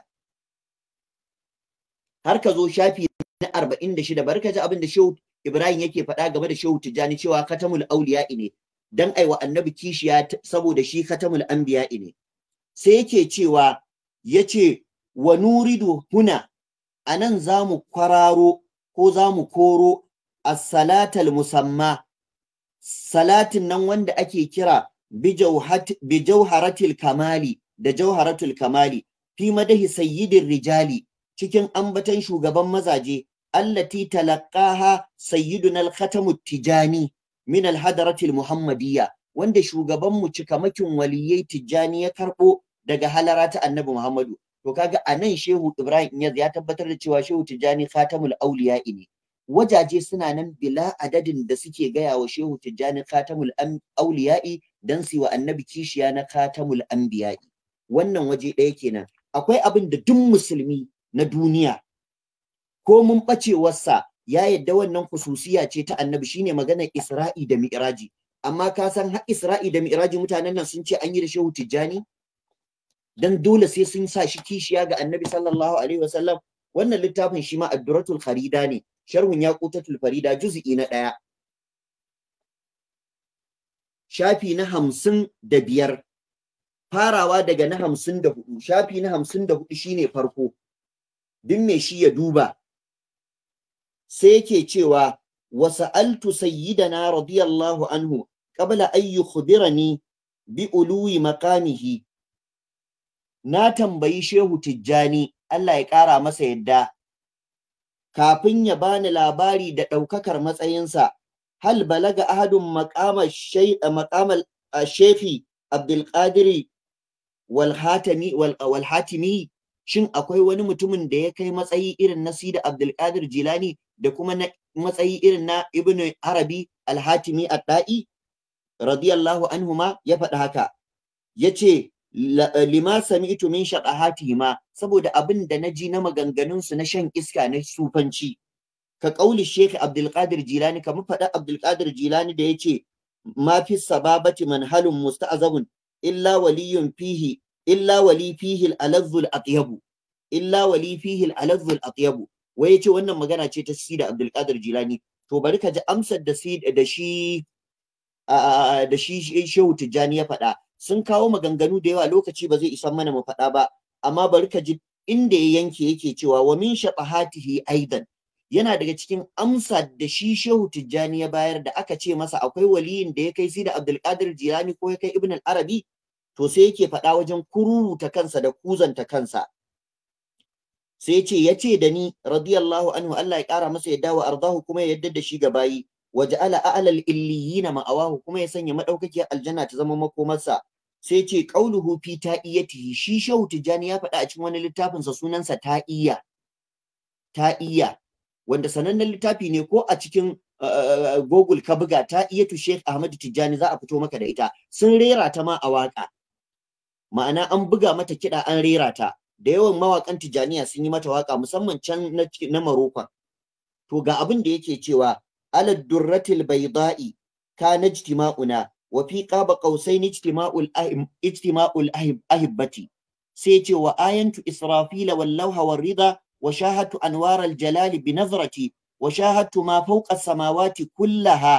har ka zo shafi na arba'in da shida bari ka ji abin da shehu ibrahim yake faɗa game da shehu tijjani cewa katamul auliya ne dan aiwa annabi kishiya saboda shi katamul anbiya'i ne sai yake cewa yace wa nuridu huna za zamu kwararo ko zamu koro a salatal musamma salatin nan wanda ake kira bi kamali da jauharatul kamali fi madahi sayyidin rijali cikin ambatan shugaban mazaje allati talaqaha sayyidun al-khatamu tijani min al-hadaratil muhammadiyya wanda shugaban mu cikamakin waliyai tijani ya karbo daga halara ta annabi muhammadu to kaga anan shehu ibrahim Yanzu ya tabbatar da cewa shehu tijani khatamul auliya ne wajaje suna nan bila adadin da suke gaya wa shehu tijani khatamul auliya'i dan su wa annabi kishiya na katamul anbiya wannan waje ɗaya kenan akwai abin da duk musulmi na duniya ko mun ɓacewarsa ya yadda wannan kususiya ce ta annabi shine maganar isra'i da mi'raji amma ka san har isra'i da mi'raji mutanen nan sun ce an yi da shehu tijjani dan dole sai sun sa shi kishiya ga annabi sallallahu alaihi wasallam wannan littafin shi ma adduratul kharida ne sharhun yaqutatul farida juz'i na daya shafi na hamsin da biyar farawa daga na hamsin da hudu shafi na hamsin da hudu shine farko duk me shi ya duba sai yake cewa wasa'altu sayyidana radiyallahu anhu qabla an yukhbirani bi uluwi maqamihi na tambayi shehu tijjani Allah ya ƙara masa yadda kafin ya bani labari da ɗaukakar matsayinsa hal balaga ahadun maqama shay maqama shefi Walhatimi, shin akwai wani mutumin da ya kai matsayi irin na Sida Abdul Jilani da kuma matsayi irin na Ibn Arabi Alhatimi Hatimi ad-Da'i radiyallahu anhuma ya faɗi haka yace lima sami'tu min ma, saboda abin da ji na maganganunsu na shan iska na sufanci ka kauli Sheikh abdulkadir Jilani kamar faɗa Abdul Jilani da yace ma fi sababati manhalun musta'azabun illa waliyun fihi illa wali fihi al-alazzu al-atyabu illa wali fihi al-alazzu al-atyabu wai yace wannan magana ce ta Sida Abdul Jilani to bari ka ji amsar da shi da shi da shi Shehu Tijjani ya faɗa sun kawo maganganu da yawa lokaci ba zai isa mana mu faɗa ba amma bari ka ji inda ya yanke yake cewa wa min shabahatihi aidan yana daga cikin amsa da shi Shehu Tijjani ya bayar da aka ce masa akwai waliyin da ya kai Sidi Abdulkadir Jilani ko ya kai Ibn al-Arabi to sai yake faɗa wajen kururuta kansa da kuzanta kansa sai ya ce ya ce da ni radiyallahu anhu Allah ya ƙara masa yadda wa ardahu kuma ya yadda da shi ga bayi wa ja'ala a'lal illiyina ma'awahu kuma ya sanya madaukakiyar aljanna ta zama makomarsa sai ce qauluhu fi ta'iyatihi shi Shehu Tijjani ya faɗa a cikin wani sa sunansa ta'iya ta'iya wanda sanannen littafi ne ko a cikin eh, eh, eh, Google ka buga ta iya tu Sheikh Ahmadu Tijjani za a fito maka da ita sun rera ta ma a waka ma'ana an buga mata kiɗa an rera ta da yawan mawakan Tijjaniya sun yi mata waka musamman can na Marokon to ga abin da yake cewa alad durratil bayda'i ka najtima'una wa fi qaba qausain ijtima'ul ahim ijtima'ul ahibbati sai ce wa ayantu israfila wal lawha war rida وشاهدت أنوار الجلال بنظرتي وشاهدت ما فوق السماوات كلها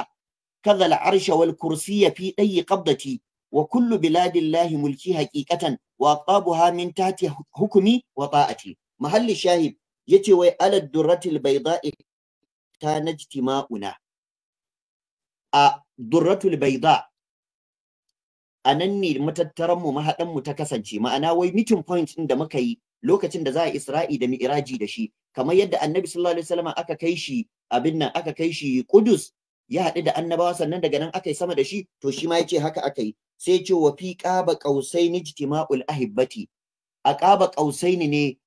كذا العرش والكرسي في أي قبضتي وكل بلاد الله ملكي حقيقة وأقطابها من تحت حكمي وطاعتي محل الشاهد يتوي على الدرة البيضاء كان اجتماعنا الدرة البيضاء أنني متترم مهدم متكسنشي ما أنا وي ميتم بوينت عندما كي lokacin da za a isra'i da mi'raji da shi kamar yadda annabi sallallahu alaihi wasallam aka kai shi abin nan aka kai shi Qudus ya haɗu da annabawa sannan daga nan aka yi sama da shi to shi ma yace haka aka yi sai ce wa fi qaba qausaini jitima'ul ahibbati a qaba qausaini ne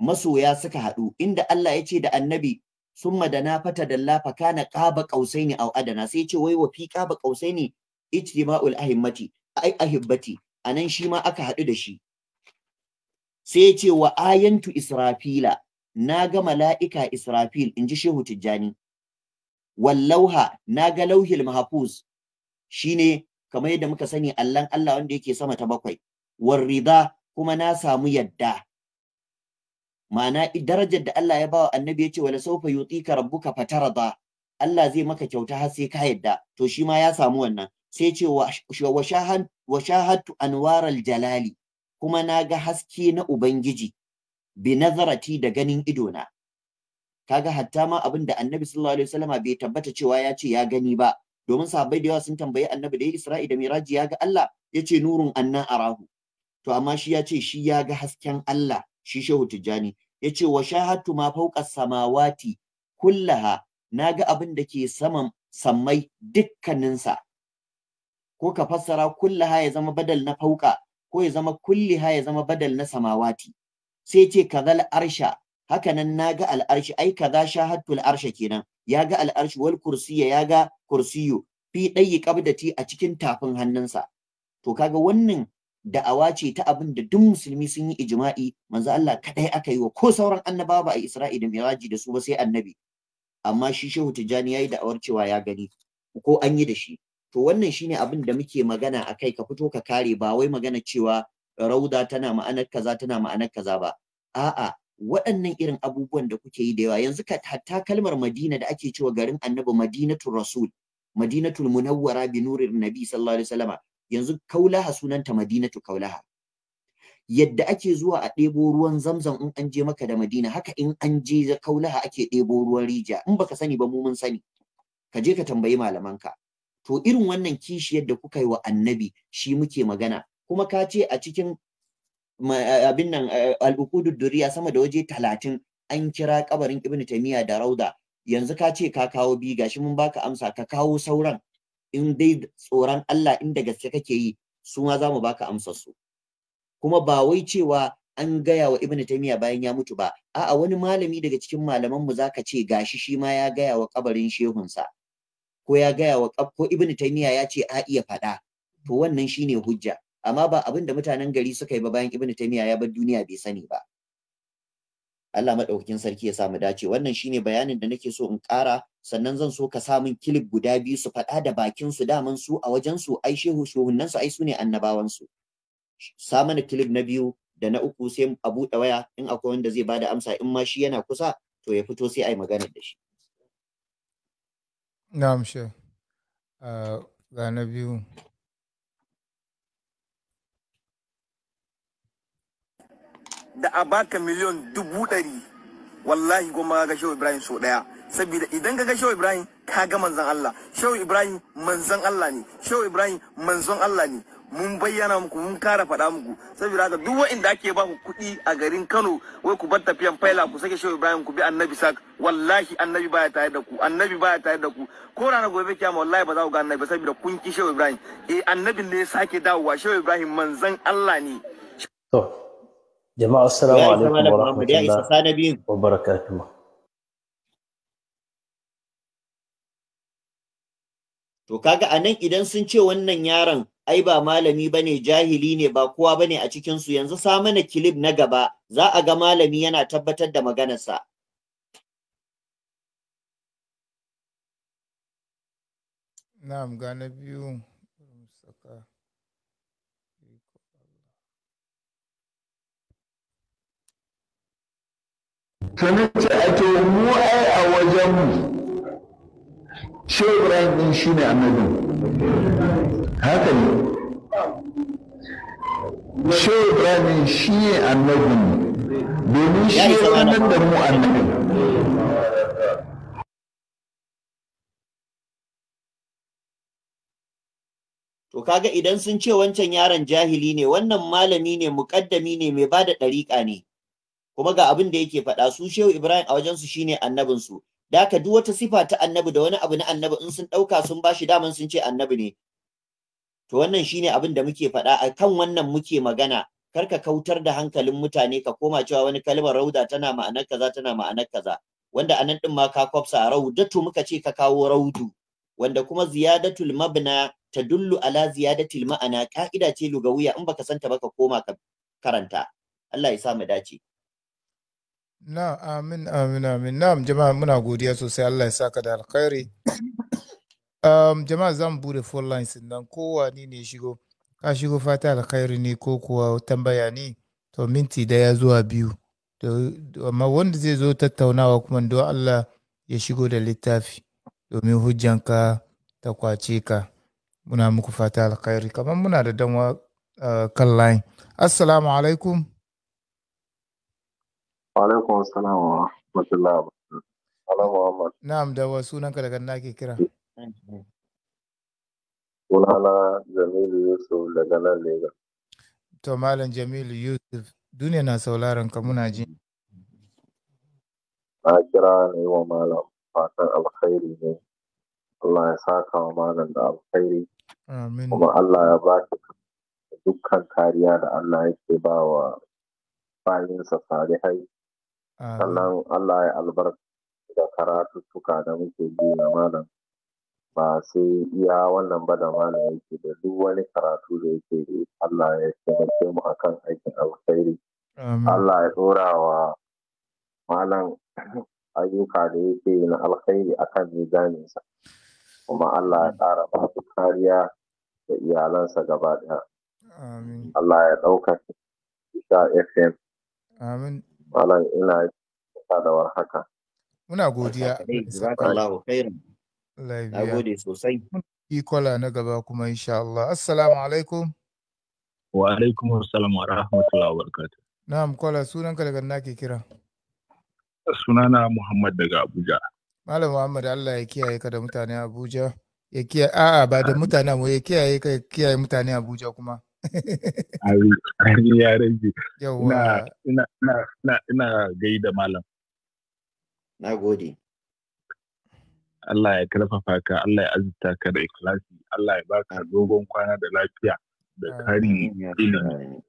masoya suka haɗu inda Allah ya ce da annabi summa da na fata da fa kana qaba qausaini au adana sai ce wai wa fi qaba qausaini ijtima'ul ahimmati ai ahibbati anan shi ma aka haɗu da shi sai ya ce wa ayantu israfila na ga mala'ika israfil in ji shehu tijjani wallauha na ga lauhil mahfuz ne kamar yadda muka sani allan Allah wanda yake sama ta bakwai warrida kuma na samu yadda ma'ana darajar da Allah ya ba wa annabi ya ce wala sawfa ka rabbuka fatarda Allah zai maka kyauta har sai ka yadda to shi ma ya samu wannan sai ce wa shahan wa shahadtu anwaral jalali kuma na ga haske na Ubangiji bi nazarati da ganin idona. Kaga hatta ma abin da annabi sallallahu alaihi wasallama bai tabbata cewa ya ce ya gani ba, domin sahabbai da yawa sun tambayi annabi da ya Isra'i da Miraji ya ga Allah ya ce nurun annan arahu. To amma shi ya ce shi ya ga hasken Allah shi Shehu Tijjani ya ce wa shahatu ma fauqa samawati kullaha na ga abin da ke saman sammai dukkaninsa. Ko ka fassara kullaha ya zama badal na fauka ko ya zama kulli ha ya zama badal na samawati sai ce kazal arsha haka nan naga al arshi ai kaza shahadtu al arsha kenan ya ga al arshi wal kursiya ya ga kursiyu fi dayi qabdati a cikin tafin hannunsa to kaga wannan da'awa ce ta abin da duk musulmi sun yi ijma'i manzo Allah kadai aka yi wa ko sauran annabawa ba a Isra'i da Miraji da su ba sai annabi amma shi Shehu Tijjani yayi da'awar cewa ya gani ko an yi da shi to wannan shine abin da muke magana a kai ka fito ka kare ba wai magana cewa rauda tana ma'anar kaza tana ma'anar kaza ba a'a waɗannan irin abubuwan da kuke yi da yawa yanzu ka hatta kalmar madina da ake cewa garin annabi madinatul rasul madinatul munawwara bi nurin nabi sallallahu alaihi wasallama yanzu kaulaha sunanta madinatu kaulaha yadda ake zuwa a ɗebo ruwan zamzam in an je maka da madina haka in an je kaulaha ake ɗebo ruwan rija in baka sani ba mu mun sani ka je ka tambayi malamanka to irin wannan kishiyar da kuka yi wa annabi shi muke magana kuma ka ce a cikin abin nan al'ukudu duriya sama da waje talatin an kira kabarin ibnu taimiyya da rauda yanzu ka ce ka kawo bi gashi mun baka amsa ka kawo sauran in dai tsoron Allah inda gaske kake yi su ma za mu baka amsar su kuma ba wai cewa an gaya wa ibnu taimiyya bayan ya mutu ba a'a wani malami daga cikin malaman mu zaka ce gashi shi ma ya gaya wa kabarin shehunsa ko ya gaya wa ƙaf ko ibnu taymiya ya ce a iya faɗa to wannan shine hujja amma ba abin da mutanen gari suka yi ba bayan ibnu taymiya ya bar duniya bai sani ba Allah madaukakin sarki ya samu dace wannan shine bayanin da nake so in ƙara sannan zan so ka sa samun kilif guda biyu su faɗa da bakin su daman su a wajen su ai shehu shuhunnan su ai su ne annabawan su sa mana kilif na biyu da na uku sai a buɗe waya in akwai wanda zai bada amsa in ma shi yana kusa to ya fito sai ai magana da shi Na'am Sheikh. biyu. Da a baka miliyon dubu ɗari wallahi goma ga Shehu Ibrahim so ɗaya. Saboda idan ka ga Shehu Ibrahim ka ga manzan Allah. Shehu Ibrahim manzan Allah ne. Shehu Ibrahim manzan Allah ne. mun bayyana muku mun kara faɗa muku saboda haka duk wa'inda ake ba ku kuɗi a garin Kano wai ku bar tafiyan faila ku sake Shehu Ibrahim ku bi Annabi sak wallahi Annabi baya tare da ku Annabi baya tare da ku ko ranar gobe kiyama wallahi ba za ku ga Annabi saboda kun ki Shehu Ibrahim eh Annabin ne ya sake dawowa Shehu Ibrahim manzon Allah ne to jama'a assalamu alaikum wa wa barakatuh to kaga anan idan sun ce wannan yaron ai ba malami bane jahili ne ba kowa bane a cikin su yanzu sa mana kilib na gaba za a ga malami yana tabbatar da maganarsa na'am ga na biyu ce ake mu ai a wajenmu shebran shi ne annabin haka ne shi ibrahim shi annabin domin shi ya mu annabin To kaga idan sun ce wancan yaron jahili ne wannan malami ne muƙaddami ne mai bada ɗariƙa ne kuma ga abin da yake faɗa su shehu Ibrahim a wajensu shine annabin su da ka duk wata sifa ta annabi da wani abu na annabi in sun ɗauka sun ba shi, daman sun ce annabi ne to wannan shine abin da muke faɗa a kan wannan muke magana kar ka kautar da hankalin mutane ka koma cewa wani kalmar rauda tana ma'anar kaza tana ma'anar kaza wanda anan din ma ka kwafsa raudatu muka ce ka kawo raudu wanda kuma ziyadatul mabna tadullu ala ziyadatil ma'ana ka'ida ce lugawiya in baka santa baka koma ka karanta Allah ya sa mu dace na amin amin amin na'am jama'a muna godiya sosai Allah ya saka da alkhairi (coughs) Um, jama'a za mu bude phone lines nan ni ne shigo ka shigo fata alkhairi ne ko kuwa tambaya ne to minti daya zuwa biyu amma wanda zai zo tattaunawa kuma don Allah ya shigo da littafi domin hujjanka ta kwace ka muna muku fata alkhairi kamar muna da danwa uh, eh, kan line assalamu alaikum wa alaikum wa rahmatullahi wa barakatuh na'am da wasu nan ka daga nake kira Mhm. Jamilu Yusuf daga nan Legas. To Malam Jamilu Yusuf, duniya na sauraron ka muna ji. Na kira ne wa Malam fatan alkhairi ne. Allah ya saka wa Malam da alkhairi. Amin. Kuma Allah ya ba dukkan kariya da Allah yake ba wa bayinsa salihai. Sannan Allah ya albarka da tuka da muke biya Malam. ba sai iya wannan ba da mana yake da duk wani karatu da yake Allah ya taimake mu akan aikin alkhairi Allah ya tsora wa malam ayyuka da yake na alkhairi akan mizaninsa kuma Allah ya tsara ba su kariya da iyalansa gaba ɗaya Allah ya ɗauka Isha FM Amin. Malam ina da warhaka. Muna godiya. Jazakallahu khairan. Na gode sosai. Ikola na gaba kuma insha Allah. Assalamu alaikum. Wa alaikum assalam wa rahmatullahi wa barakatuh. Na'am kola sunanka daga na kira. Sunana Muhammad daga Abuja. Malam Muhammad Allah ya kiyaye ka da mutane Abuja. Ya kiyaye a'a ba da mutane mu ya kiyaye ka ya kiyaye mutane Abuja kuma. (laughs) Amin ya rage. Ina ina ina ina gaida malam. Na gode. Allah ya karfafa ka Allah ya azurta ka da ikilasi, Allah ya baka dogon kwana da lafiya da kari ilimi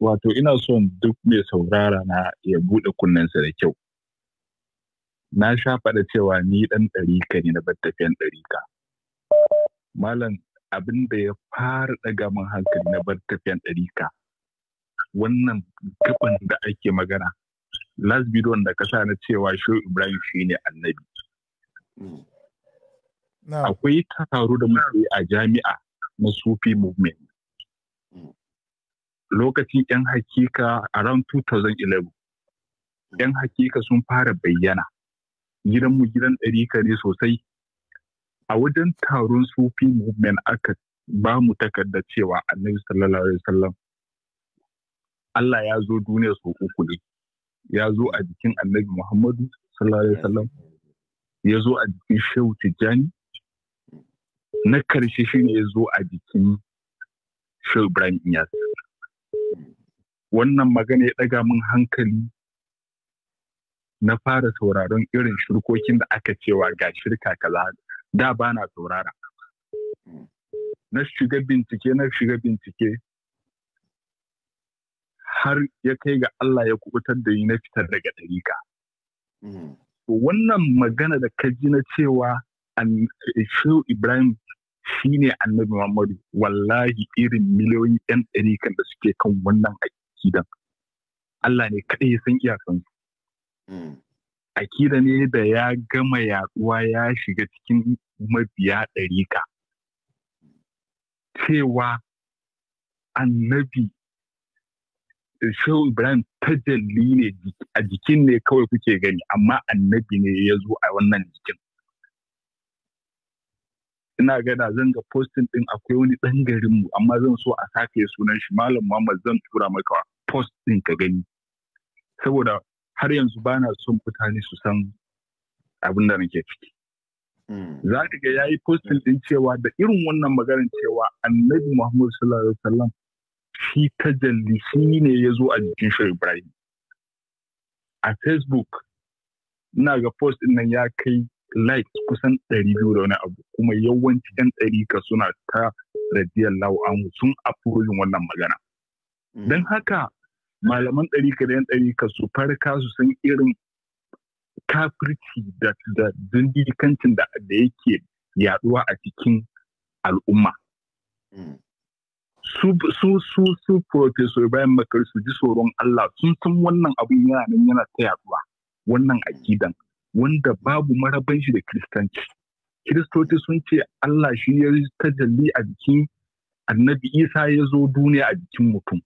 wato ina son duk mai saurara na ya buɗe kunnensa da kyau na sha faɗa cewa ni ɗan ɗarika ne na battafiyan tafiyan ɗarika malam abin da ya fara ɗaga min hankali na battafiyan tafiyan ɗarika wannan gaban da ake magana last bidiyon da ka sa na cewa shehu ibrahim shi ne annabi akwai taro da muke a jami'a na sufi movement lokacin yan hakika around 2011 yan hakika sun fara bayyana gidanmu gidan ɗarika ne sosai a wajen taron sufi movement aka ba mu takarda cewa annabi sallallahu alaihi wasallam Allah ya zo duniya sau uku ne ya zo a jikin annabi muhammadu sallallahu alaihi wasallam ya zo a jikin shehu tijjani na karshe shine ya zo a jikin shehu ibrahim iyas wannan magana ya ɗaga min hankali na fara sauraron irin shirkokin da aka cewa ga shirka kaza da ba na saurara na shiga bincike na shiga bincike har ya kai ga Allah ya kubutar da yi na fitar daga ɗarika. Hmm. Wannan magana da ka ji na cewa Shehu Ibrahim shi ne annabi Muhammadu wallahi irin miliyoyin 'yan ɗarikan da suke kan wannan akidan. Allah ne kaɗai ya san iyakansu. Hmm. Akida ne da ya gama yaduwa ya shiga cikin mabiya ɗarika. Cewa annabi shehu ibrahim tajalli ne a jikin ne kawai kuke gani amma annabi ne ya zo a wannan jikin ina gada zan ga postin ɗin akwai wani ɗan garinmu amma zan so a sake sunan shi malam muhammad zan tura maka post ɗin ka gani saboda har yanzu ba na son mutane su san abin da nake ciki hmm. za ka ga yayi postin ɗin cewa da irin wannan maganar cewa annabi muhammad sallallahu alaihi wasallam shi shi ne ya zo a jikin shi Ibrahim. A Facebook, ina ga post ɗin nan ya kai likes kusan ɗari biyu da wani abu, kuma yawanci ‘yan ka suna ta radiyallahu anhu sun afurojin wannan magana. Mm. Don haka, malaman ka da ‘yan ka su farka su san irin kafirci da zindirikancin da yake yaduwa a cikin al'umma. Mm. su su su su bayan makar su ji tsoron Allah sun san wannan abin yana nan yana ta yaduwa wannan akidan wanda babu maraban shi da kristanci kiristoci sun ce Allah shi ya tajalli a jikin annabi Isa ya zo duniya a jikin mutum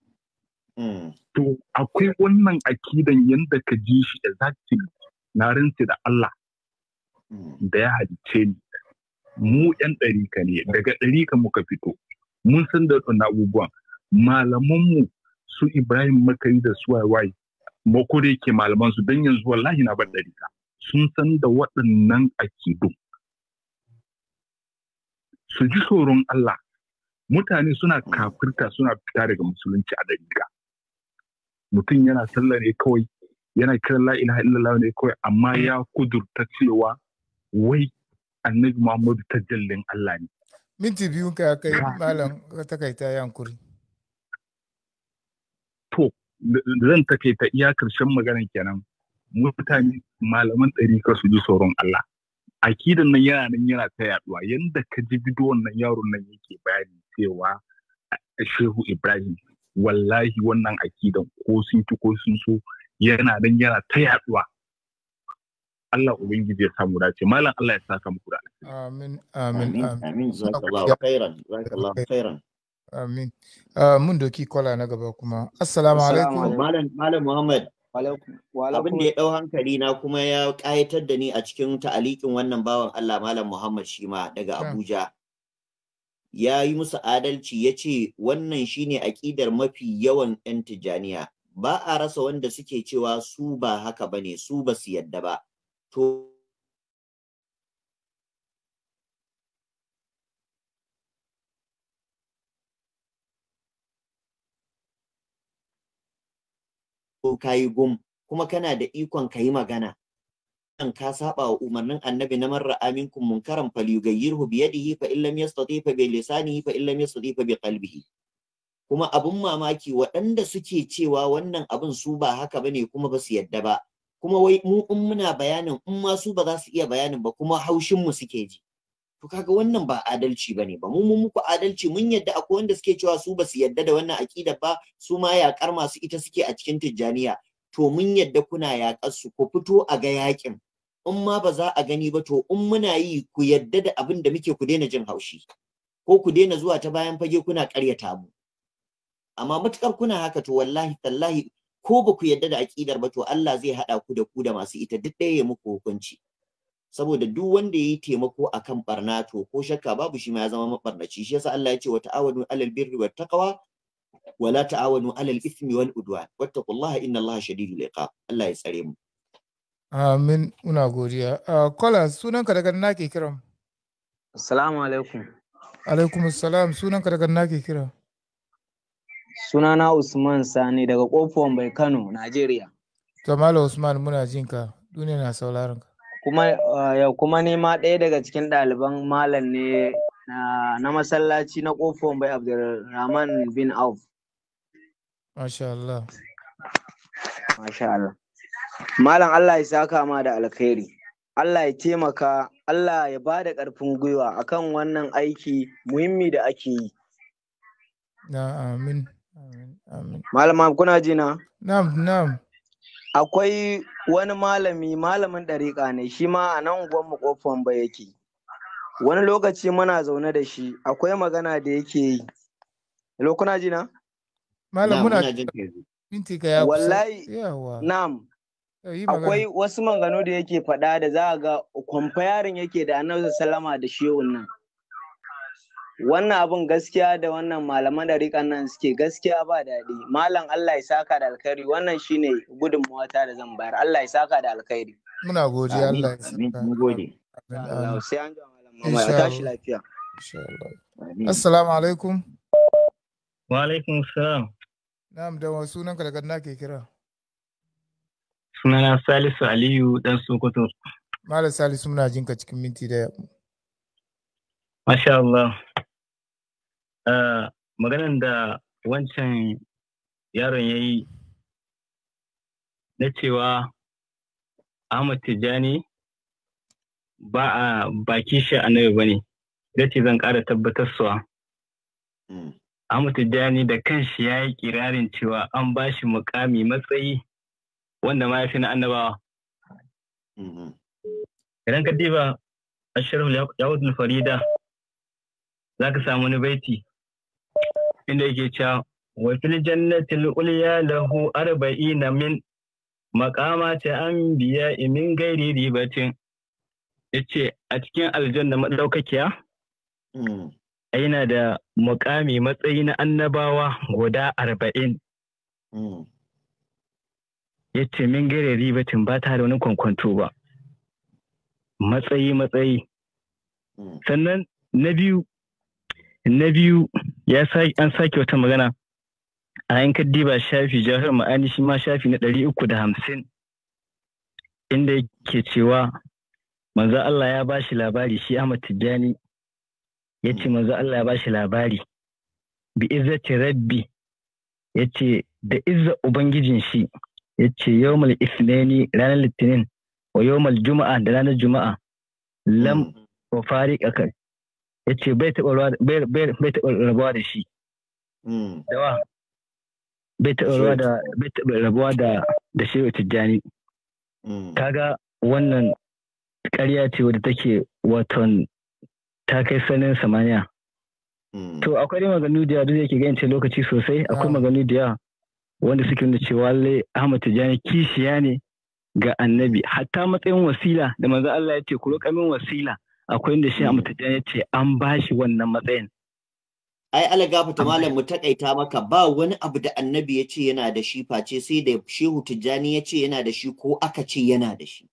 hmm. to akwai wannan akidan yanda ka ji shi exactly na rance da Allah hmm. da ya halice ni mu yan ɗarika ne daga ɗarika muka fito mun san da wannan abubuwan malamanmu su ibrahim makari da su wai makore ke malaman su don yanzu wallahi na bar ɗarika sun san da waɗannan akidu su ji tsoron Allah mutane suna kafirta suna fita daga musulunci a ɗarika mutum yana sallah ne kawai yana kiran la ilaha illallah ne kawai amma ya kudurta cewa wai annabi Muhammadu tajallin Allah ne minti biyun ka kai malam takaita yankuri to zan takaita iya karshen maganar kenan mutane malaman ka su ji tsoron Allah akidan nan yana nan yana ta yaduwa yanda ka ji bidiyon nan yaron nan yake bayani cewa shehu ibrahim wallahi wannan akidan ko sun ci ko sun so yana nan yana ta yaduwa Allah ubangiji ya samu dace malam Allah ya saka muku da amin amin amin zakallahu khairan zakallahu khairan amin ah, mun doki kola na gaba kuma assalamu alaikum malam malam muhammad abin da ya dau hankali na kuma ya kayatar da ni a cikin ta'alikin wannan bawan Allah Malam Muhammad Shima daga hmm. Abuja. Ya yi musu adalci ya ce wannan shine aƙidar mafi yawan 'yan Tijjaniya. Ba a rasa wanda suke cewa su ba haka ba ne, su ba su yadda ba. to ka kai gum kuma kana da ikon ka yi magana an ka saba wa umarnin annabi na marra aminkum munkaran falyughayyirhu bi yadihi fa illam yastati fa bi lisanihi fa illam yastati fa bi qalbihi kuma abun mamaki waɗanda suke cewa wannan abun su ba haka bane kuma ba su yadda ba kuma wai mu in muna bayanin in ma su ba za su iya bayanin ba kuma haushin mu suke ji to kaga wannan ba adalci bane ba mu mun muku adalci mun yadda akwai wanda suke cewa su ba su yadda da wannan aƙida ba su ma yaƙar masu ita suke a cikin tijjaniya to mun yadda kuna yaƙar su ku fito a ga yaƙin in ma ba za a gani ba to in muna yi ku yadda da abin da muke ku daina jin haushi ko ku daina zuwa ta bayan fage kuna ƙaryata mu amma matukar kuna haka to wallahi tallahi ko ba ku yarda da aƙidar ba to Allah zai haɗa ku da ku da masu ita duk ɗaya ya muku hukunci saboda duk wanda yayi taimako akan barna to ko shakka babu shi ma ya zama mabarnaci shi yasa Allah ya ce wa ta'awanu alal birri wat taqwa wa la ta'awanu alal ithmi wal udwan wattaqullaha innallaha shadidul iqab Allah ya tsare mu amin muna godiya kola sunanka daga nake kiran assalamu alaikum alaikum assalam sunanka daga nake kiran Sunana Usman Sani daga kofuwan Bai Kano, Najeriya. To Usman muna jin ka, duniya na sauraron ka. Kuma uh, ya kuma ne ma ɗaya daga cikin ɗaliban malam ne na masallaci na kofuwan Bai Abdulrahman bin Auf. Masha Allah. Masha Allah. Malam Allah ya saka ma da alkhairi. Allah ya taimaka, Allah ya ba da ƙarfin gwiwa akan wannan aiki muhimmi da ake yi. Na amin. Malama kuna ji na? Nam, Akwai wani malami, malamin ɗariƙa ne, shi ma a nan gwan makofan ba yake. Wani lokaci muna zaune da shi, akwai magana da yake yi. Hello, kuna ji na? Malam muna minti ka ya Wallahi, Nam, Akwai wasu maganganu da yake faɗa da za a ga kwamfayarin yake da annabi sallama da shi nan. wannan abin gaskiya da wannan malaman dariƙan nan suke gaskiya ba daɗi malam Allah ya saka da alkhairi wannan shine gudunmawa da zan bayar Allah ya saka da alkhairi muna godiya Allah ya saka mun gode sai an ga malam tashi lafiya assalamu alaikum wa alaikum assalam na'am da wa sunan ka daga nake kira sunana Salisu Aliyu dan Sokoto malam Salisu muna jinka cikin minti da Masha Allah. Ah, maganan da wancan yaron ya yi na cewa Ahmad Tijjani ba a baki shi a nawa ba ne, ce zan ƙara tabbatar suwa. Hmm. Ahmad Tijjani da kanshi ya yi kirarin cewa an ba shi mukami matsayi wanda ma ya fi na annabawa. Hmm. Idan ka diba a shirin Yahudul Farida za ka samu wani baiti inda yake cewa wa fil jannatil ulya lahu arba'ina min ta anbiya min gairi ribatin yace a cikin aljanna madaukakiya yana hmm. da muƙami matsayi na annabawa guda arba'in. Hmm. Ya ce min gare ribatin ba ta da wani kwankwanto ba. Matsayi matsayi. Hmm. Sannan na biyu, na biyu ya an sake wata magana a yan kaddiba shafi jahar ma'ani shi ma shafi na ɗari uku da hamsin inda yake cewa manzo Allah ya bashi labari shi Ahmad Tijjani ya ce manzo Allah ya bashi labari bi izzati rabbi ya ce da izza ubangijin shi ya ce yawmal isnani ranar litinin wa yawmal juma'a da ranar juma'a lam hmm. wa fariqaka ya ce bai taɓa rabuwa da shi hmm. dawa bai taɓa rabuwa da shi wa tijjani hmm. kaga wannan ƙarya ce wadda take waton ta kai sanin samaniya hmm. to akwai dai maganu da yadda yake gance lokaci sosai akwai ah. maganu da wanda suke nuna cewa lallai Ahmad Tijjani kishiya ne ga annabi hatta matsayin wasila da manzo Allah ya ce ku roƙa min wasila akwai inda shi amurtajen ya ce an ba shi wannan matsayin. Ai alagafu ta malam mu takaita maka ba wani abu da annabi ya ce yana da shi face sai da shehu tijjani ya ce yana da shi ko aka ce yana da shi.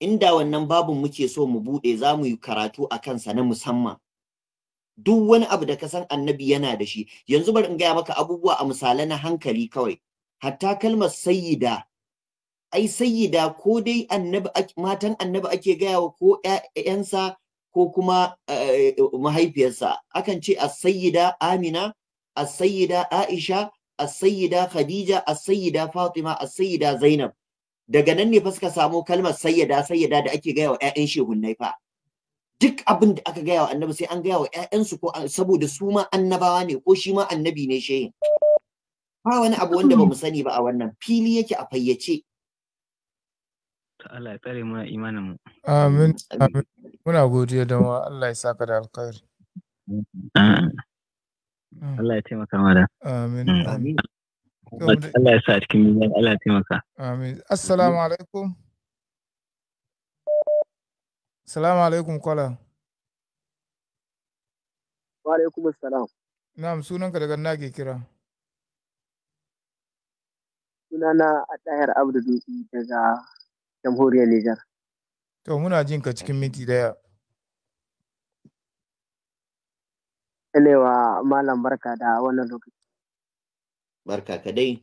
Inda wannan babin muke so mu buɗe za mu yi karatu a kansa na musamman. Duk wani abu da ka san annabi yana da shi, yanzu bari in gaya maka abubuwa a misalai na hankali kawai. Hatta kalmar sayyida ai sayyida ko dai annabi matan annabi ake gaya wa ko ƴaƴansa ko kuma eh, mahaifiyarsa akan ce a sayyida Amina a sayyida Aisha a sayyida Khadija a sayyida Fatima a sayyida Zainab daga nan ne fa suka samo kalmar sayyada sayyada da ake gaya wa ƴaƴan shehunnai fa duk abin da aka gaya wa annabi sai an gaya wa ƴaƴansu ko saboda su ma annabawa ne ko shi ma annabi ne shehin ba wani abu wanda ba mu sani ba a wannan fili yake a fayyace Allah ya tsare mana imanin mu amin amin muna godiya da wa Allah ya saka da alkhairi mm. Allah ya taimaka mana amin mm. amin Allah ya sa cikin mizan Allah ya taimaka amin assalamu alaikum assalamu alaikum kwala wa alaikum assalam na'am sunanka daga nage kira sunana a ɗayar abdu daga jamhuriyar Nijar. To muna jin ka cikin minti daya. Elewa Malam barka da wannan lokaci. Barka ka dai.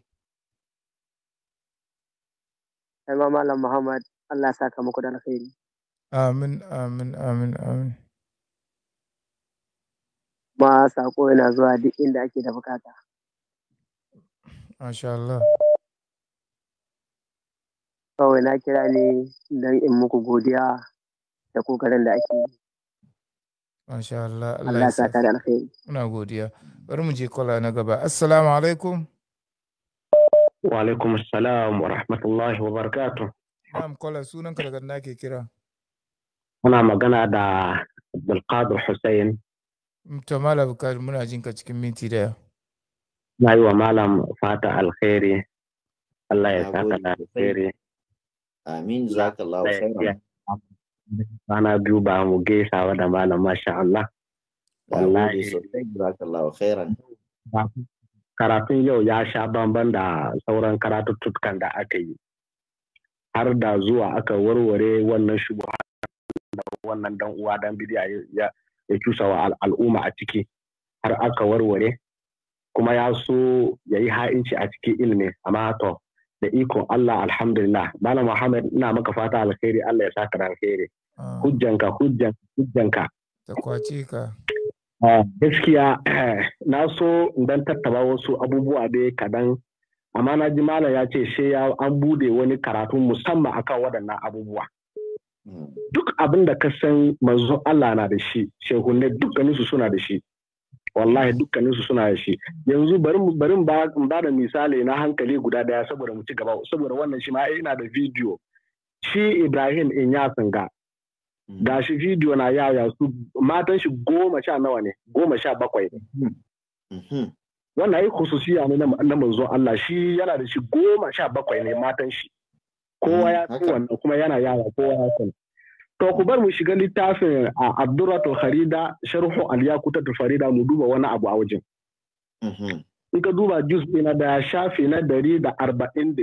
Aima Malam Muhammad Allah sa ka muku da alkhairi. Amin, amin, amin, amin. Ma sako yana zuwa duk inda ake da bukata. Masha Allah. Kawai na kira ne don in muku godiya da kokarin da ake yi. Masha Allah, Allah ya saka da alkhairi. Muna godiya. Bari mu je kwala na gaba. Assalamu alaikum. Wa alaikum assalam wa rahmatullahi wa barakatu. Imam kwala sunan ka daga na ke kira. Muna magana da Abdulkadir Hussein. Mm, to Malam Bukari muna jin ka cikin minti daya. Na yi wa Malam fata alkhairi. Allah ya saka da alkhairi. amin za ka lawa rana biyu ba mu gaisawa da malam masha Allah karatun yau ya sha bamban da sauran karatuttukan da aka yi har da zuwa aka warware wannan shubuha da wannan dan uwa dan bidiya ya cusa wa al'umma a ciki har aka warware kuma ya so ya yi ha'inci a cikin ilimi amma to da ikon Allah alhamdulillah Malam Muhammad ina maka fata alkhairi Allah ya saka da alkhairi hujjanka hujjan hujjanka ta kwace ka ah, gaskiya (clears throat) na so dan tattaba wasu abubuwa dai kadan amma na ji malam ya ce sai ya an bude wani karatu musamman akan waɗannan abubuwa hmm. duk abin da ka san manzon Allah na da shi shehunne dukkanin su suna da shi wallahi dukkanin su suna da shi yanzu bari ba da misali na hankali guda daya saboda mu ci gaba saboda wannan shi ma ina da video shi Ibrahim in ya ga mm. ga shi video na yaya su matan shi goma sha nawa ne goma sha bakwai mm-hmm. Mm-hmm. wannan ai khususiya ne na manzon Allah shi yana da shi goma sha bakwai ne matan shi kowa mm, ya san wannan kuma yana yaya kowa ya san To ku bar mu shiga littafin a Abdurrahman Farida sharhu al da Farida mu duba wani abu a wajen. Mm-hmm. In ka duba jus ɗina da ya shafi na da arba'in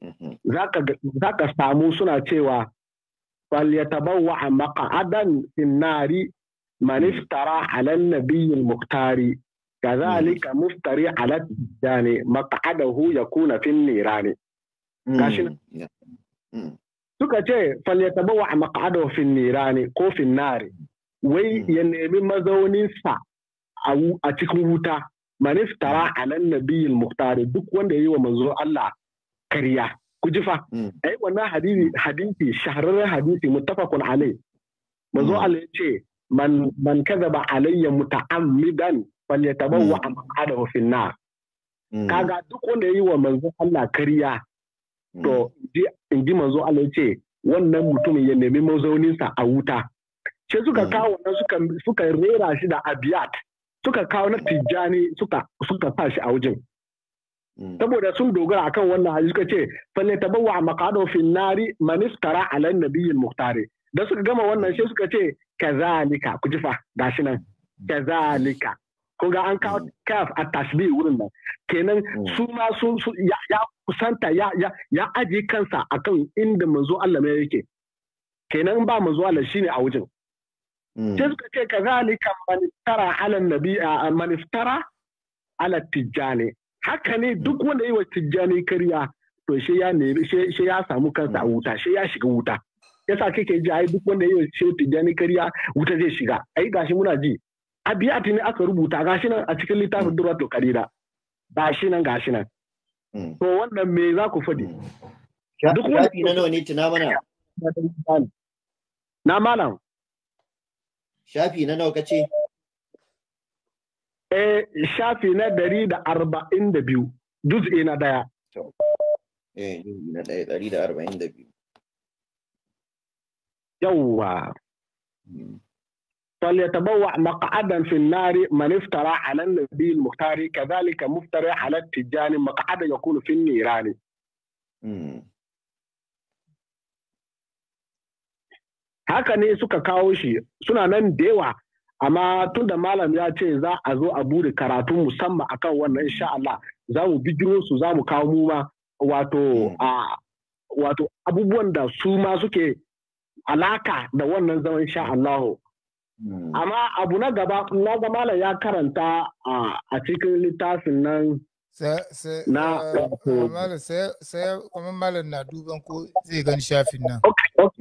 mm-hmm. Za Zaka samu suna cewa fal yatabawwa maq'adan fin nari man mm-hmm. iftara 'ala an-nabiy al-muqtari kadhalika muftari 'ala yani maq'adahu kuna fin nirani. Kashin suka ce falyatabawa a maƙado fin nirani ko fin nari wai hmm. ya nemi mazauninsa a cikin wuta maniftara hmm. alan nabiyin muktari duk wanda ya yi wa manzo Allah kariya ku ji fa hmm. ai wannan hadisi hadisi shahararren hadisi muttafaqun alai manzo Allah ya ce man man kadaba alayya muta'ammidan falyatabawwa maq'adahu fin nar kaga duk wanda ya yi wa manzo Allah kariya To, mm. in ji manzo Allah ce, wannan mutumin ya nemi mazauninsa a wuta. Ce suka mm. kawo na suka rera shi da abiyat, suka kawo na tijjani suka sa shi a wajen. Mm. Saboda sun dogara akan wannan hadisi suka ce, falle tabawa makado finnari manistara alan nabiyyin muhtare. Da suka gama wannan shi suka ce, kazalika, ku ji gashi nan, kazalika. Ko ga an kawo mm. kaf a tasbi wurin nan kenan mm. su ma sun ya kusanta ya aje kansa akan inda manzo Allah mai yake kenan ba manzo Allah shine a wajen mm. sai suka ce ka man tara ala nabi tara ala tijjani haka ne duk wanda yi wa tijjani kariya to shi ya ne shi ya samu kansa a wuta shi ya shiga wuta yasa kake ji ai duk wanda yi wa shi tijjani kariya wuta zai shiga ai gashi muna ji abiyati ne aka rubuta shi nan a cikin littafin mm. duratul karira shi nan shi nan mm. to wannan me za ku faɗi duk wani na nawa ne tuna mana na malam shafi na nawa kace eh shafi na dari da arba'in da biyu juz'i na daya eh juz'i na daya dari da arba'in da biyu فليتبوع مقعدا في النار من افترى على النبي المختار كذلك مفترى على التجان مقعدا يكون في النيران haka ne suka kawo shi suna nan da yawa amma tun da malam ya ce za a zo a bude karatu musamman akan wannan insha Allah za mu bijiro su za mu kawo mu ma wato a wato abubuwan da su ma suke alaka da wannan zaman insha Allah Hmm. Amma abu na gaba na ga ya karanta a cikin littafin nan na eh, eh, malam sai kuma malam na duban ko zai gan shafin nan. Ok, ok.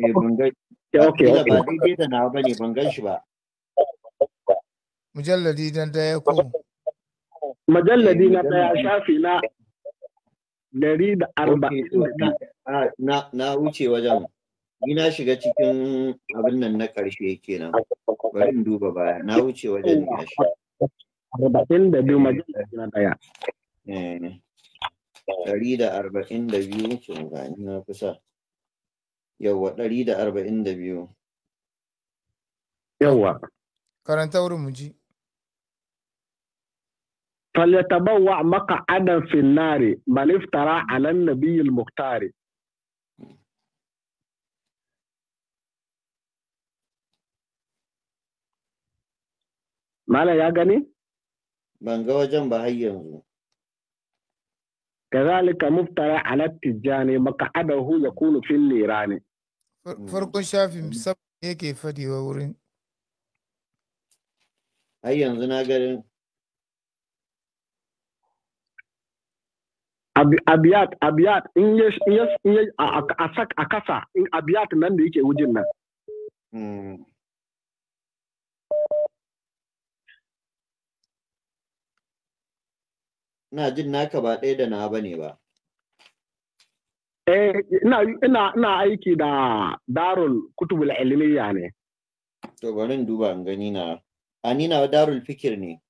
Eh, ba daidai da na ba ne ban gan shi ba. Mujalladi na daya ko? Mujalladi na daya shafi na dari da arba'in. Na wuce wajen. Ni na shiga cikin abin nan na ƙarshe kenan. Bari in duba baya. Na wuce wajen da shi. Arba'in da biyu eh. Ɗari da arba'in da biyu kin gani na kusa. ɗari da arba'in da biyu. Karanta wurin mu ji. فليتبوع مقعدا في النار من افترى على النبي المختار Malam ya gani? Ban ga wajen ba har yanzu. Kazalika muftara ala tijjani maka maka'adahu ya kunu fil nirani. Hmm. Farkon shafin sab yake fadewa wurin. Har yanzu na garin. abiyat abiyat in ya a kasa in abiyat nan da yake wujin nan hmm. Ina jin naka ba ɗaya da na ba. ne ba. Eh, ina, ina aiki da darul kutubul ilmiya ne. To bari in duba in gani na. A nina na darul fikir ne.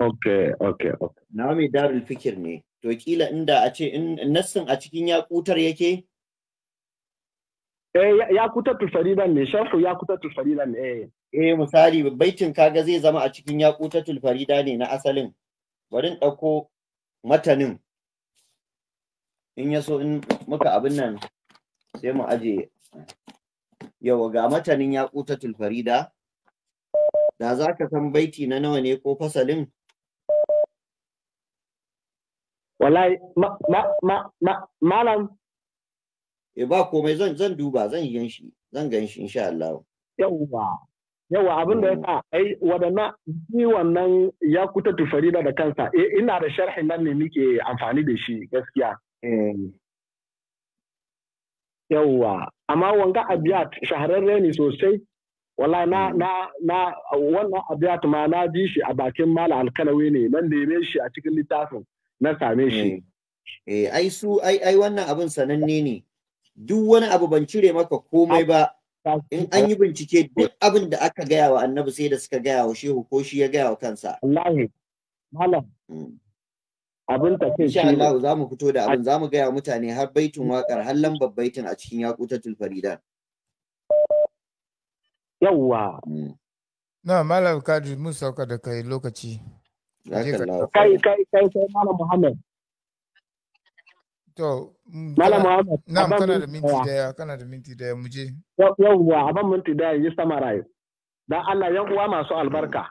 Ok, ok, ok. Na mai darul fikir ne. To kila inda a ce in nassin a cikin kutar yake? Eh, yakutar tulfaridan ne, kutar yakutar tulfaridan ne. Eh. eh, misali baitin kaga zai zama a cikin yakutar tulfarida ne na asalin. bari in ɗauko matanin in ya so in muka abin nan sai mu aje yawa ga matanin ya ƙuta tulfari da Da za ka san baiti na nawa ne ko fasalin wallahi ma ma ma malam e ba komai zan zan duba zan yi shi zan ganshi insha Allah yawwa yawa abin da ya sa ai waɗannan ni wannan ya kuta tufarida da kansa eh, ina da sharhin nan ne muke amfani da shi gaskiya eh. yawa amma wanga abiyat shahararre ne sosai wala na hmm. na na wannan abiyat ma na ji shi a bakin mala alkalawi ne nan da neme shi a cikin littafin na same shi hmm. eh ai su ai ai wannan abin sananne ne duk wani abu ban cire maka komai ba in an yi bincike duk abin da aka gaya wa annabi sai da suka gaya wa shehu ko shi ya gaya wa kansa wallahi malam hmm. abin ta ce shi. Allah za mu fito da abin za mu gaya mutane har baitun hmm. waƙar har lambar baitin a cikin yaqutatul faridan yawwa hmm. na malam kadir mun sauka da kai lokaci kai kai kai malam muhammad To, mm, Malama na kana da minti daya, kana da minti daya mu je. a abin minti daya yi rayu. Dan Allah yan uwa masu albarka.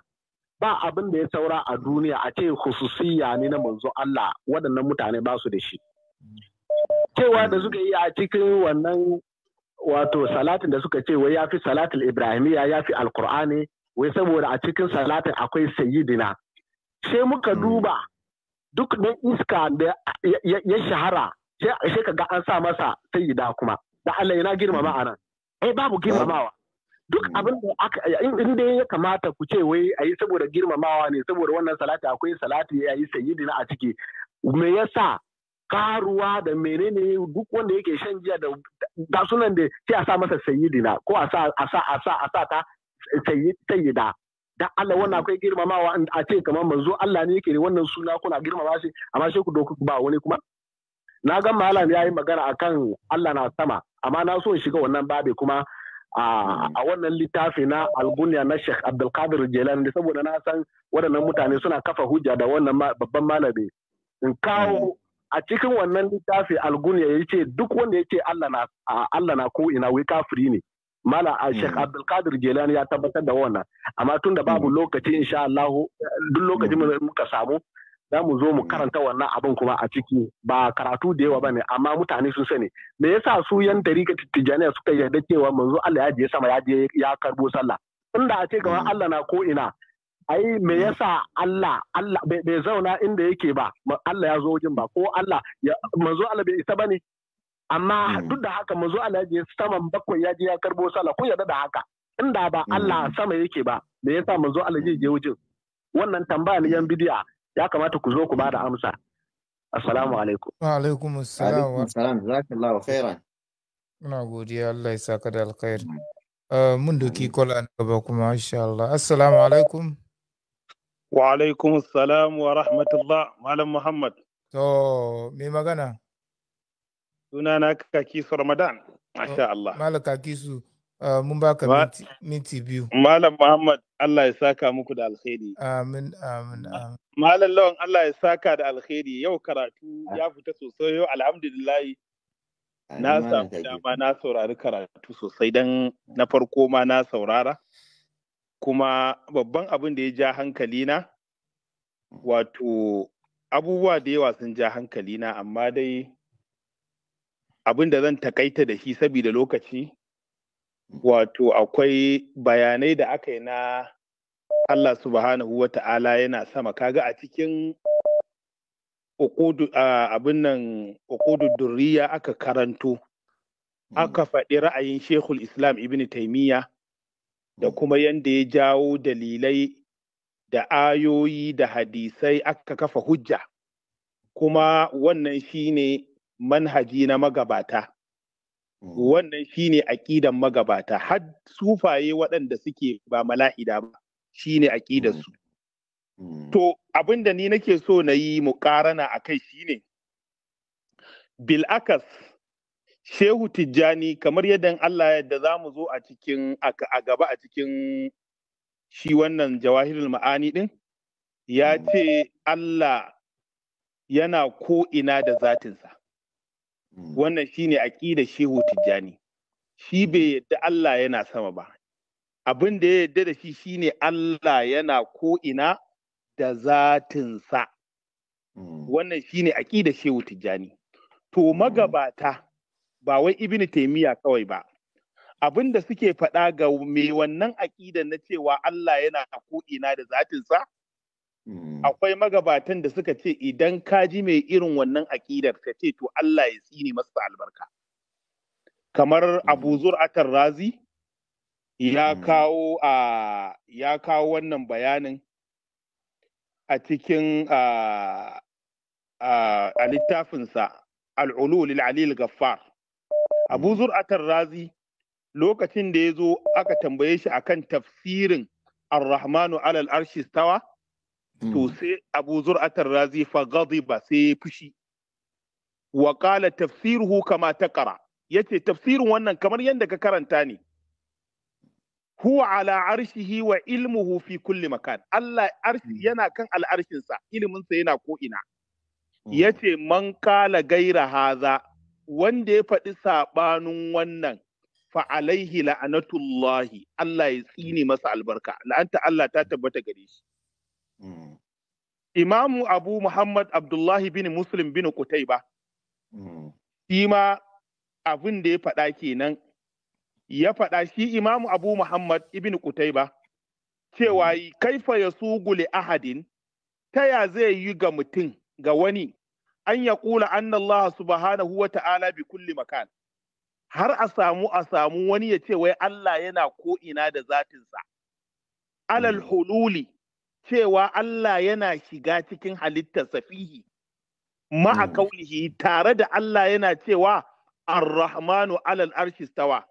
Ba abin da ya saura a duniya a ce hususiya ne na manzo Allah waɗannan mutane ba su da shi. Cewa da suka yi a cikin wannan wato salatin da suka ce wai ya fi salatin Ibrahimiyya ya fi Alkur'ani wai saboda a cikin salatin akwai sayidina. Sai muka mm. duba duk na iska da ya shahara sai ka ga an sa masa da kuma da Allah yana girmama a nan eh babu girmamawa duk mm. abin da aka in dai ya kamata ku ce wai ayi saboda girmamawa ne saboda wannan salati akwai salati ya yi sayyidina a ciki me yasa karuwa da menene duk wanda yake shan jiya da ga sunan da sai a sa masa sayyidina ko a sa a sa a sa a sa ta sayyida da Allah wannan mm. akwai girmamawa a ce kamar manzo Allah ne yake wannan suna kuna girmama shi amma shi ku doku ba wani kuma na ga malam ya yi magana akan Allah na sama amma na so shiga wannan babi kuma a wannan littafi na algunya na Sheikh Abdulkadir Jilani, saboda na san waɗannan mutane suna kafa hujja da wannan babban malami in kawo mm. a cikin wannan littafi algunya ya ce duk wanda ya ce Allah na ko ina wai kafiri ne mala a Sheikh mm. Abdulkadir Jilani ya tabbatar da wannan amma tun da babu mm. lokaci insha Allah duk lokacin muka samu za mu zo mu karanta wannan abin kuma a ciki ba karatu da yawa ba ne amma mutane sun sani me yasa su yan tarika tijaniya suka yarda cewa manzo Allah ya je sama ya je ya karbo sallah inda a ce gaban mm. Allah na ko ina ai me yasa Allah Allah bai zauna inda yake ba Allah ya zo wajen ba ko Allah manzo Allah bai isa bane amma mm. duk da haka manzo Allah ya je saman bakwai ya je ya karbo sallah ko yarda da haka inda ba Allah mm. sama yake ba me yasa manzo Allah zai je wajen wannan tambaya ne yan bidiya ya kamata ku zo ku bada amsa assalamu alaikum wa alaikum assalam jazakallahu khairan muna godiya Allah ya saka da alkhairi eh, mun doki kola na gaba kuma insha Allah assalamu alaikum wa alaikum assalam wa rahmatullah malam muhammad to me magana sunana kaki su ramadan masha Allah malam kaki su Uh, mun baka minti, minti biyu. Malam Muhammad Allah ya saka muku da alkhairi. Amin, amin, amin. Malam Lawan Allah ya saka da alheri yau karatu ah. ya fita sosai yau alhamdulillahi na samu dama na saurari karatu sosai don na farko ma na saurara. Kuma babban abin da ya ja hankali na wato abubuwa da yawa sun ja hankali na amma dai abin da zan takaita da shi saboda lokaci wato akwai bayanai da aka yi na Allah subhanahu wa ta'ala yana sama kaga a cikin abin nan uqudu durriya aka karanto hmm. aka faɗi ra'ayin shekul islam ibn taimiyya da hmm. kuma yadda ya jawo dalilai da ayoyi da hadisai aka kafa hujja kuma wannan shine manhaji na magabata Mm. wannan shine aqidan magabata har sufaye waɗanda suke ba mala'ida ba shine aqidar mm. su mm. to abinda ni nake so na yi muƙarana a kai shine bil'akas shehu tijjani kamar yadda Allah yadda za mu zo a cikin a gaba a cikin shi wannan jawahirul ma'ani ɗin ya ce Allah yana ko'ina da zatinsa Mm. wannan shine aƙidar shehu tijjani shi mm. bai yadda Allah yana sama ba abin da ya yadda da shi shi ne Allah yana ko'ina da zatinsa mm. wannan shi ne aƙidar shehu tijjani to magabata ba wai ibini taimiya kawai ba abin da suke faɗa ga mai wannan aƙidan na cewa Allah yana ko'ina da zatinsa Mm. akwai magabatan da suka ce idan ka ji mai irin wannan aƙidar ka ce to Allah ya tsine masa albarka kamar mm. Abu Zur'atar Razi ya mm. kawo a ya kawo wannan bayanin a cikin a a littafinsa al Alil Gaffar Abu Zur'atar Razi lokacin da ya zo aka tambaye shi akan tafsirin Ar-Rahmanu alal arshi stawa Mm. to sai abu zur'atar razi fa ba sai ya fushi wa qala tafsiruhu kama taqra yace tafsirin wannan kamar yadda ka karanta ne huwa ala arshihi wa ilmuhu fi kulli makan Allah arshi mm. yana kan al'arshinsa iliminsa yana ko ina mm. yace man kala gaira haza wanda ya faɗi saɓanin wannan fa alaihi la'anatullahi Allah ya tsine masa albarka la'anta Allah ta tabbata gare shi Imamu Abu Muhammad Abdullahi bin Muslim bin Kutaiba. Mm. Shi ma abin da ya faɗa kenan ya faɗa shi Imamu Abu Muhammad ibn Kutaiba cewa mm. kaifa ya sugule ahadin ta ya zai yi ga mutum ga wani an ya kula anna Allah subhanahu wa ta'ala bi kulli makan har a samu a samu wani ya ce wai Allah yana ko'ina da zatinsa alal mm. hululi cewa Allah yana shiga cikin halittar safihi ma'a hmm. kaulihi tare da Allah yana cewa ar-rahmanu alal arshi stawa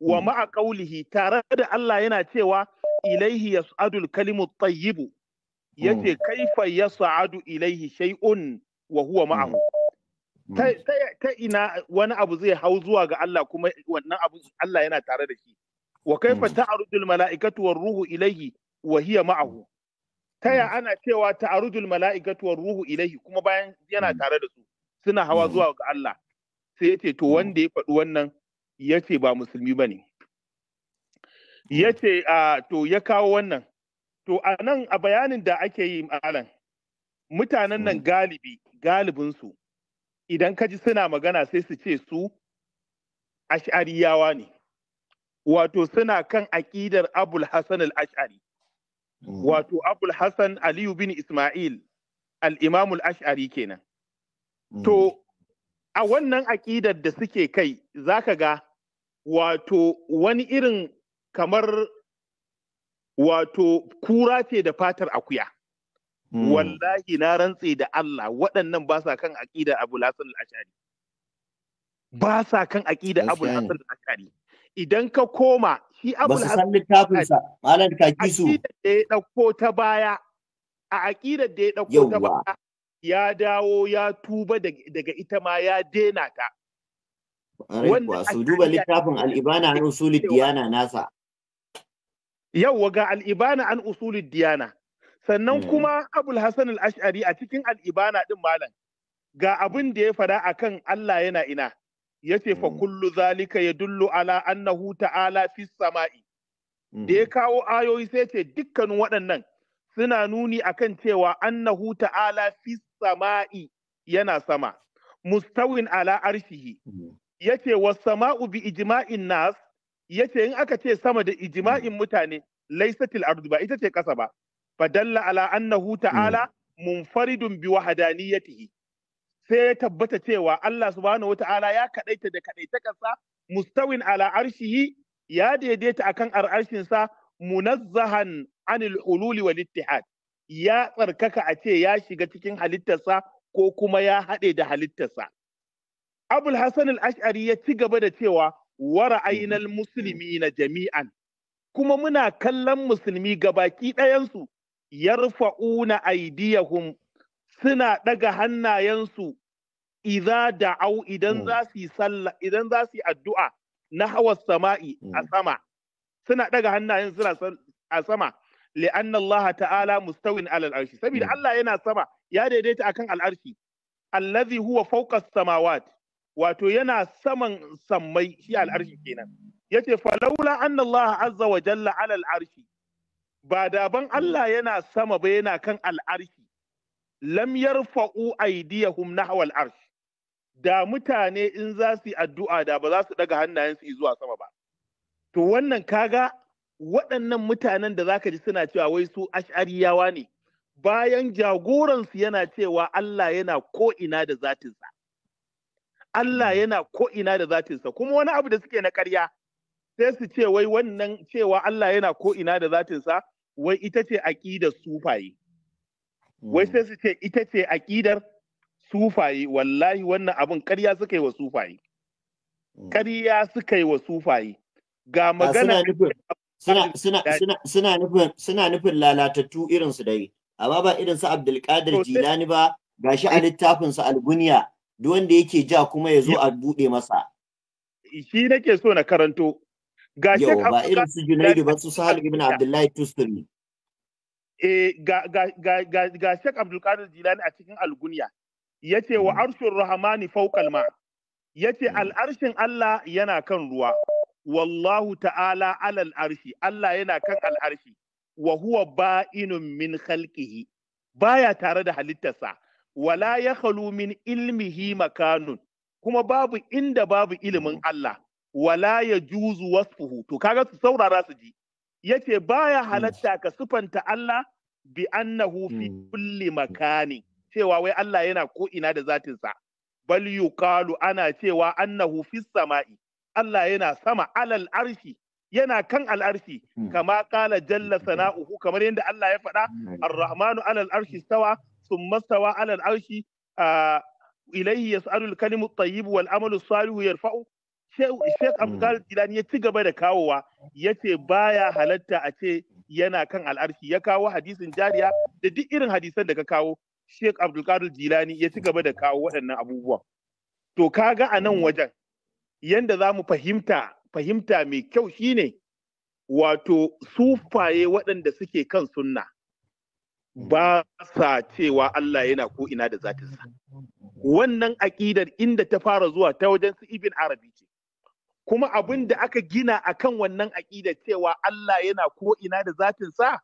wa hmm. ma'a kaulihi tare da Allah yana cewa ilaihi yas'adul kalimu tayyibu yace hmm. kaifa yas'adu ilaihi shay'un wa huwa ma'ahu ta ina wani abu zai hau zuwa ga Allah kuma wannan abu Allah yana tare da shi wa kaifa ta'rudul mala'ikatu war ruhu ilaihi wa hiya ma'ahu Ta ya mm. ana cewa ta mala'ikatu mala'ikatuwar ruhu ilahi kuma bayan yana mm. tare da su suna hawa mm. zuwa ga Allah sai ce to wanda ya faɗi wannan ya ce ba musulmi ba ne. Ya ce to ya kawo wannan to a nan a bayanin da ake yi malam mutanen nan galibi galibin su idan ka ji suna magana sai su ce su ash'ariyawa ne wato suna kan aƙidar abul hasan al-ash'ari Mhm. wato abul hassan aliyu bin ismail al'imamul ash'ari kenan mhm. to a wannan aƙidar da suke kai za ka ga wato wani irin kamar wato kura ce da fatar akuya mhm. wallahi na rantse da Allah waɗannan ba sa kan aƙidar abul hassan al-ash'ari ba sa kan aƙidar abul hassan al-ash'ari idan ka koma shi ba su san littafinsa malam Kakisu da ya ta baya a aƙidar da ya ɗauko ta baya ya dawo ya tuba daga ita ma ya dena ta wanda su duba littafin al-ibana an usulul diyana nasa yawwa ga al-ibana an usulul diyana sannan hmm. kuma abul hasan al-ash'ari a cikin al-ibana din malam ga abin da ya fada akan Allah yana ina yace fa mm. kullu zalika yadullu ala annahu ta'ala fi sama'i mm-hmm. da ya kawo ayoyi sai ce dukkan waɗannan suna nuni akan cewa annahu ta'ala fi sama'i yana sama mustawin ala arshihi mm-hmm. yace was sama'u bi ijma'in nas yace in aka ce sama da ijma'in mm-hmm. mutane laisatil ardu ba ita ce kasa ba fadalla ala annahu ta'ala munfaridun bi wahdaniyatihi sai ya tabbata cewa Allah subhanahu wata'ala ya kaɗaita da kaɗaita kasa mustawin ala arshihi ya daidaita akan sa munazzahan anil ululi wal ittihad ya tsarkaka a ce ya shiga cikin halittarsa ko kuma ya haɗe da halittarsa abul hasan al-ash'ari ya ci gaba da cewa wa musulmi na jami'an kuma muna kallon musulmi gabaki ɗayansu yarfa'una aidiyahum suna ɗaga hannayensu idza da'au idan mm. za su yi sallah idan za su yi addu'a na hawa sama'i a mm. sama suna daga hannayen suna a sama li'anna Allah ta'ala mustawin alal arshi saboda mm. Allah yana sama ya daidaita akan al'arshi allazi huwa fawqa samawat wato yana saman sammai shi al'arshi kenan yace falaula anna Allah azza wa jalla alal arshi ba daban Allah yana sama ba yana kan al'arshi lam yarfa'u aydiyahum nahwa al'arsh da mutane in za su yi addu'a da ba za su daga hannayensu zuwa sama ba. To wannan kaga waɗannan mutanen da zaka ji suna cewa wai su ash'ariyawa ne bayan jagoransu yana cewa Allah yana ko'ina da zatinsa. Allah hmm. yana ko'ina da zatinsa kuma wani abu da suke na ƙarya sai su ce wai wannan cewa Allah yana ko'ina da zatinsa wai ita ce aƙidar sufaye. Wai hmm. sai su ce ita ce aƙidar sufaye wallahi wannan abin ƙarya suka yi wa sufaye mm. ƙarya suka yi wa sufaye ga magana suna nufin lalatattu irinsu dai amma ba irin su Abdulkadir Jilani ba gashi a littafin sa Algunya duk wanda yake ja kuma ya zo a bude masa shi nake so na karanto gashi ba irin su Junaidu ba su Sahal ibn Abdullahi Tusturi eh ga ga ga ga Sheikh Abdulkadir Jilani a cikin Algunya yace wa hmm. arshur rahmani faukal ma yace hmm. al'arshin Allah yana kan ruwa wallahu ta'ala alal arshi Allah yana kan al'arshi wa huwa ba'inun min khalqihi baya tare da halittarsa wala ya min ilmihi makanun kuma babu inda babu ilimin hmm. Allah wala ya juzu wasfuhu to kaga su saurara su ji yace baya halatta ka sufanta Allah bi annahu fi kulli makani cewa wai Allah yana ko ina da zatinsa bal yuqalu ana cewa annahu fis sama'i Allah yana sama alal arshi yana kan al'arshi hmm. kama kala jalla hmm. sana'uhu kamar yadda Allah ya faɗa hmm. ar-rahmanu alal arshi stawa thumma stawa alal arshi ilayhi yas'alu al-kalimu at-tayyib wal amalu salihu yarfa'u Sheikh Abdul Jilani ya ci gaba da kawowa yace baya halatta a ce yana kan al'arshi ya kawo hadisin jariya da duk irin hadisan da ka kawo Sheikh Abdulkadir Jilani ya ci gaba da kawo waɗannan abubuwan. To kaga a nan mm. wajen yanda za mu fahimta fahimta mai kyau shine wato sufaye waɗanda suke kan sunna ba sa cewa Allah yana ko ina da zatinsa. Wannan aƙidar inda ta fara zuwa ta wajen su Ibn Arabi ce. Kuma abin da aka gina akan wannan aƙidar cewa Allah yana ko ina da zatinsa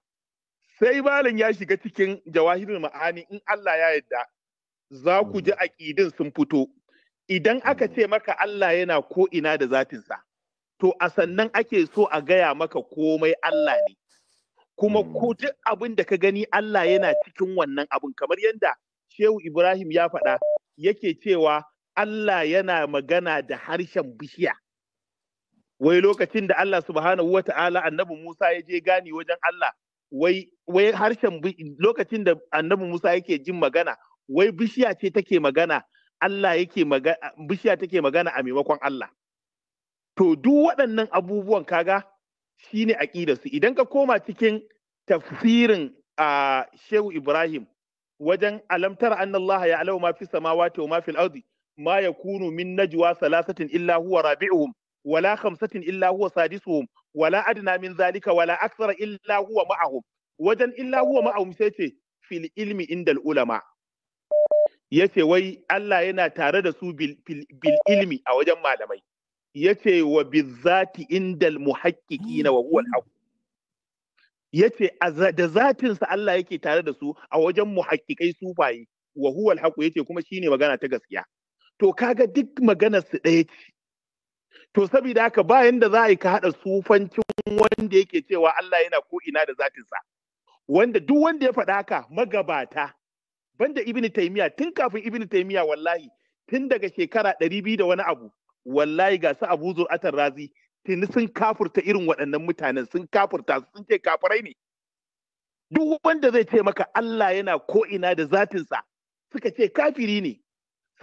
sai malam ya shiga cikin jawahirul ma'ani in Allah ya yadda za ku ji mm. aƙidin sun fito idan aka mm. ce maka Allah yana ko ina da zatinsa to a sannan ake so a gaya maka komai Allah ne kuma mm. ko duk abin da ka gani Allah yana cikin wannan abin kamar yadda Shehu Ibrahim ya faɗa yake cewa Allah yana magana da harshen bishiya wai lokacin da Allah subhanahu wa ta'ala annabi Musa ya je gani wajen Allah wai wai harshen lokacin da annabi Musa yake jin magana wai bishiya ce take magana Allah yake magana bishiya take magana a maimakon Allah to duk waɗannan abubuwan kaga shine aƙida su idan ka koma cikin tafsirin a Shehu Ibrahim wajen alamtar annallaha ya alau ma fi samawati wa ma fil ardi ma yakunu min najwa salasatin illa huwa rabi'uhum wala khamsatin illa huwa sadisuhum wala adna min zalika wala akthara illa huwa ma'ahum wajen illa huwa ce fil ilmi indal ulama yace wai Allah yana tare da su bil, ilmi a wajen malamai yace wa bizati indal muhaqqiqina wa huwa al yace da zatin sa Allah yake tare da su a wajen muhaqqiqai sufaye wa huwa al yace kuma shine magana ta gaskiya to kaga duk maganar su ɗaya ce to saboda haka ba yanda za a yi ka haɗa sufancin wanda yake cewa Allah yana ko ina da zatinsa wanda duk wanda ya faɗa haka magabata banda ibn taymiya tun kafin ibn taymiya wallahi tun daga shekara ɗari biyu da wani abu wallahi ga su abu atar razi tuni sun kafurta irin waɗannan mutanen sun kafurta sun ce kafirai ne duk wanda zai ce maka Allah yana ko ina da zatinsa suka ce kafiri ne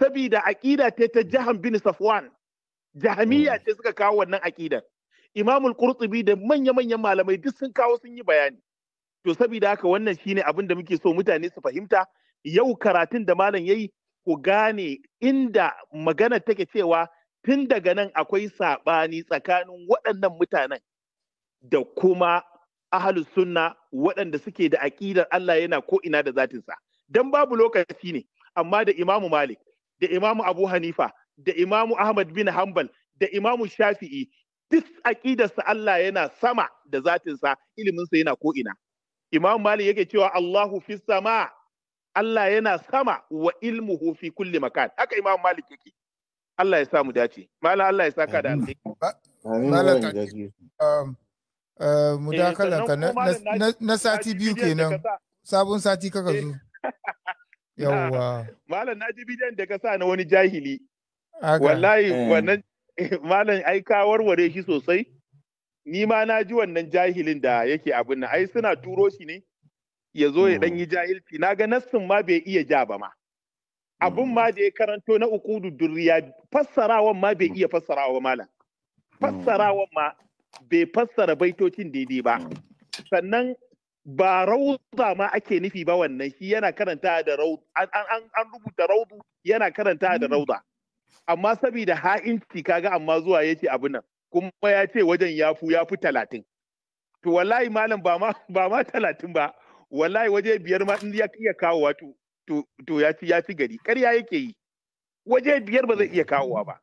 sabida aƙida ta ta jahan bin safwan jahamiya mm. ce suka kawo wannan aƙidar imamul qurtubi da manya-manyan malamai duk sun kawo sun yi bayani to saboda haka wannan shine abin da muke so mutane su fahimta yau karatun da malam yayi ku gane inda magana take cewa tun daga nan akwai saɓani tsakanin waɗannan mutanen da kuma ahalus sunna waɗanda suke da aƙidar Allah yana ko ina da zatinsa. dan babu lokaci ne, amma da Imamu Malik, da Imamu Abu Hanifa, da Imamu Ahmad bin Hanbal da Imamu Shafi'i duk aƙidarsa Allah yana sama da zatinsa iliminsa yana ko'ina. Imam Malik yake cewa Allahu fi sama Allah yana sama wa ilmuhu fi kulli makan. Haka Imam Malik yake. Allah ya sa mu dace. Malam Allah ya saka da alheri. Malam um, um, mudakalan eh, ka na sati biyu kenan. Sabon sati kaka zo. Eh. (laughs) Yawwa. Malam na ji bidiyon da ka sa na wani jahili wallahi eh. wannan (laughs) malam ai ka warware shi sosai ni ma na ji wannan jahilin da yake abin nan ai suna turo shi ne ya zo ya dan hmm. yi jahilci na ga nassin ma bai iya ja ba ma Abin ma hmm. da ya karanto na uku durriya fassarawan ma bai hmm. iya fassarawa ba malam fassarawan ma bai fassara baitocin daidai ba sannan ba rauza ma ake nufi ba wannan shi yana karanta da rauza an rubuta rauzu yana karanta da rauza amma saboda ha'inci kaga amma zuwa ya ce abu nan kuma ya ce wajen ya fu ya fi talatin to wallahi malam ba ma ba ma talatin ba wallahi waje biyar ma in ya iya kawowa to to to ya ci ya ci gari ƙarya yake yi waje biyar ba zai iya kawowa ba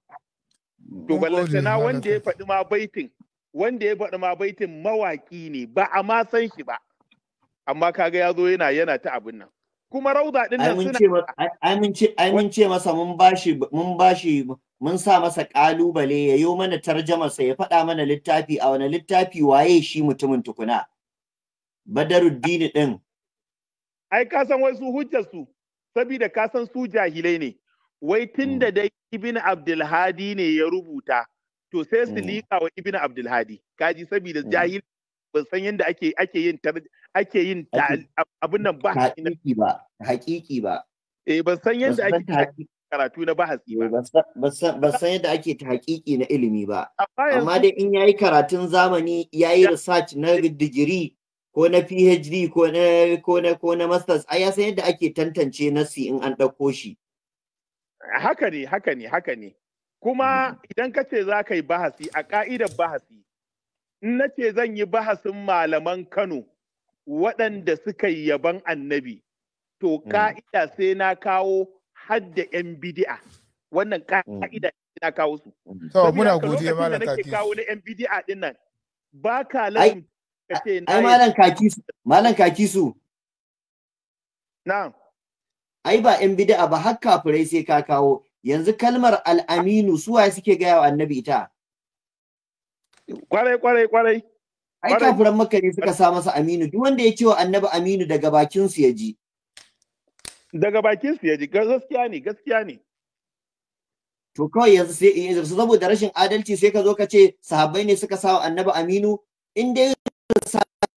to na wanda ya faɗi ma baitin wanda ya faɗi ma baitin mawaƙi ne ba a ma san shi ba amma kaga ya zo yana yana ta abin nan kuma rauda din nan suna amince amince masa mun bashi mun bashi mun sa masa kalubale ya yo mana tarjama sa ya faɗa mana littafi a wani littafi waye shi mutumin tukuna Badaruddin din ai ka san wai su hujjar su saboda ka san su jahilai ne wai tunda mm. dai ibn abdulhadi ne ya rubuta to sai su mm. liƙa wa ibn abdulhadi kaji saboda mm. jahil ban san yadda ake ake yin ake yin abin nan ba hakiki ba hakiki ba eh ban san yadda ake karatu na bahasi eh, ba ban san yadda ake ta hakiki na ilimi ba amma dai in yayi karatun zamani yayi research na digiri ko na PhD ko na ko na ko na masters ai ya san yadda ake tantance nasi in an ɗauko shi haka ne haka ne haka ne kuma mm-hmm. idan ka ce za ka yi bahasi a ka'idar bahasi nace ce zan yi bahasin malaman Kano waɗanda suka yi yaban annabi, to mm. ka'ida sai na kawo hadda 'yan bidi'a. Wannan ka'ida mm. na kawo su. Mm. To, muna godiya malam kaki. kawo na 'yan bidi'a nan, ba ka ka ce na Ai, malam kaki su, malam kaki su. Na'am. Ai, ba 'yan bidi'a ba, har kafirai sai ka kawo. Yanzu kalmar al'aminu suwaye suke gaya wa annabi ita. Kwarai kwarai kwarai. Ai kafiran Makka ne suka sa masa Aminu duk wanda ya ce wa Annabi Aminu daga bakin su ya ji. Daga bakin su ya ji gaskiya ne gaskiya ne. To kawai yanzu sai in yanzu saboda rashin adalci sai ka zo ka ce sahabbai ne suka sa wa Annabi Aminu in dai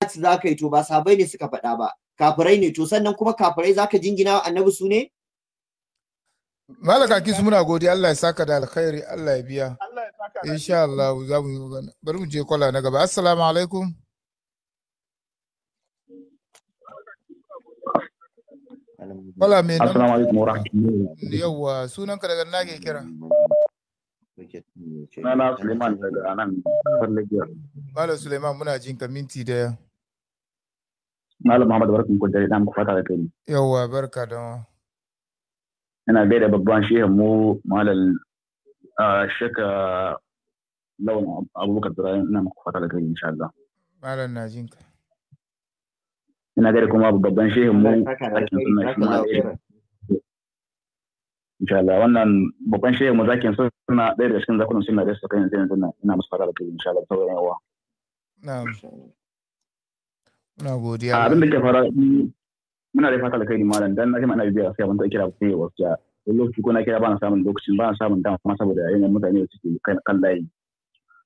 za ka yi to ba sahabbai ne suka faɗa ba. kafirai ne to sannan kuma kafirai ka jingina wa annabi su ne malaka kisu muna godiya Allah ya saka da alkhairi Allah ya biya Allah insha Allah za mu yi magana bari mu je kwala na gaba assalamu alaikum kwala mai nan assalamu alaikum wa rahmatullahi yawa sunan ka daga na ke kira Nana Suleiman daga nan Farlajiyar. Malam Suleiman muna jin ka minti daya. Malam Muhammadu barkin ku dare dan ku fata da kai. Yawwa barka da wa. Ina gaida babban shehin mu Malam ah, Shaka lawan abubakar turayen ina muku fata da kai Ina gari kuma babban zakin suna shi wannan babban zakin da cikin zakunan suna da su kai yanzu yanzu ina musu fata da kai Abin da ke fara muna da fata da kai ne malam dan na ji ma'ana biya sai abin da kira sai wasu lokaci ko na kira ba na samun lokacin ba na samun dama saboda yayin mutane da suke kan layi.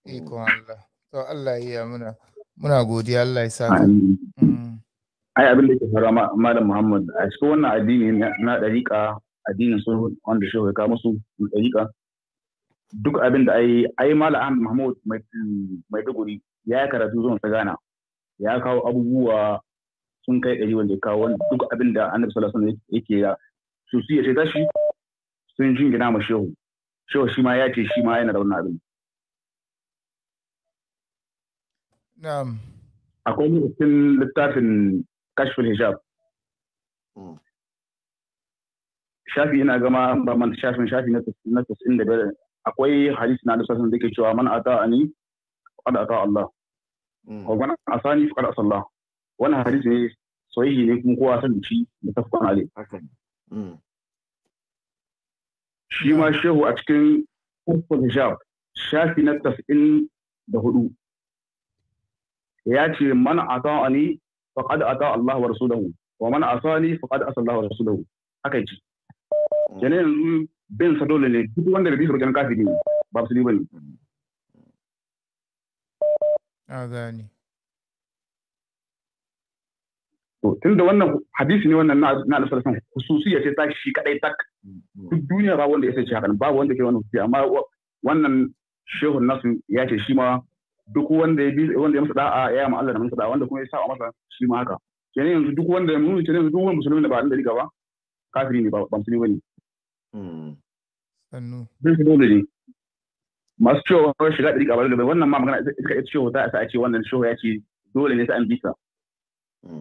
Ikon mm. Allah. To Allah ya muna. Muna godiya Allah ya saka. Mm. Ai abin da ke faruwa Malam Muhammad a cikin wannan addini na ɗariƙa addinin su wanda shi ya kawo musu ɗariƙa. Duk abin da ai ai Malam Ahmad Muhammad mai duguri ya karatu zuwa ta Ghana. Ya kawo abubuwa sun kai ɗari wanda ya kawo duk abin da Annabi sallallahu alaihi wasallam yake ya su su ya ce tashi sun jingina ma shehu. Shehu shi ma ya ce shi ma yana da wannan abin. akwai cikin littafin kashful hijab hmm. shafi ina gama ba man shafin shafi na tasirin da biyar akwai hadisi na lissafin da ke cewa man ata ani faqad ata Allah hmm. wa man asani faqad asa Allah wannan hadisi ne sahihi ne kuma kowa san shi da tafkan ali hmm. shi ma shehu a cikin kufur hijab shafi na tasirin da hudu ya ce man ani faqad ata Allah wa rasuluhu wa man asani faqad asa Allah wa rasuluhu haka yake kenan yanzu bin sa dole ne duk wanda bai bi kafiri ne ba su bane azani to tunda wannan hadisi ne wannan na na san hususiya ce ta shi kadai tak duk duniya ba wanda ya sace shi hakan babu wanda ke wannan hususiya amma wannan shehu nasu ya ce shi ma duk wanda ya bi wanda ya masa da'a ya yi Allah da masa da'a wanda kuma ya a masa shi ma haka kenan yanzu duk wanda ya musulmi kenan yanzu duk wanda musulmi da ba da riga ba kafiri ne ba musulmi bane hmm. sannu bin su dole masu cewa shiga ɗari ba gaba wannan ma magana iska ita cewa za a sa a ce wannan shiga ya ce dole ne sa an hmm. bisa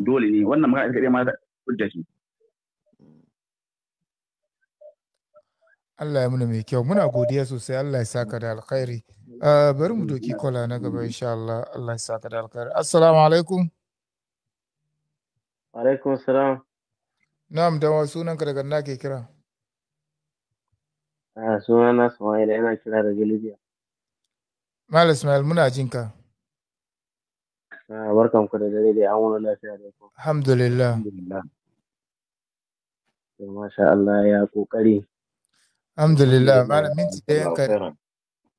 dole ne wannan magana ita ma ta hujja ce Allah ya muna mai kyau muna godiya sosai Allah ya saka da alkhairi Eh, bari mu doki kwala na gaba insha Allah Allah ya saka da alkhairi assalamu alaikum alaikum salam na'am dan wa sunan ka daga nake kira a ah, sunan na Ismail ina kira daga Libya Mal Ismail muna jin ka ah, barkan ku da dare da an wani lafiya da ku alhamdulillah Alhamdulillah. masha Allah ya kokari alhamdulillah malam minti da yanka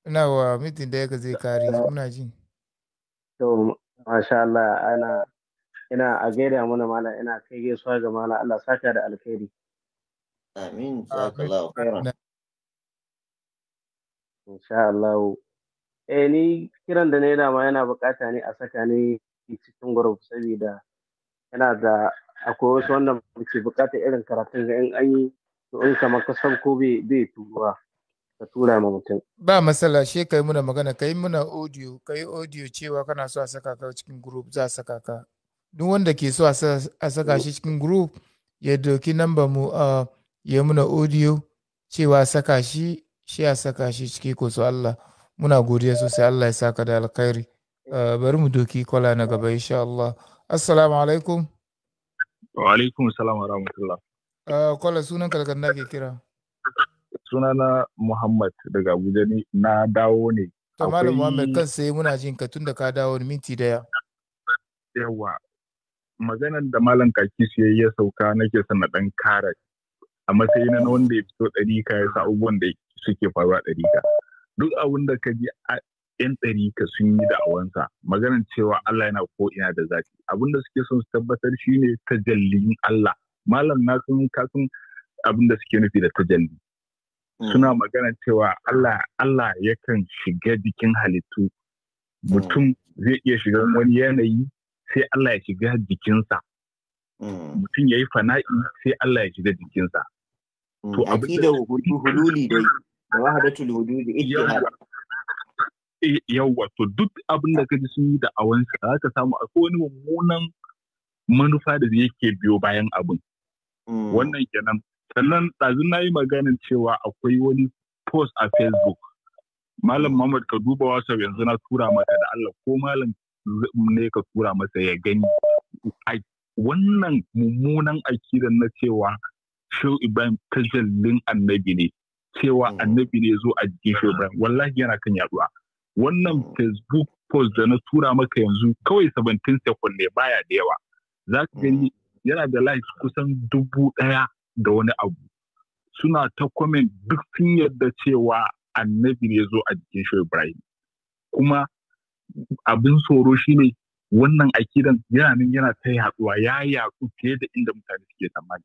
ina wa mitin da yaka zai kare muna ji to masha Allah ana ina a gaida mana mala ina kai gaisuwa ga mala Allah saka da alkhairi amin jazakallahu khairan insha Allah eh ni kiran da yi dama yana bukata ne a saka ni cikin group saboda yana da akwai wasu wanda ke bukata irin karatun ga in an yi to in kamar kasan ko bai bai turuwa ka tura ma mutum ba matsala she kai muna magana kai muna audio kai audio cewa kana so a saka ka cikin group za a saka ka duk wanda ke so a saka shi cikin group ya doki namba mu a ya muna audio cewa saka shi shi a saka shi ciki ko su Allah muna godiya sosai Allah ya saka da alkhairi bari mu doki kwala na gaba insha Allah assalamu alaikum wa alaikum salam wa rahmatullah kwala sunan kalkanda ke kira sunana Muhammad daga Abuja ne na dawo ne. Kamalu Muhammad kan sai muna jin ka tun da ka dawo minti daya. Yawa maganar da Malam Kaki su ya sauka nake son na dan a matsayin na wanda ya fito ɗarika ya sa abubuwan da suke faruwa ɗarika. Duk abin da ka ji yan ɗarika sun yi da awansa, maganar cewa Allah yana ko ina da zaki abin da suke son su tabbatar shine tajallin Allah. Malam na sun kasan abin da suke nufi da tajalli. suna mm. magana cewa Allah Allah yakan shiga jikin halittu mutum zai iya shiga wani yanayi sai Allah ya shiga jikinsa mm. mutum ya yi fana'i sai Allah ya shiga jikinsa mm. to abu da hululi dai da wahadatul hududi ittihad eh, yawwa to duk abin da kaji sun yi da awansa za ka samu akwai wani mummunan manufa da yake biyo bayan abin wannan kenan sannan ɗazun na yi maganin cewa akwai wani post a facebook malam muhammad ka duba wasa yanzu na tura maka da allah ko malam ne ka tura masa ya gani wannan mummunan akidan na cewa shehu ibrahim jallin annabi ne cewa mm. annabi ne zo a jikin shehu ibrahim wallahi yana kan yaduwa wannan mm. facebook post da na tura maka yanzu kawai 17 second ne baya da yawa za ka gani mm. yana da likes kusan dubu ɗaya da wani abu suna ta comment duk sun yarda cewa annabi ne zo a jikin shi Ibrahim kuma abin tsoro shine wannan akidan yana nan yana ta yaduwa ya yaku fiye da inda mutane suke tsammani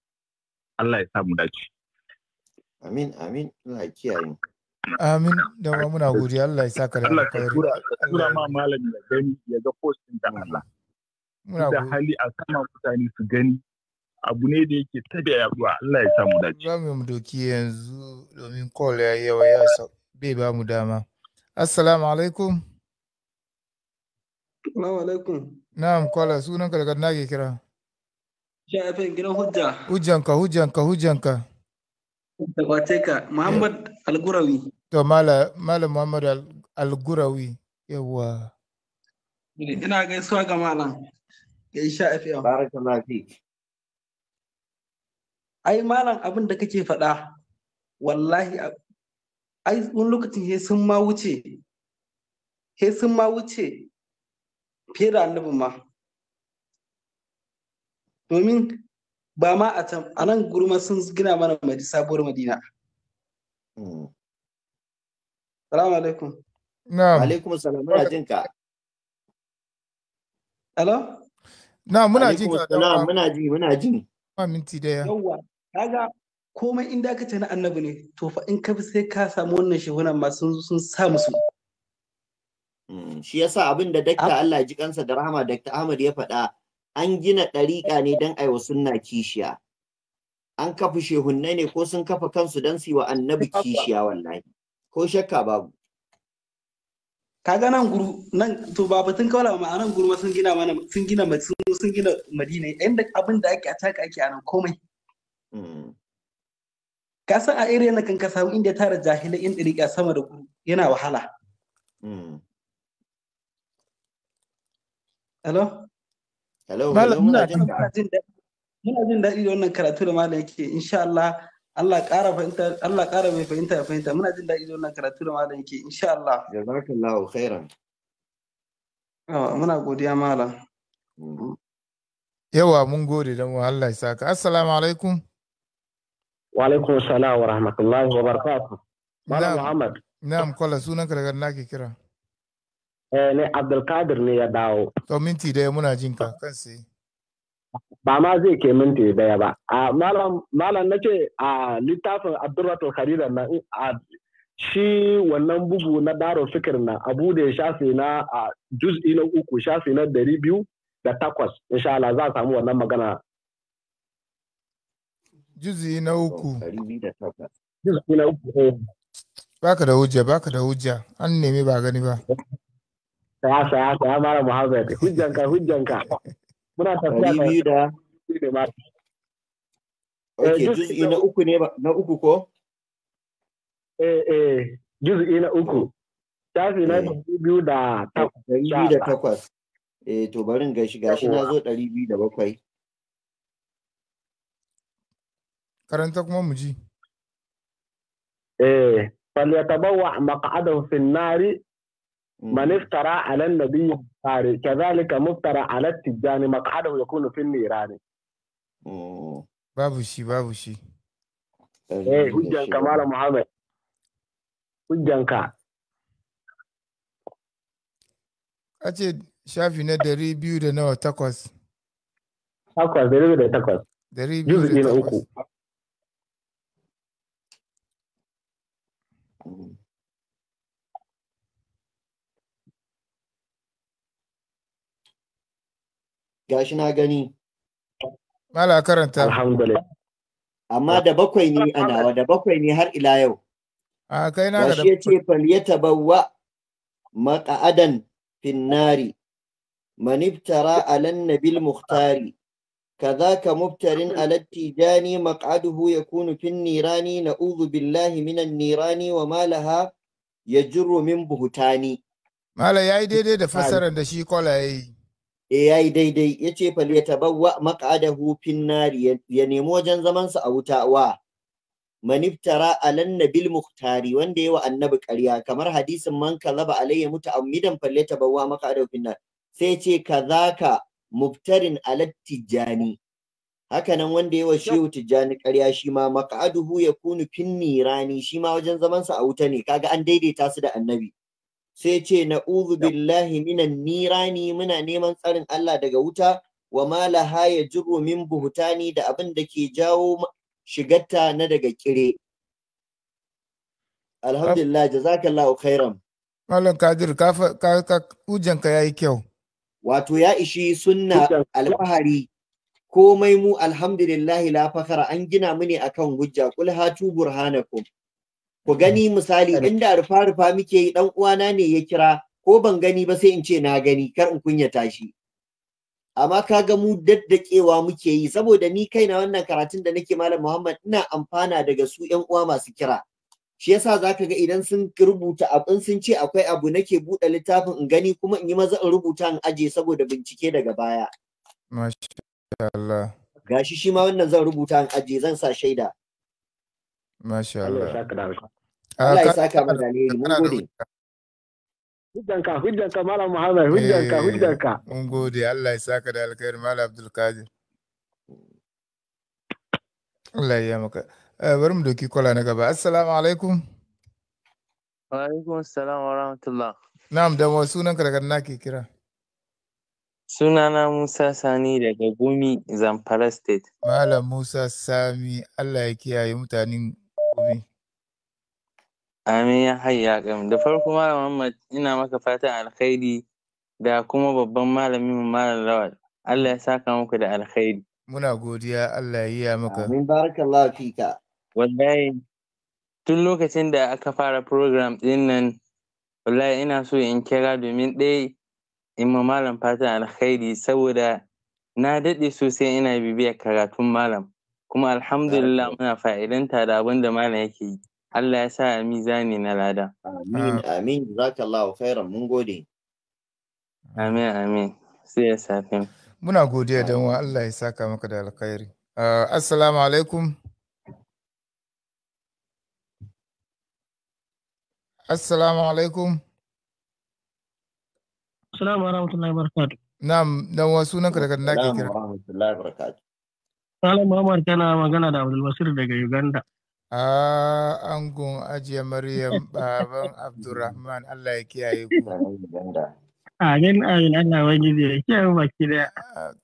Allah ya samu dace amin amin ina kiyaye amin da wa muna godiya Allah ya ka da Allah ya tura ma malami ya gani ya ga postin ɗin Allah muna da hali a sama mutane su gani abu ne da yake ta da yaduwa Allah ya samu dace. Za mu doki yanzu domin call ya yawa ya sa bai ba mu dama. Assalamu alaikum. Assalamu alaikum. Na'am kwala sunan ka daga na ke kira. Shafin gidan hujja. Hujjanka hujjanka hujjanka. Da kwace ka Muhammad Algurawi. To mala mala Muhammad Algurawi yawa. Ina gaisuwa ga Malam. Ya sha afiya. Barakallahu fik. ai malam abin da kake faɗa wallahi ai wani lokacin he sun ma wuce he sun ma wuce fiye da annabin ma domin ba ma a can a nan gurma sun gina mana mai sabuwar madina hmm. salamu alaikum na alaikum salam muna jin ka alo na muna jin ka muna ji muna ji minti daya yawa kaga komai inda ka ce na annabi ne to fa in ka bi sai ka samu wannan shehunan masu sun sa musu mm, shi yasa abin da dakta Allah ji kansa da rahama dakta Ahmad ya faɗa an gina ɗariƙa ne don aiwa sunna kishiya an kafa shehunne ne ko sun kafa kansu don su yi wa annabi kishiya wallahi ko shakka babu kaga nan guru nan to ba batun kawala ma nan guru sun gina mana sun gina sun gina madina inda abin da ake ataka ake a nan komai Mm. ka san a irin na kan ka samu inda tara jahilai in dariƙa sama da guru yana wahala mm. hello hello muna jin daɗi da wannan karatu da malam yake insha Allah Allah ƙara fahimta Allah ƙara mai fahimta fahimta muna jin daɗi da wannan karatu da malam yake insha Allah jazakallahu khairan muna godiya malam mm. yawa mun gode da mu Allah ya saka assalamu alaikum wa alaikum salam wa rahmatullahi wa barakatuh malam muhammad na'am kola sunan ka daga ke kira eh ne abdulkadir ne ya dawo to minti daya muna jin ka kan sai ba ma zai ke minti daya ba a malam malam nace a littafin abdurratul khariran nan a shi wannan bugu na daro fikir na abu da ya shafi na a juz'i na uku shafi na dari biyu da takwas insha Allah za a samu wannan magana Juzi na uku. Eh. Baka da hujja, baka da hujja. An nemi ba gani ba. Ya sa ya sa ya mara Muhammad. Hujjanka, hujjanka. Muna tafiya da Ok, eh, juz'i na uku ne ba, na uku ko? Eh, eh, juz'i na uku. Tafi na eh. biyu da takwas. biyu da takwas. Eh, to barin gashi gashi na zo ɗari biyu da bakwai. karanta kuma mu ji eh falyatabawwa maq'adahu fin nari mm. man iftara ala an-nabiy fari kadhalika muftara ala maka tijani maq'adahu yakunu fin nirani mm. babu shi babu shi eh hujjanka malam muhammad hujjanka a ce shafi na dari biyu da nawa takwas takwas dari biyu da takwas dari biyu da takwas Cool. Hm. Gashi na gani. Mala karanta. Alhamdulillah. Amma da bakwai ne a nawa, da bakwai ne har ila yau. A kai na da bakwai. ce falyata bawa maƙa'adan finnari, maniftara alan nabil muhtari, كذاك مبتر على التيجان مقعده يكون في النيران نعوذ بالله من النيران وما لها يجر من بهتان mala yayi daidai da fassarar da shi kola yayi eh yayi daidai yace fal yatabawwa maq'adahu fin nari ya nemi wajen zaman a wuta wa maniftara alan nabil muhtari wanda wa annabi Karya, kamar hadisin man kazaba alayya muta'ammidan fal yatabawwa maq'adahu fin nar sai yace kazaka mubtarin ala tijani nan, wanda yawa shehu tijani karya shi ma ya kunu fin nirani shi ma wajen zamansa a wuta ne kaga an daidaita su da annabi sai ce na'udhu billahi minan nirani muna neman tsarin Allah daga wuta wa ma laha jiro min buhutani da abin da ke jawo shigarta na daga kire alhamdulillah jazakallahu khairan malam kadir ka ya ujanka yayi kyau wato ya ishi sunna alfahari komai mu Alhamdulillah la fakhara an gina mu akan hujja kul hatu burhanakum ku gani misali inda rufa rufa muke yi dan uwana ne ya kira ko ban gani ba sai in ce na gani kar in kunya tashi. amma kaga mu daddakewa muke yi saboda ni kaina wannan karatun da nake malam Muhammad ina amfana daga su 'yan uwa masu kira shi yasa ka ga idan sun rubuta abin sun ce akwai abu nake buɗe littafin in gani kuma in yi maza in rubuta in aje saboda bincike daga baya gashi shi ma wannan zan rubuta in aje zan sa shaida Allah ya saka da ah, mun gode hujjanka hujjanka malam Muhammad hujjanka eh, hujjanka mun gode Allah ya saka da alkhairi malam Allah ya maka Eh, bari mu doki kwala na gaba assalamu alaikum wa alaikum assalam wa rahmatullah na'am da wa sunanka karkar na ke kira Suna na musa sani daga gumi zamfara state malam musa sami allah ya kiyaye mutanen gumi amin ya hayya kam da farko malam muhammad ina maka fatan alkhairi da kuma babban malamin malam lawal allah ya saka muku da alkhairi muna godiya Allah ya yi maka. Amin barakallahu fika. Wallahi tun lokacin da aka fara program ɗin nan wallahi ina so in kira domin ɗaya in ma malam fatan alkhairi saboda na daɗe sosai ina bibiyar karatun malam kuma alhamdulillah muna fa'idanta da abin da malam yake yi Allah ya sa zani na lada. Amin, amin, jazakallahu khairan mun gode. Amin, amin, sai ya safin. Muna godiya don wa Allah ya saka maka da alkhairi. Ah, assalamu alaikum. Assalamu alaikum. Assalamu warahmatullahi wabarakatuh. Na'am, dan wa sunanka daga nan ke kira. Malam Muhammad kana magana da Abdul Basir daga Uganda. Ah, gun Ajiya Maryam baban (laughs) Abdulrahman Allah ya kiyaye ku. Amin amin Allah wani da ya kiyaye baki da.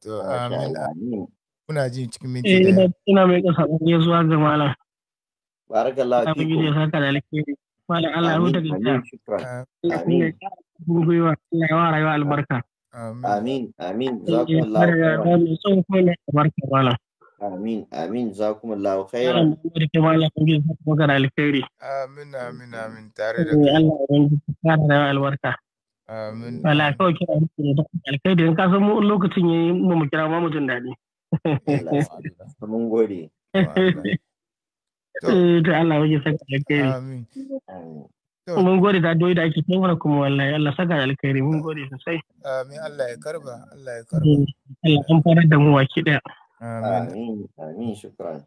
To amin. Kuna jin cikin minti eh, daya. Ina mai kasa ne zuwa ga malam. Barakallahu fiku. Amin da ya saka da alkhairi. Malam Allah ya daga gida. Amin. Gwiwa Allah ya wa rayuwa albarka. Amin. Amin. Zakumullahu khairan. Amin. Amin. Zakumullahu khairan. Amin. Amin. Amin. Tare da Allah ya daga rayuwa albarka. Amin. Wala kawai kira mutum da alkhairi in ka san mu lokacin yayi mu kira ma mu jin daɗi. Mun gode. Eh, da Allah waje saka alkhairi amin mun gode da doyi da ake taimaka kuma wallahi Allah saka alkhairi mun gode sosai amin Allah ya karba Allah ya karba Allah an fara da mu waki daya Amin. Amin. Shukran.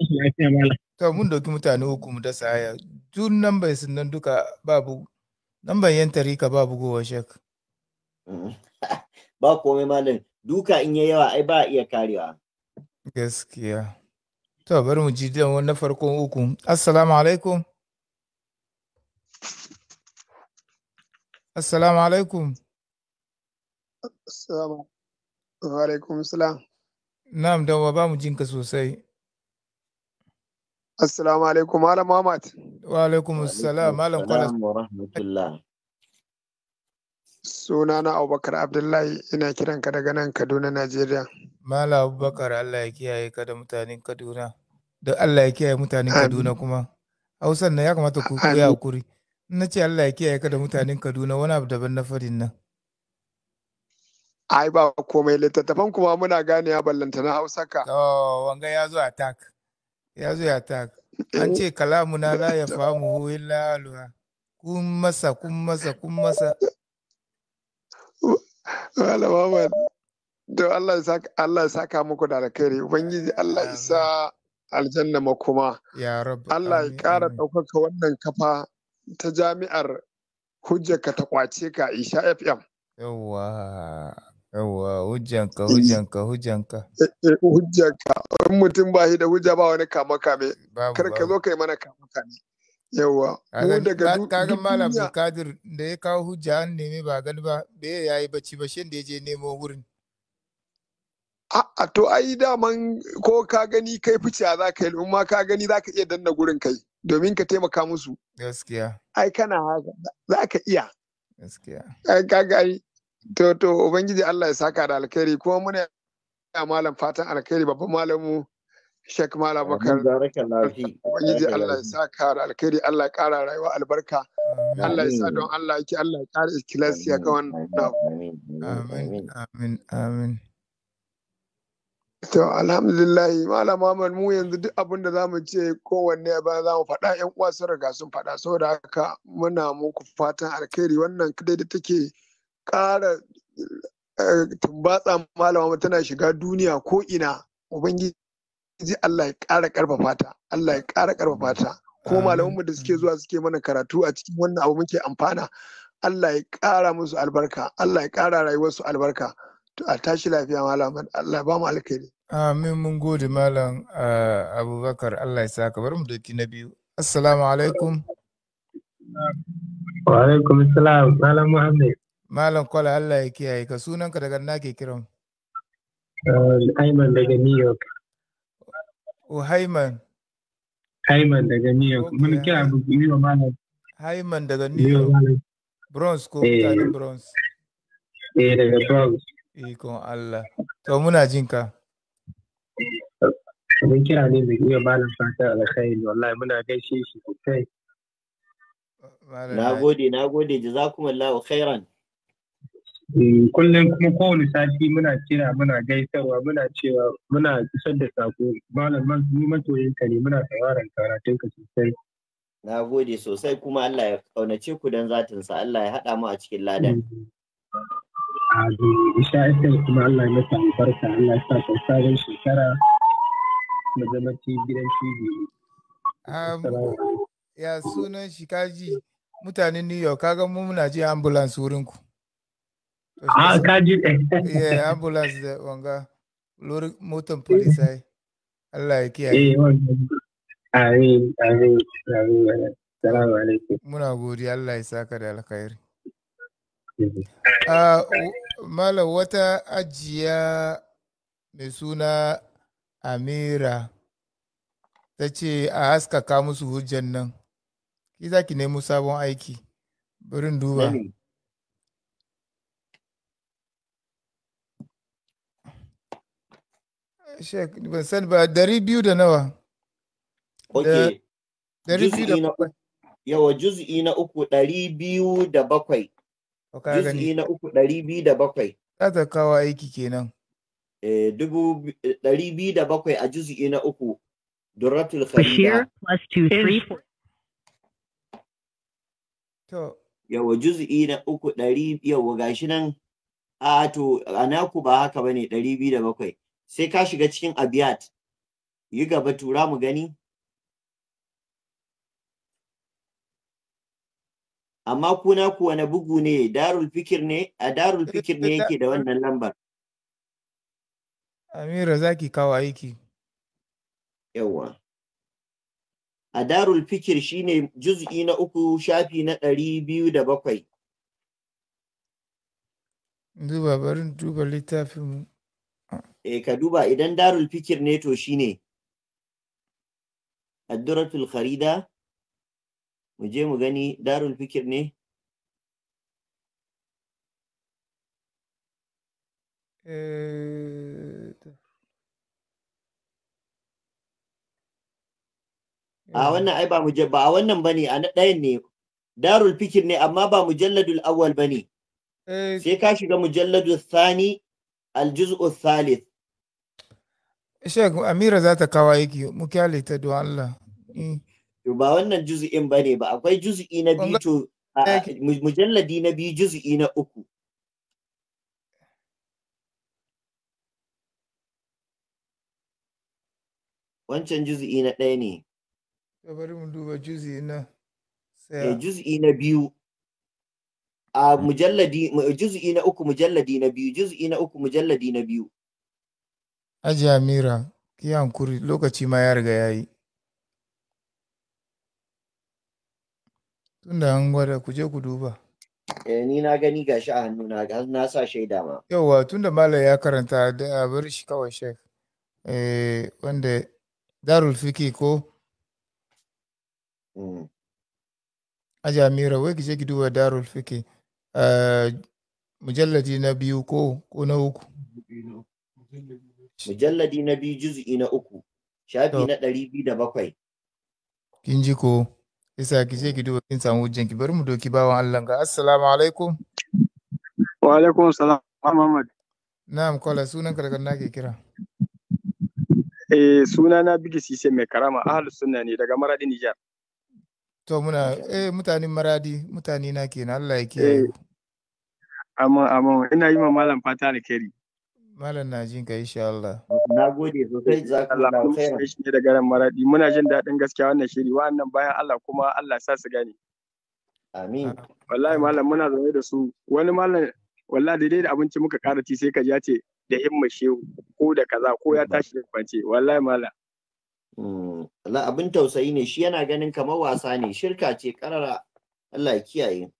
To mun dauki mutane uku mu dasa aya. Duk nan bai sun nan duka babu nan ban yan tarika babu gowa shek. Mm. (laughs) Ba komai malam. Duka in yi yawa ai ba iya karewa. Gaskiya. To bari mu ji dan na farkon uku. Assalamu alaikum. Assalamu alaikum. Assalamu alaikum salam. Na'am dan wa ba mu jinka sosai. Assalamu alaikum Malam Muhammad. Wa alaikum assalam Malam Kwalas. Wa rahmatullah. Sunana Abubakar Abdullahi ina kiranka daga nan Kaduna Najeriya. Malam Abubakar Allah ya kiyaye ka da mutanen Kaduna. Da Allah ya kiyaye mutanen Kaduna kuma. Hausan na ya kamata ku yi hakuri. Na ce Allah ya kiyaye ka da mutanen Kaduna wani abu daban na farin nan. Ai ba komai littattafan kuma muna gane ya ballanta na Hausa ka. Oh, wanga ya zo attack. Ya zo attack. An ce kalamu na la ya famu illa alwa. Kun masa kun masa kun masa. Wala Muhammad. To Allah ya Allah saka muku da alkhairi Ubangiji Allah ya sa aljanna makoma. Ya rabu. Allah ya ƙara ɗaukaka wannan kafa ta jami'ar hujjarka ta kwace ka Isha FM. Yawwa. Yawwa hujjanka hujjanka hujjanka. Eh, eh, hujjanka. wani mutum ba shi da hujja ba wani kama kame. Kar ka zo kai mana kama kame. Yawwa. kagan Kaga Malam Bukadir da ya kawo hujja an nemi ba gani ba. Da ya yi bacci ba shi da ya je nemo wurin. A'a to ai daman ko ka gani kai fice za ka yi ma ka gani za ka iya danna gurin kai domin ka taimaka musu. Gaskiya. Ai kana haka za ka iya. Gaskiya. Ai ka gani to to Ubangiji Allah ya saka da alkhairi kuma muna ya malam fatan alkhairi babban malamu Sheikh Malam Bakar. Ubangiji Allah ya saka da alkhairi Allah ya kara rayuwa albarka. Allah ya sa don Allah yake Allah ya kara ikilasi ya ga wannan. Amin amin amin. To alhamdulillahi Malam Muhammad mu yanzu duk abin da zamu ce kowanne ba za mu faɗa ƴan uwa sun riga sun faɗa saboda haka muna muku fatan alkhairi wannan kadai da take ƙara eh, tumbatsa malama tana shiga duniya ko ina ubangiji Allah ya ƙara ƙarfafa ta Allah ya ƙara ƙarfafa ta ko malamanmu da suke zuwa suke mana karatu a cikin wannan abu muke amfana Allah ya ƙara musu albarka Allah ya ƙara rayuwarsu albarka to a tashi lafiya malaman Allah ba mu alkhairi Amin mun gode Malam Abubakar Allah ya sa ka bari mu doki na biyu. Assalamu alaikum. Wa alaikum salam Malam Muhammad. Malam Kwala Allah ya kiyaye ka sunanka daga nake ke kiran. Uh, Aiman daga New York. O oh, Haiman. Haiman daga New York. Mun kira abu biyu Malam. Haiman daga New York. bronze ko mutanen eh. Bronze. Eh daga Bronze. Ikon Allah. To muna jinka. ka. Abin kira ne mai iya malam fatan alkhairi wallahi muna gaishe shi sosai. Na gode, na gode, jazakumullahu khairan. Eh, kullum kuma kowane sati muna kira muna gaisarwa muna cewa muna isar da sako malam man mu matoyin ka ne muna sauraron karatun ka sosai. Na gode sosai kuma Allah ya kaunace ku dan zatin sa Allah ya haɗa mu a cikin ladan. Hmm. Amin. Isha FM kuma Allah ya masa albarka, Allah ya sa ta sabon shekara na zama gidan TV. Ya sunan shi kaji mutanen New York, kaga mu muna ji ambulance wurin ku. Ah, kaji Eh, ambulance da wanga. Lori motan polisai. Allah ya kiyaye. Eh, amin, amin, amin. Salamu alaikum. Muna godiya Allah ya saka da alkhairi. Uh, malam wata ajiya mai suna amira ta ce a haskaka musu hujjan nan ki za ki nemo sabon aiki birin duba ban san ba, dari biyu da nawa. yawa juz'i na uku ɗari biyu da bakwai. Juz'i na uku ɗari biyu da bakwai. Za ta kawo aiki kenan. Eh, dubu eh, ɗari biyu da bakwai a juz'i na uku. Duratul Khalida. To. Yawa juz'i na uku ɗari yawa gashi nan. A to a naku ba haka bane ɗari biyu da bakwai. Sai ka shiga cikin abiyat. Yi gaba tura mu gani. amma kuna ku wani bugu ne darul fikir ne a darul fikir ne yake da wannan lambar amira zaki kawo aiki yawa a darul fikir shine juz'i na uku shafi na ɗari biyu da bakwai duba barin duba littafinmu. eh ka duba idan darul fikir ne to shine adduratul kharida mu je mu gani darul fikir ne a eh, eh. wannan ai ba mu ba a wannan bane a na ɗayan ne darul fikir ne amma ba mujalladul awwal bane eh, sai ka shiga mujalladul thani aljuz'u thalith Sheikh Amira za ta kawo aiki mu kyale ta Allah. To ba wannan juzu'in ba ne ba, akwai juzu'i na biyu to mujalladi na biyu juzu'i na uku. Wancan juzu'i na ɗaya ne. bari mu duba juzu'i na. Eh, juzu'i na biyu. a hmm. mujalladi juzu'i na uku mujalladi na biyu juzu'i na uku mujalladi na biyu Aji Amira, kiyan hankuri lokaci ma ya riga yayi Tunda an gwada ku je ku duba. Eh ni na gani gashi a na har na sa shaida ma. Yawwa tunda malam ya karanta da a bar shi kawai shek. Eh wanda Darul Fiki ko hmm. a jami'ar wai je ki duba Darul Fiki. Eh, mujalladi na biyu ko ko na uku. Mujalladi na biyu juz'i na uku. Shafi na ɗari biyu da bakwai. Kin ji ko? Isa ki je ki duba kin samu hujjan ki bari mu doki bawan Allah ga assalamu alaikum. Wa alaikum salam Muhammad. Na'am kola sunan karkar na ke kira. Eh suna na Bigi Sise mai karama ahlu sunna ne daga Maradi Nijar. To muna eh mutanen Maradi mutane na kenan Allah ya kiyaye. Amma eh, amma ina yi ma malam fata keri. Malam na jin ka insha Allah. Na gode sosai za ku da Shi ne da garan Maradi. Muna jin daɗin gaskiya wannan shiri. Wannan bayan Allah kuma Allah sa su gane. Amin. Ah. Wallahi malam muna zaune da su. Wani malam wallahi daidai da abinci muka ƙara ci sai ka ji ya ce da himma shehu ko da kaza ko ya tashi da kwance wallahi malam. Allah hmm. abin tausayi ne shi yana ganin kamar wasa ne shirka ce karara Allah ya kiyaye.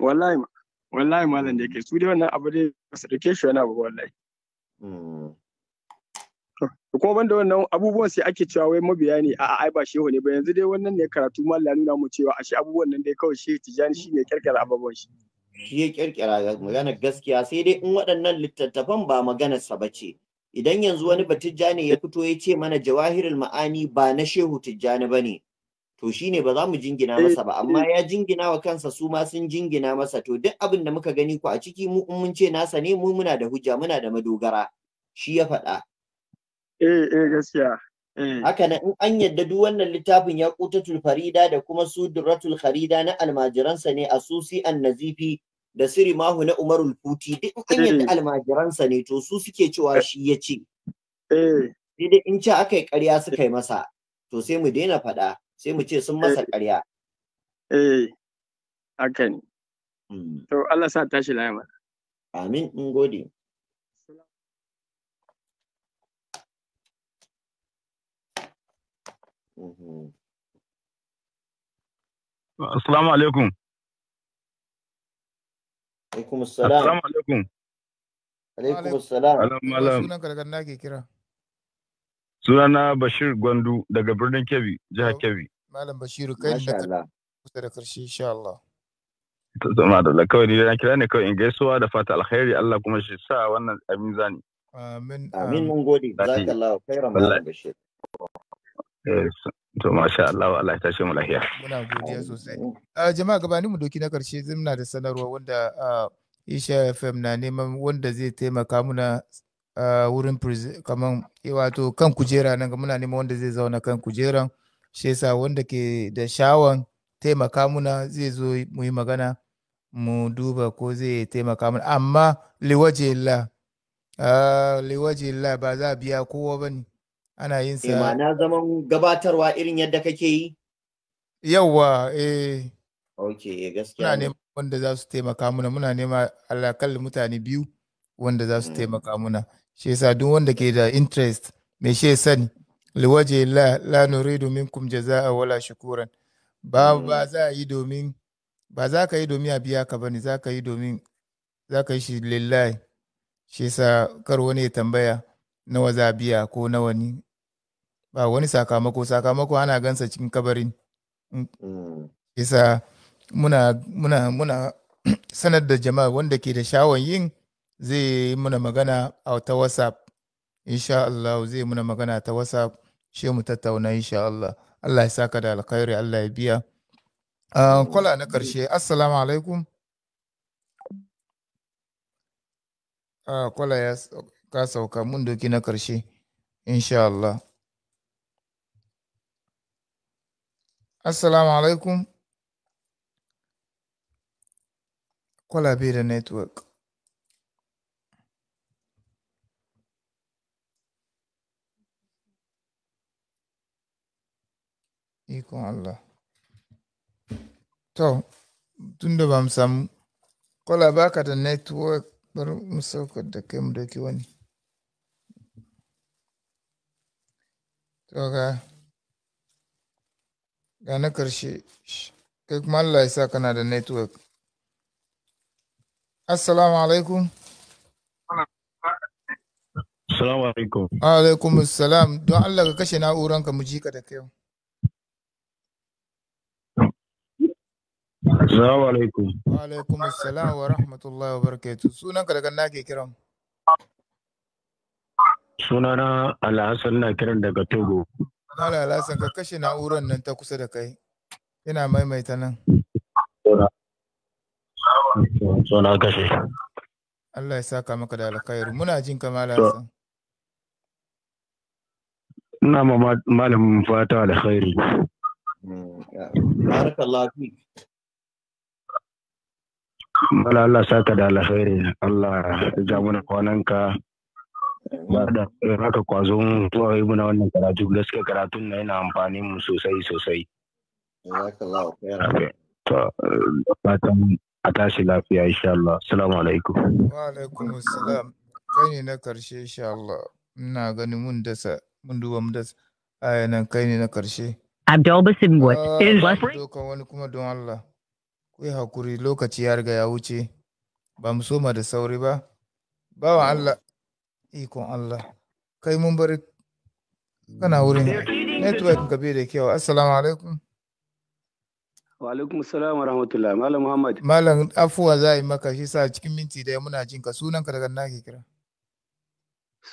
Wallahi wallahi malam da yake su dai wannan abu dai su dake shi wani abu wallahi. Hmm. kuma banda wannan abubuwan sai ake cewa wai mabiya ne a ai ba shehu ne ba yanzu dai wannan ne karatu mallam nuna mu cewa ashe abubuwan nan dai kawai shehu tijani shi ne kirkira ababuwan shi shi ya kirkira magana gaskiya sai dai in waɗannan littattafan ba maganar sa bace idan yanzu wani batijjani ya fito ya ce mana jawahirul ma'ani ba na shehu tijjani bane to shine ba za mu jingina eh, masa ba amma ya jingina wa kansa su ma sun jingina masa to duk abin da muka gani ku a ciki mu in mun ce nasa ne mu muna da hujja muna da madogara shi ya faɗa eh eh gaskiya eh. haka nan in an yadda duk wannan littafin ya kutatul farida da kuma suduratul kharida na almajiransa ne asusi an nazifi da siri mahu na umarul kuti duk in an yadda eh. almajiransa ne to su suke cewa shi ya ce sai dai in ci aka yi ƙarya suka yi masa to sai mu daina faɗa sai mu ce sun eh, masa ƙarya eh haka ne hmm. to Allah sa tashi layama. amin in gode mhm. Assalamu alaikum. Alaikum assalam. Assalamu alaikum. Alaikum assalam. malam. Alaikum Alaikum kira. Sunana Bashir Gwandu daga birnin Kebbi, jihar Kebbi. Malam Bashiru kai da kusa da karshe insha Allah. Zama da kawai da kira ne kawai in gaisuwa da fata alkhairi Allah kuma shi sa wannan abin zani. Amin. Amin mun gode. Jazakallahu khairan Malam Bashir. To masha Allah Allah ya tashi mu lafiya. Muna godiya sosai. Jama'a gabanin mu doki na karshe zimna da sanarwa wanda Isha FM na neman wanda zai taimaka muna wurin kaman wato kan kujera nan muna nema wanda zai zauna kan kujeran shi yasa wanda ke da shawan taimaka muna zai zo mu yi magana mu duba ko zai taimaka mana amma liwaje la liwaje la ba za a biya kowa ba ne ana yin sa eh, na zaman gabatarwa irin yadda kake yi yauwa eh ok eh, gaskiya muna nema wanda za su taimaka muna muna nema alakalli mutane biyu wanda za su mm. taimaka muna shi yasa duk wanda ke da interest me shi sani liwaje la la nuridu minkum jazaa wala shukuran ba ba mm. za yi domin ba za ka yi domin a biya ka bane za ka yi domin za ka yi shi lillahi shi yasa kar wani ya tambaya nawa za biya ko nawa ni ba wani sakamako sakamako ana gansa cikin kabarin mm. Mm. yasa muna muna muna (clears throat) sanar da jama'a wanda ke da shawon yin zai yi muna magana a ta WhatsApp. Insha Allah zai muna magana ta WhatsApp shi mu tattauna insha Allah. Allah ya saka da alkhairi Allah ya biya. Kwala ah, na ƙarshe, Assalamu alaikum. Kwala ah, ya ka sauka mun doki na ƙarshe, insha Allah. Assalamu alaikum. Kwala bai da network. Ikon Allah. To, tun da ba mu samu, kola ba ka da network bar mu saukar da kai mu dauki wani. To ga, ga na karshe, kai kuma Allah ya sa kana da network. Assalamu alaikum. Assalamu alaikum. Alaikum assalam. Don Allah ka kashe na'uranka mu ji ka da kai. Assalamu alaikum. Wa alaikum assalam wa rahmatullahi wa barakatuh. Sunan ka daga nake kiran. Sunana Alhassan na kiran daga Togo. Mala Alhassan ka kashe na'urar nan ta kusa da kai. Ina maimaita nan. Suna kashe. Allah ya saka maka da alkhairu. Muna jin ka Mala Alhassan. Ina ma malamin fata alkhairi. Hmm, Barakallahu Mala Allah sa ka da alkhairi Allah ja mana kwananka ba da raka kwazon zuwa muna wannan karatu gaskiya karatun na yana amfani mu sosai sosai. fatan a tashi lafiya insha Allah. Assalamu alaikum. Wa alaikum assalam. Kai ne na karshe insha Allah. Ina ganin mun dasa mun duba mun dasa. a yana kai ne na karshe. Abdul Basim Wood. Dokan wani kuma don Allah. ku yi haƙuri lokaci ya riga ya wuce ba mu soma da sauri ba bawan Allah ikon Allah kai mun bari kana wurin network ka bai da kyau assalamu alaikum wa alaikum assalam wa rahmatullah malam muhammad malam afuwa za yi maka shi sa cikin minti da muna jin ka sunan ka daga nake kira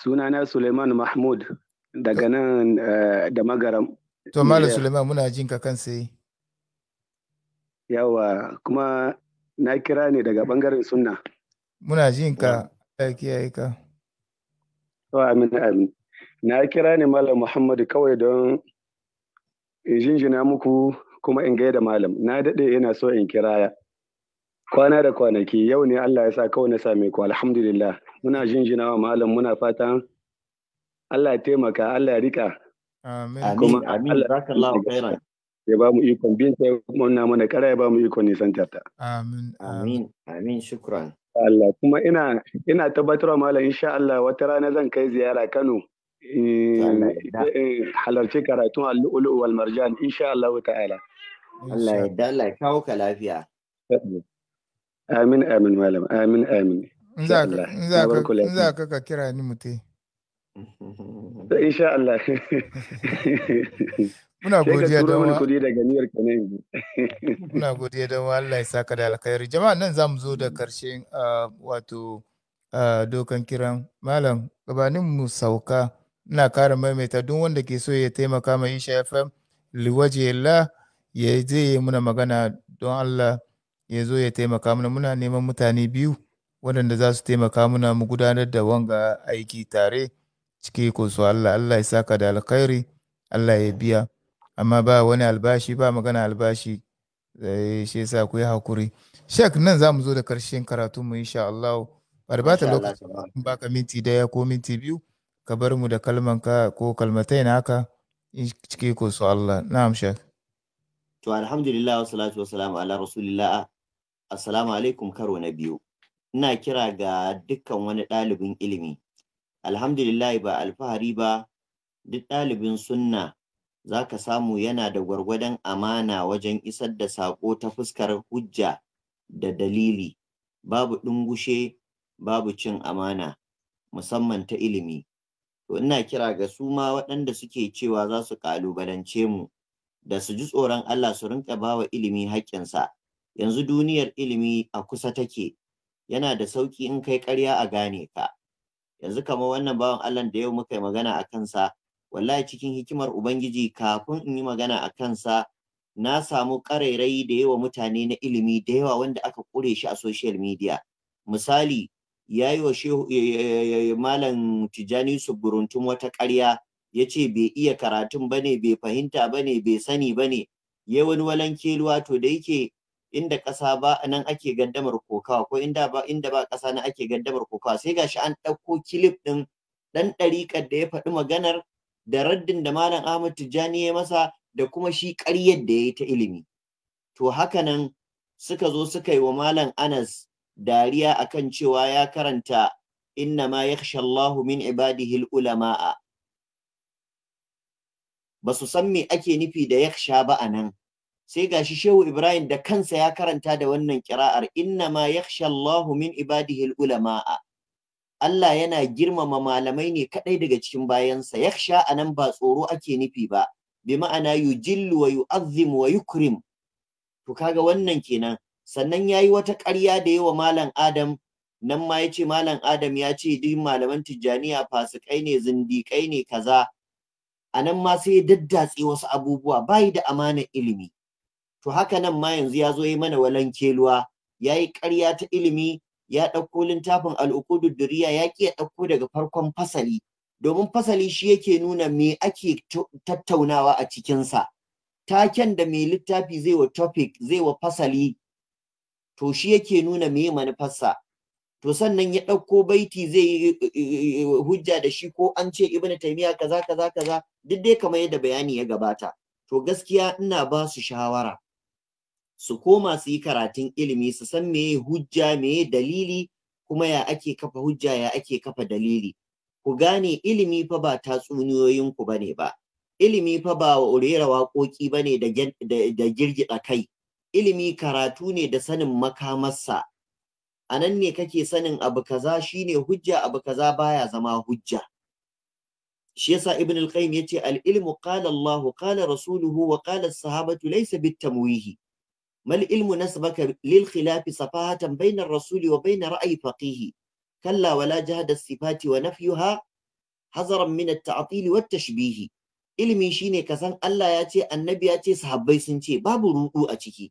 sunana suleiman mahmud daga nan eh, da magaram to malam suleiman muna jin ka kan sai yawa kuma na kira ne daga bangaren sunna muna jin ka ya kiyaye ka to amin amin na kira ne malam muhammadu kawai don in jinjina muku kuma in gaida malam na daɗe ina so in kiraya kwana da kwanaki yau ne Allah ya sa kawai na same ku alhamdulillah muna jinjina wa malam muna fatan Allah ya taimaka Allah ya rika amin amin Amin. khairan ya ba mu ikon binta ya kuma mana kara ya ba mu ikon nisan ta amin amin amin shukran Allah kuma ina ina tabbatarwa malam insha Allah wata rana zan kai ziyara Kano halarci karatun al'ulu wal marjan insha Allah ta'ala Allah ya dala kawo ka lafiya amin amin malam amin amin in za ka ka kira ni mutai (laughs) insha Allah (laughs) (laughs) Muna godiya da wa. Muna godiya da wa Allah ya saka da alkhairi. Jama'a nan zamu zo da karshen wato dokan kiran malam gabanin mu sauka ina kara maimaita duk wanda ke so ya taimaka ma Isha FM liwaje la ya je ya muna magana don Allah ya zo ya taimaka mana muna neman mutane biyu waɗanda za su taimaka muna mu gudanar da wanga aiki tare ciki ko su Allah Allah ya saka da alkhairi Allah ya biya. amma ba wani albashi ba magana albashi eh, shi yasa ku yi hakuri shek nan za mu zo da karshen karatu mu insha Allah barbata lokacin baka minti daya ko minti biyu ka bar mu da kalman ka ko kalmatai na haka cike ko su Allah na'am shek to alhamdulillah wassalatu wassalamu ala rasulillah assalamu alaikum karo na biyu ina kira ga dukkan wani dalibin ilimi alhamdulillah ba alfahari ba duk dalibin sunna za ka samu yana da gwargwadon amana wajen isar da saƙo ta fuskar hujja da dalili, babu ɗungushe, babu cin amana, musamman ta ilimi. To ina kira ga su ma waɗanda suke cewa za su ƙalubalance mu da su ji tsoron Allah su rinƙa bawa ilimi haƙƙinsa. Yanzu duniyar ilimi a kusa take, yana da sauƙi in kai ƙarya a gane ka. Yanzu kamar wannan bawan Allah da yau muka yi magana a kansa, wallahi cikin hikimar ubangiji kafin in yi magana a kansa na samu ƙarairayi da yawa mutane na ilimi da yawa wanda aka ƙure shi a social media misali ya yi wa malam tijjani suburuntun wata ƙarya ya ce bai iya karatun ba ne bai fahimta ba ne bai sani ba ne ya wani keluwa to da yake inda ƙasa ba nan ake gaddamar kokawa ko inda ba inda ba ƙasa na ake gaddamar kokawa sai gashi an ɗauko kilif ɗin ɗan ɗariƙar da ya faɗi maganar da raddin da malam Ahmad Tijjani ya masa da kuma shi ƙaryar da ya yi ta ilimi to haka nan suka zo suka yi wa malam Anas dariya akan cewa ya karanta inna ma yakhsha Allahu min ibadihi ulama'a ba su san me ake nufi da yakhsha ba anan sai gashi Shehu Ibrahim da kansa ya karanta da wannan kira'ar inna ma yakhsha Allahu min ibadihi ulama'a Allah yana girmama malamai ne kaɗai daga cikin bayansa sha anan ba tsoro ake nufi ba bi ma'ana yujillu wa yu'azzim wa yukrim to kaga wannan kenan sannan yayi wata ƙarya da yawa malam Adam nan ma yace malam Adam ya ce duk malaman tijjaniya fasikai ne zindiƙai ne kaza anan ma sai ya daddatse wasu abubuwa bai da amana ilimi to haka nan ma yanzu ya zo ya mana walan keluwa yayi ƙarya ta ilimi ya ɗauko littafin al'ukudu duriya ya ki ya ɗauko daga farkon fasali domin fasali shi yake nuna me ake tattaunawa a cikinsa taken da mai littafi zai wa topic zai wa fasali to shi yake nuna me manufarsa to sannan ya ɗauko baiti zai yi hujja da shi ko an ce ibn taymiya kaza kaza kaza duk dai kamar yadda bayani ya gabata to gaskiya ina ba su shawara su koma su yi karatun ilimi su san meye hujja me dalili kuma ya ake kafa hujja ya ake kafa dalili ku gane ilimi fa ba tatsuniyoyin ku bane ba ilimi fa ba rera waƙoƙi bane da da girgida kai ilimi karatu ne da sanin makamarsa a nan ne kake sanin abu kaza shine hujja abu kaza baya zama hujja shi yasa ibn al-qayyim yace al-ilmu qala Allah qala rasuluhu wa qala as-sahabatu laysa bit-tamwihi mal ilmu nasbaka lil khilafi safahatan bainar rasuli wa bainar ra'ayi faqihi kalla wala jahada sifati wa nafyuha hazaran min at-ta'til tashbihi ilimi shine ka san Allah ya ce annabi ya ce sahabbai sun ce babu ruɗu a ciki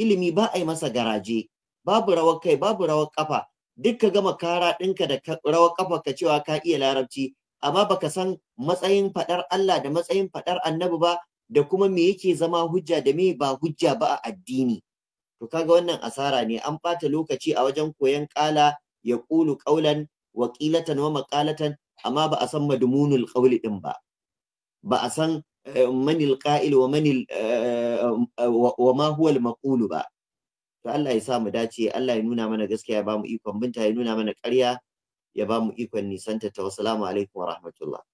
ilimi ba a yi masa garaje babu rawar kai babu rawar kafa duk ka gama kara ɗinka da rawar kafa ka cewa ka iya larabci amma baka san matsayin faɗar Allah da matsayin faɗar annabi ba da kuma me yake zama hujja da me ba hujja ba a addini to kaga wannan asara ne an bata lokaci a wajen koyan kala ya Kulu ƙaulan wa qilatan wa maƙalatan amma ba a san madmunul ƙauli din ba ba a san eh, manil qa'il wa manil eh, eh, wa ma huwal maƙulu ba to Allah ya sa mu dace Allah ya nuna mana gaskiya ya ba mu ikon binta ya nuna mana ƙarya ya ba mu ikon nisanta ta wasu, alaikum wa rahmatullah